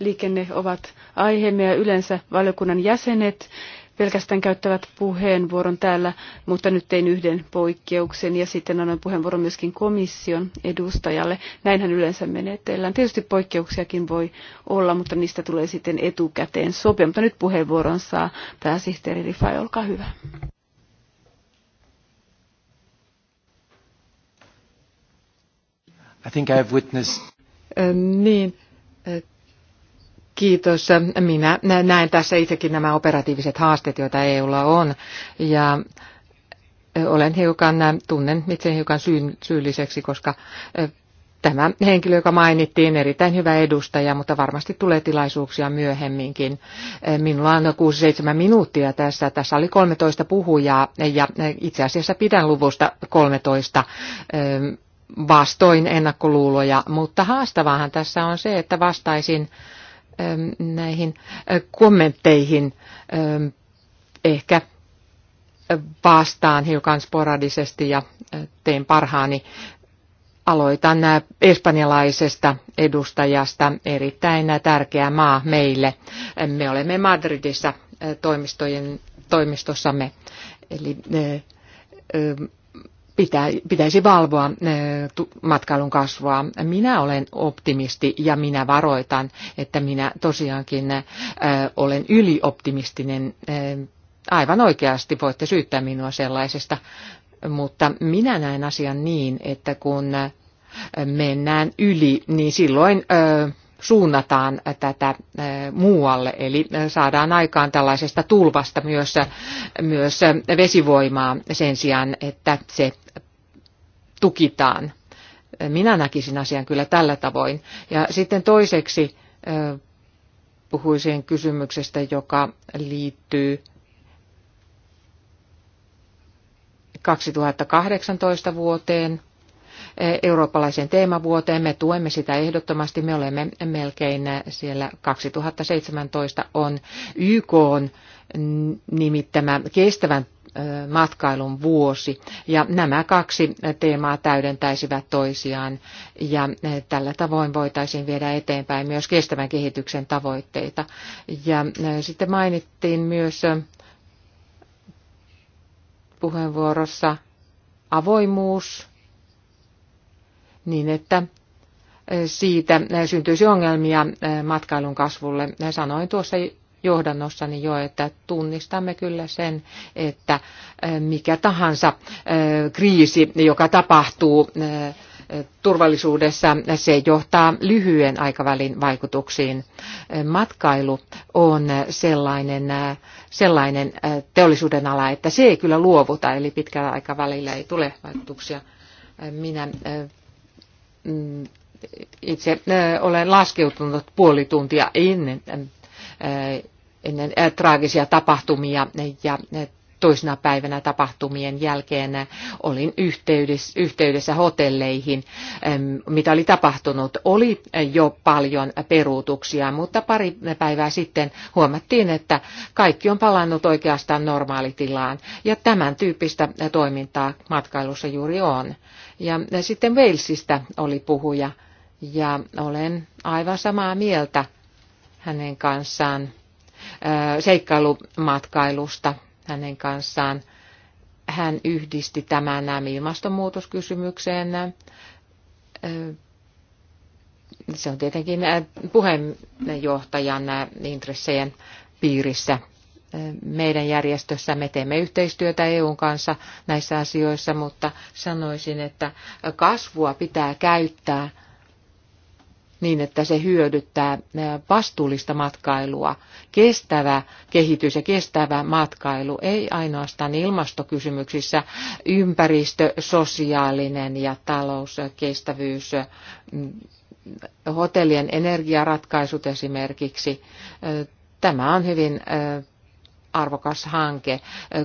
liikenne ovat aiheemme ja yleensä valiokunnan jäsenet pelkästään käyttävät puheenvuoron täällä, mutta nyt tein yhden poikkeuksen ja sitten annan puheenvuoron myöskin komission edustajalle. Näinhän yleensä menetellään. Tietysti poikkeuksiakin voi olla, mutta niistä tulee sitten etukäteen sopia. Mutta nyt puheenvuoron saa pääsihteeri Rifai, olkaa hyvä. I think have witnessed... Äh, niin, äh, Kiitos. Minä näen tässä itsekin nämä operatiiviset haasteet, joita EUlla on. Ja olen hiukan, tunnen itse hiukan syyn, syylliseksi, koska eh, tämä henkilö, joka mainittiin, erittäin hyvä edustaja, mutta varmasti tulee tilaisuuksia myöhemminkin. Eh, minulla on 6-7 minuuttia tässä. Tässä oli 13 puhujaa ja eh, itse asiassa pidän luvusta 13 vastoin ennakkoluuloja, mutta haastavaahan tässä on se, että vastaisin Ähm, näihin äh, kommentteihin ähm, ehkä äh, vastaan hiukan sporadisesti ja äh, teen parhaani. Aloitan espanjalaisesta edustajasta, erittäin tärkeä maa meille. Me olemme Madridissa toimistojen, toimistossamme, eli ähm, pitäisi valvoa matkailun kasvua. Minä olen optimisti ja minä varoitan, että minä tosiaankin olen ylioptimistinen. Aivan oikeasti voitte syyttää minua sellaisesta, mutta minä näen asian niin, että kun mennään yli, niin silloin suunnataan tätä äh, muualle, eli äh, saadaan aikaan tällaisesta tulvasta myös, äh, myös vesivoimaa sen sijaan, että se tukitaan. Minä näkisin asian kyllä tällä tavoin. Ja sitten toiseksi puhuisin kysymyksestä, joka liittyy 2018 vuoteen eurooppalaiseen teemavuoteen. Me tuemme sitä ehdottomasti. Me olemme melkein siellä 2017 on YK on nimittämä kestävän matkailun vuosi. Ja nämä kaksi teemaa täydentäisivät toisiaan ja tällä tavoin voitaisiin viedä eteenpäin myös kestävän kehityksen tavoitteita. Ja sitten mainittiin myös puheenvuorossa avoimuus niin, että eh, siitä eh, syntyisi ongelmia eh, matkailun kasvulle. Sanoin tuossa johdannossani jo, että tunnistamme kyllä sen, että mikä tahansa kriisi, joka tapahtuu turvallisuudessa, se johtaa lyhyen aikavälin vaikutuksiin. Matkailu on sellainen, sellainen teollisuuden ala, että se ei kyllä luovuta, eli pitkällä aikavälillä ei tule vaikutuksia. Minä Mm, itse olen laskeutunut puoli tuntia ennen, ennen traagisia tapahtumia ja toisena päivänä tapahtumien jälkeen olin yhteydessä, yhteydessä hotelleihin, mitä oli tapahtunut. Oli jo paljon peruutuksia, mutta pari päivää sitten huomattiin, että kaikki on palannut oikeastaan normaalitilaan. Ja tämän tyyppistä toimintaa matkailussa juuri on. Ja sitten Walesista oli puhuja ja olen aivan samaa mieltä hänen kanssaan seikkailumatkailusta hänen kanssaan. Hän yhdisti tämän ilmastonmuutoskysymykseen. Se on tietenkin puheenjohtajan intressejen piirissä meidän järjestössä me teemme yhteistyötä EUn kanssa näissä asioissa, mutta sanoisin, että kasvua pitää käyttää niin, että se hyödyttää vastuullista matkailua, kestävä kehitys ja kestävä matkailu, ei ainoastaan ilmastokysymyksissä, ympäristö, sosiaalinen ja kestävyys, hotellien energiaratkaisut esimerkiksi. Tämä on hyvin arvokas hanke,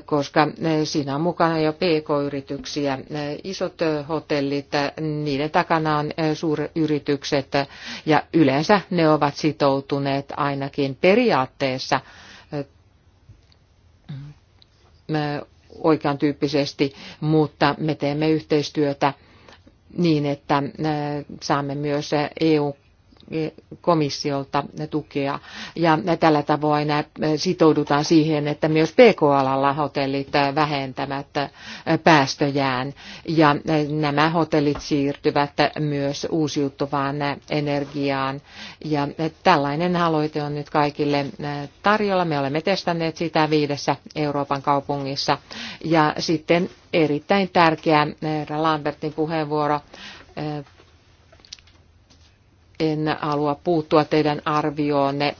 koska siinä on mukana jo PK-yrityksiä, isot hotellit, niiden takana on suuryritykset ja yleensä ne ovat sitoutuneet ainakin periaatteessa oikean tyyppisesti, mutta me teemme yhteistyötä niin, että saamme myös EU komissiolta tukea. Ja tällä tavoin äh, sitoudutaan siihen, että myös PK-alalla hotellit äh, vähentävät äh, päästöjään. Ja nämä hotellit siirtyvät myös uusiutuvaan energiaan. Ja tällainen aloite on nyt kaikille tarjolla. Me olemme testanneet sitä viidessä Euroopan kaupungissa. Ja sitten erittäin tärkeä Herra Lambertin puheenvuoro en halua puuttua teidän arvioonne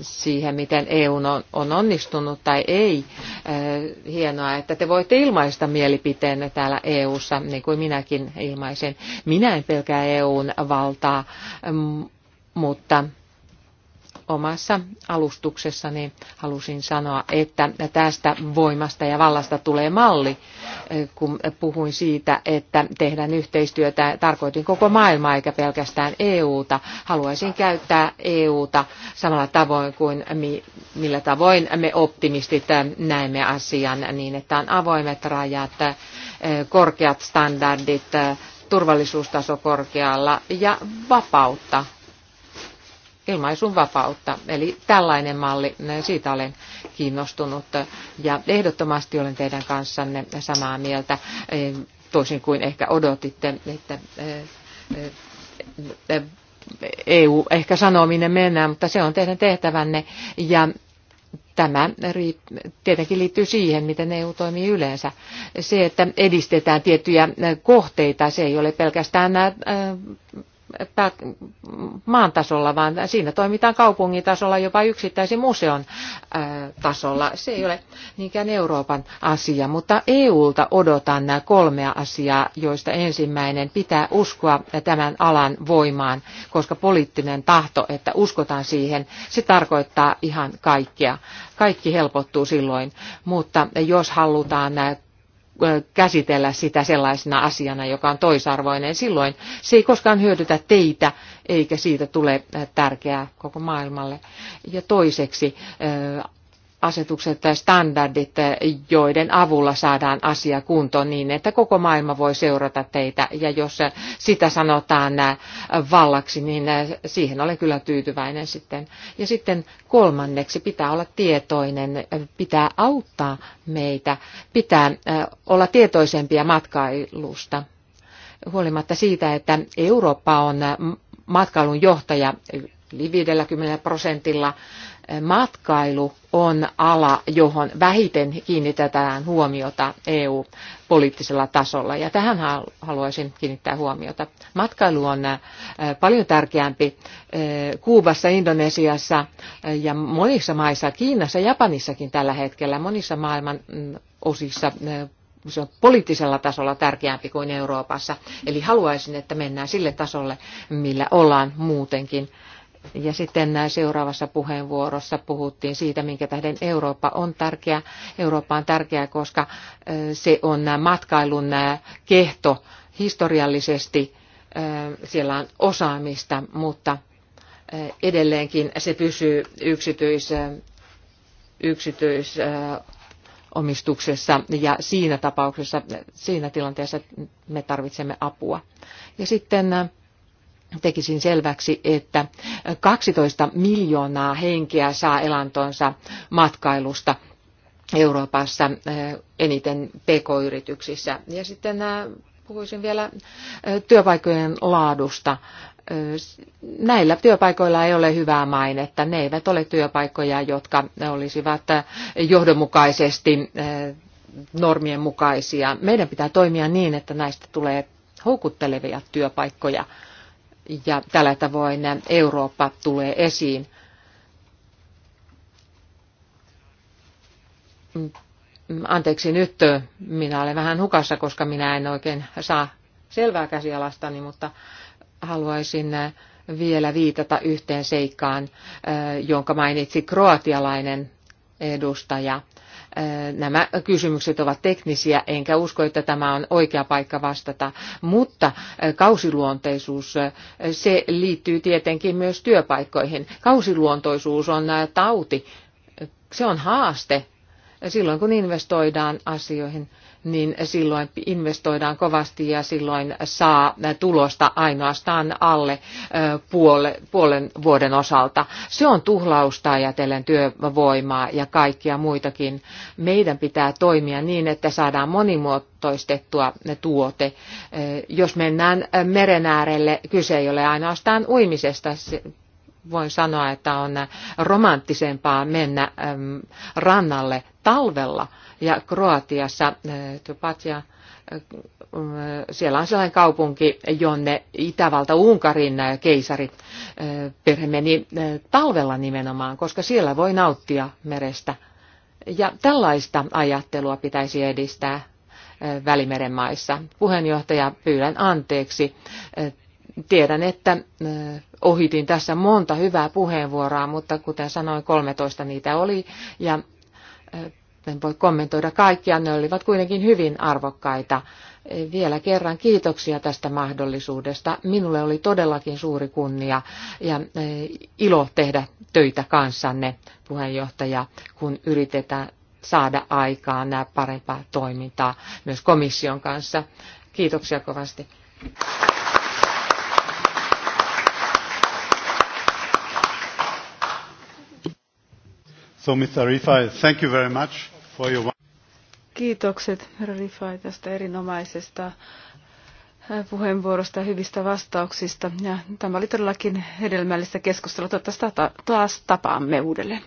siihen, miten EU on onnistunut tai ei. Äh, hienoa, että te voitte ilmaista mielipiteenne täällä EU:ssa, niin kuin minäkin ilmaisen. Minä en pelkää EUn valtaa, mutta omassa alustuksessani halusin sanoa, että tästä voimasta ja vallasta tulee malli, eh, kun puhuin siitä, että tehdään yhteistyötä. Tarkoitin koko maailmaa eikä pelkästään EUta. Haluaisin käyttää EUta samalla tavoin kuin millä tavoin me optimistit eh, näemme asian niin, että on avoimet rajat, eh, korkeat standardit, turvallisuustaso korkealla ja vapautta ilmaisun vapautta. Eli tällainen malli, siitä olen kiinnostunut ja ehdottomasti olen teidän kanssanne samaa mieltä, eh, toisin kuin ehkä odotitte, että eh, eh, EU ehkä sanoo, minne mennään, mutta se on teidän tehtävänne. Ja tämä tietenkin liittyy siihen, miten EU toimii yleensä. Se, että edistetään tiettyjä kohteita, se ei ole pelkästään nämä maan tasolla, vaan siinä toimitaan kaupungin tasolla, jopa yksittäisen museon tasolla. Se ei ole niinkään Euroopan asia, mutta EUlta odotan nämä kolmea asiaa, joista ensimmäinen pitää uskoa tämän alan voimaan, koska poliittinen tahto, että uskotaan siihen, se tarkoittaa ihan kaikkea. Kaikki helpottuu silloin, mutta jos halutaan käsitellä sitä sellaisena asiana, joka on toisarvoinen. Silloin se ei koskaan hyödytä teitä, eikä siitä tule tärkeää koko maailmalle. Ja toiseksi asetukset tai standardit, joiden avulla saadaan asia kuntoon niin, että koko maailma voi seurata teitä. Ja jos sitä sanotaan vallaksi, niin siihen olen kyllä tyytyväinen sitten. Ja sitten kolmanneksi pitää olla tietoinen, pitää auttaa meitä, pitää olla tietoisempia matkailusta. Huolimatta siitä, että Eurooppa on matkailun johtaja yli 50 prosentilla matkailu on ala, johon vähiten kiinnitetään huomiota EU-poliittisella tasolla. Ja tähän haluaisin kiinnittää huomiota. Matkailu on äh, paljon tärkeämpi äh, Kuubassa, Indonesiassa äh, ja monissa maissa, Kiinassa, Japanissakin tällä hetkellä, monissa maailman mm, osissa se on poliittisella tasolla tärkeämpi kuin Euroopassa. Eli haluaisin, että mennään sille tasolle, millä ollaan muutenkin ja sitten seuraavassa puheenvuorossa puhuttiin siitä, minkä tähden Eurooppa on tärkeä. Eurooppa on tärkeä, koska se on matkailun kehto historiallisesti. Siellä on osaamista, mutta edelleenkin se pysyy yksityis, yksityisomistuksessa omistuksessa ja siinä tapauksessa, siinä tilanteessa me tarvitsemme apua. Ja sitten tekisin selväksi, että 12 miljoonaa henkeä saa elantonsa matkailusta Euroopassa eh, eniten pk-yrityksissä. Ja sitten eh, puhuisin vielä eh, työpaikojen laadusta. Näillä työpaikoilla ei ole hyvää mainetta. Ne eivät ole työpaikkoja, jotka olisivat johdonmukaisesti normien mukaisia. Meidän pitää toimia niin, että näistä tulee houkuttelevia työpaikkoja – ja tällä tavoin Eurooppa tulee esiin. Anteeksi nyt, minä olen vähän hukassa, koska minä en oikein saa selvää käsialastani, mutta haluaisin vielä viitata yhteen seikkaan, eh, jonka mainitsi kroatialainen edustaja. Nämä kysymykset ovat teknisiä, enkä usko, että tämä on oikea paikka vastata, mutta kausiluonteisuus, se liittyy tietenkin myös työpaikkoihin. Kausiluontoisuus on tauti, se on haaste silloin, kun investoidaan asioihin niin silloin investoidaan kovasti ja silloin saa tulosta ainoastaan alle puolen vuoden osalta. Se on tuhlausta ajatellen työvoimaa ja kaikkia muitakin. Meidän pitää toimia niin, että saadaan monimuotoistettua tuote. Jos mennään meren äärelle, kyse ei ole ainoastaan uimisesta, voin sanoa, että on romanttisempaa mennä rannalle talvella ja Kroatiassa eh, Tupatja, eh, siellä on sellainen kaupunki, jonne Itävalta Unkarin eh, keisari perhe meni talvella nimenomaan, koska siellä voi nauttia merestä. Ja tällaista ajattelua pitäisi edistää Välimeren maissa. Puheenjohtaja, pyydän anteeksi. Tiedän, että ohitin tässä monta hyvää puheenvuoroa, mutta kuten sanoin, 13 niitä oli. Ja en voi kommentoida kaikkia, ne olivat kuitenkin hyvin arvokkaita. Vielä kerran kiitoksia tästä mahdollisuudesta. Minulle oli todellakin suuri kunnia ja e, ilo tehdä töitä kanssanne, puheenjohtaja, kun yritetään saada aikaan nämä parempaa toimintaa myös komission kanssa. Kiitoksia kovasti. So, Mr. Rifai, thank you very much. Kiitokset, herra Rifai, tästä erinomaisesta äh, puheenvuorosta ja hyvistä vastauksista. Ja tämä oli todellakin hedelmällistä keskustelua. Toivottavasti taas tapaamme uudelleen.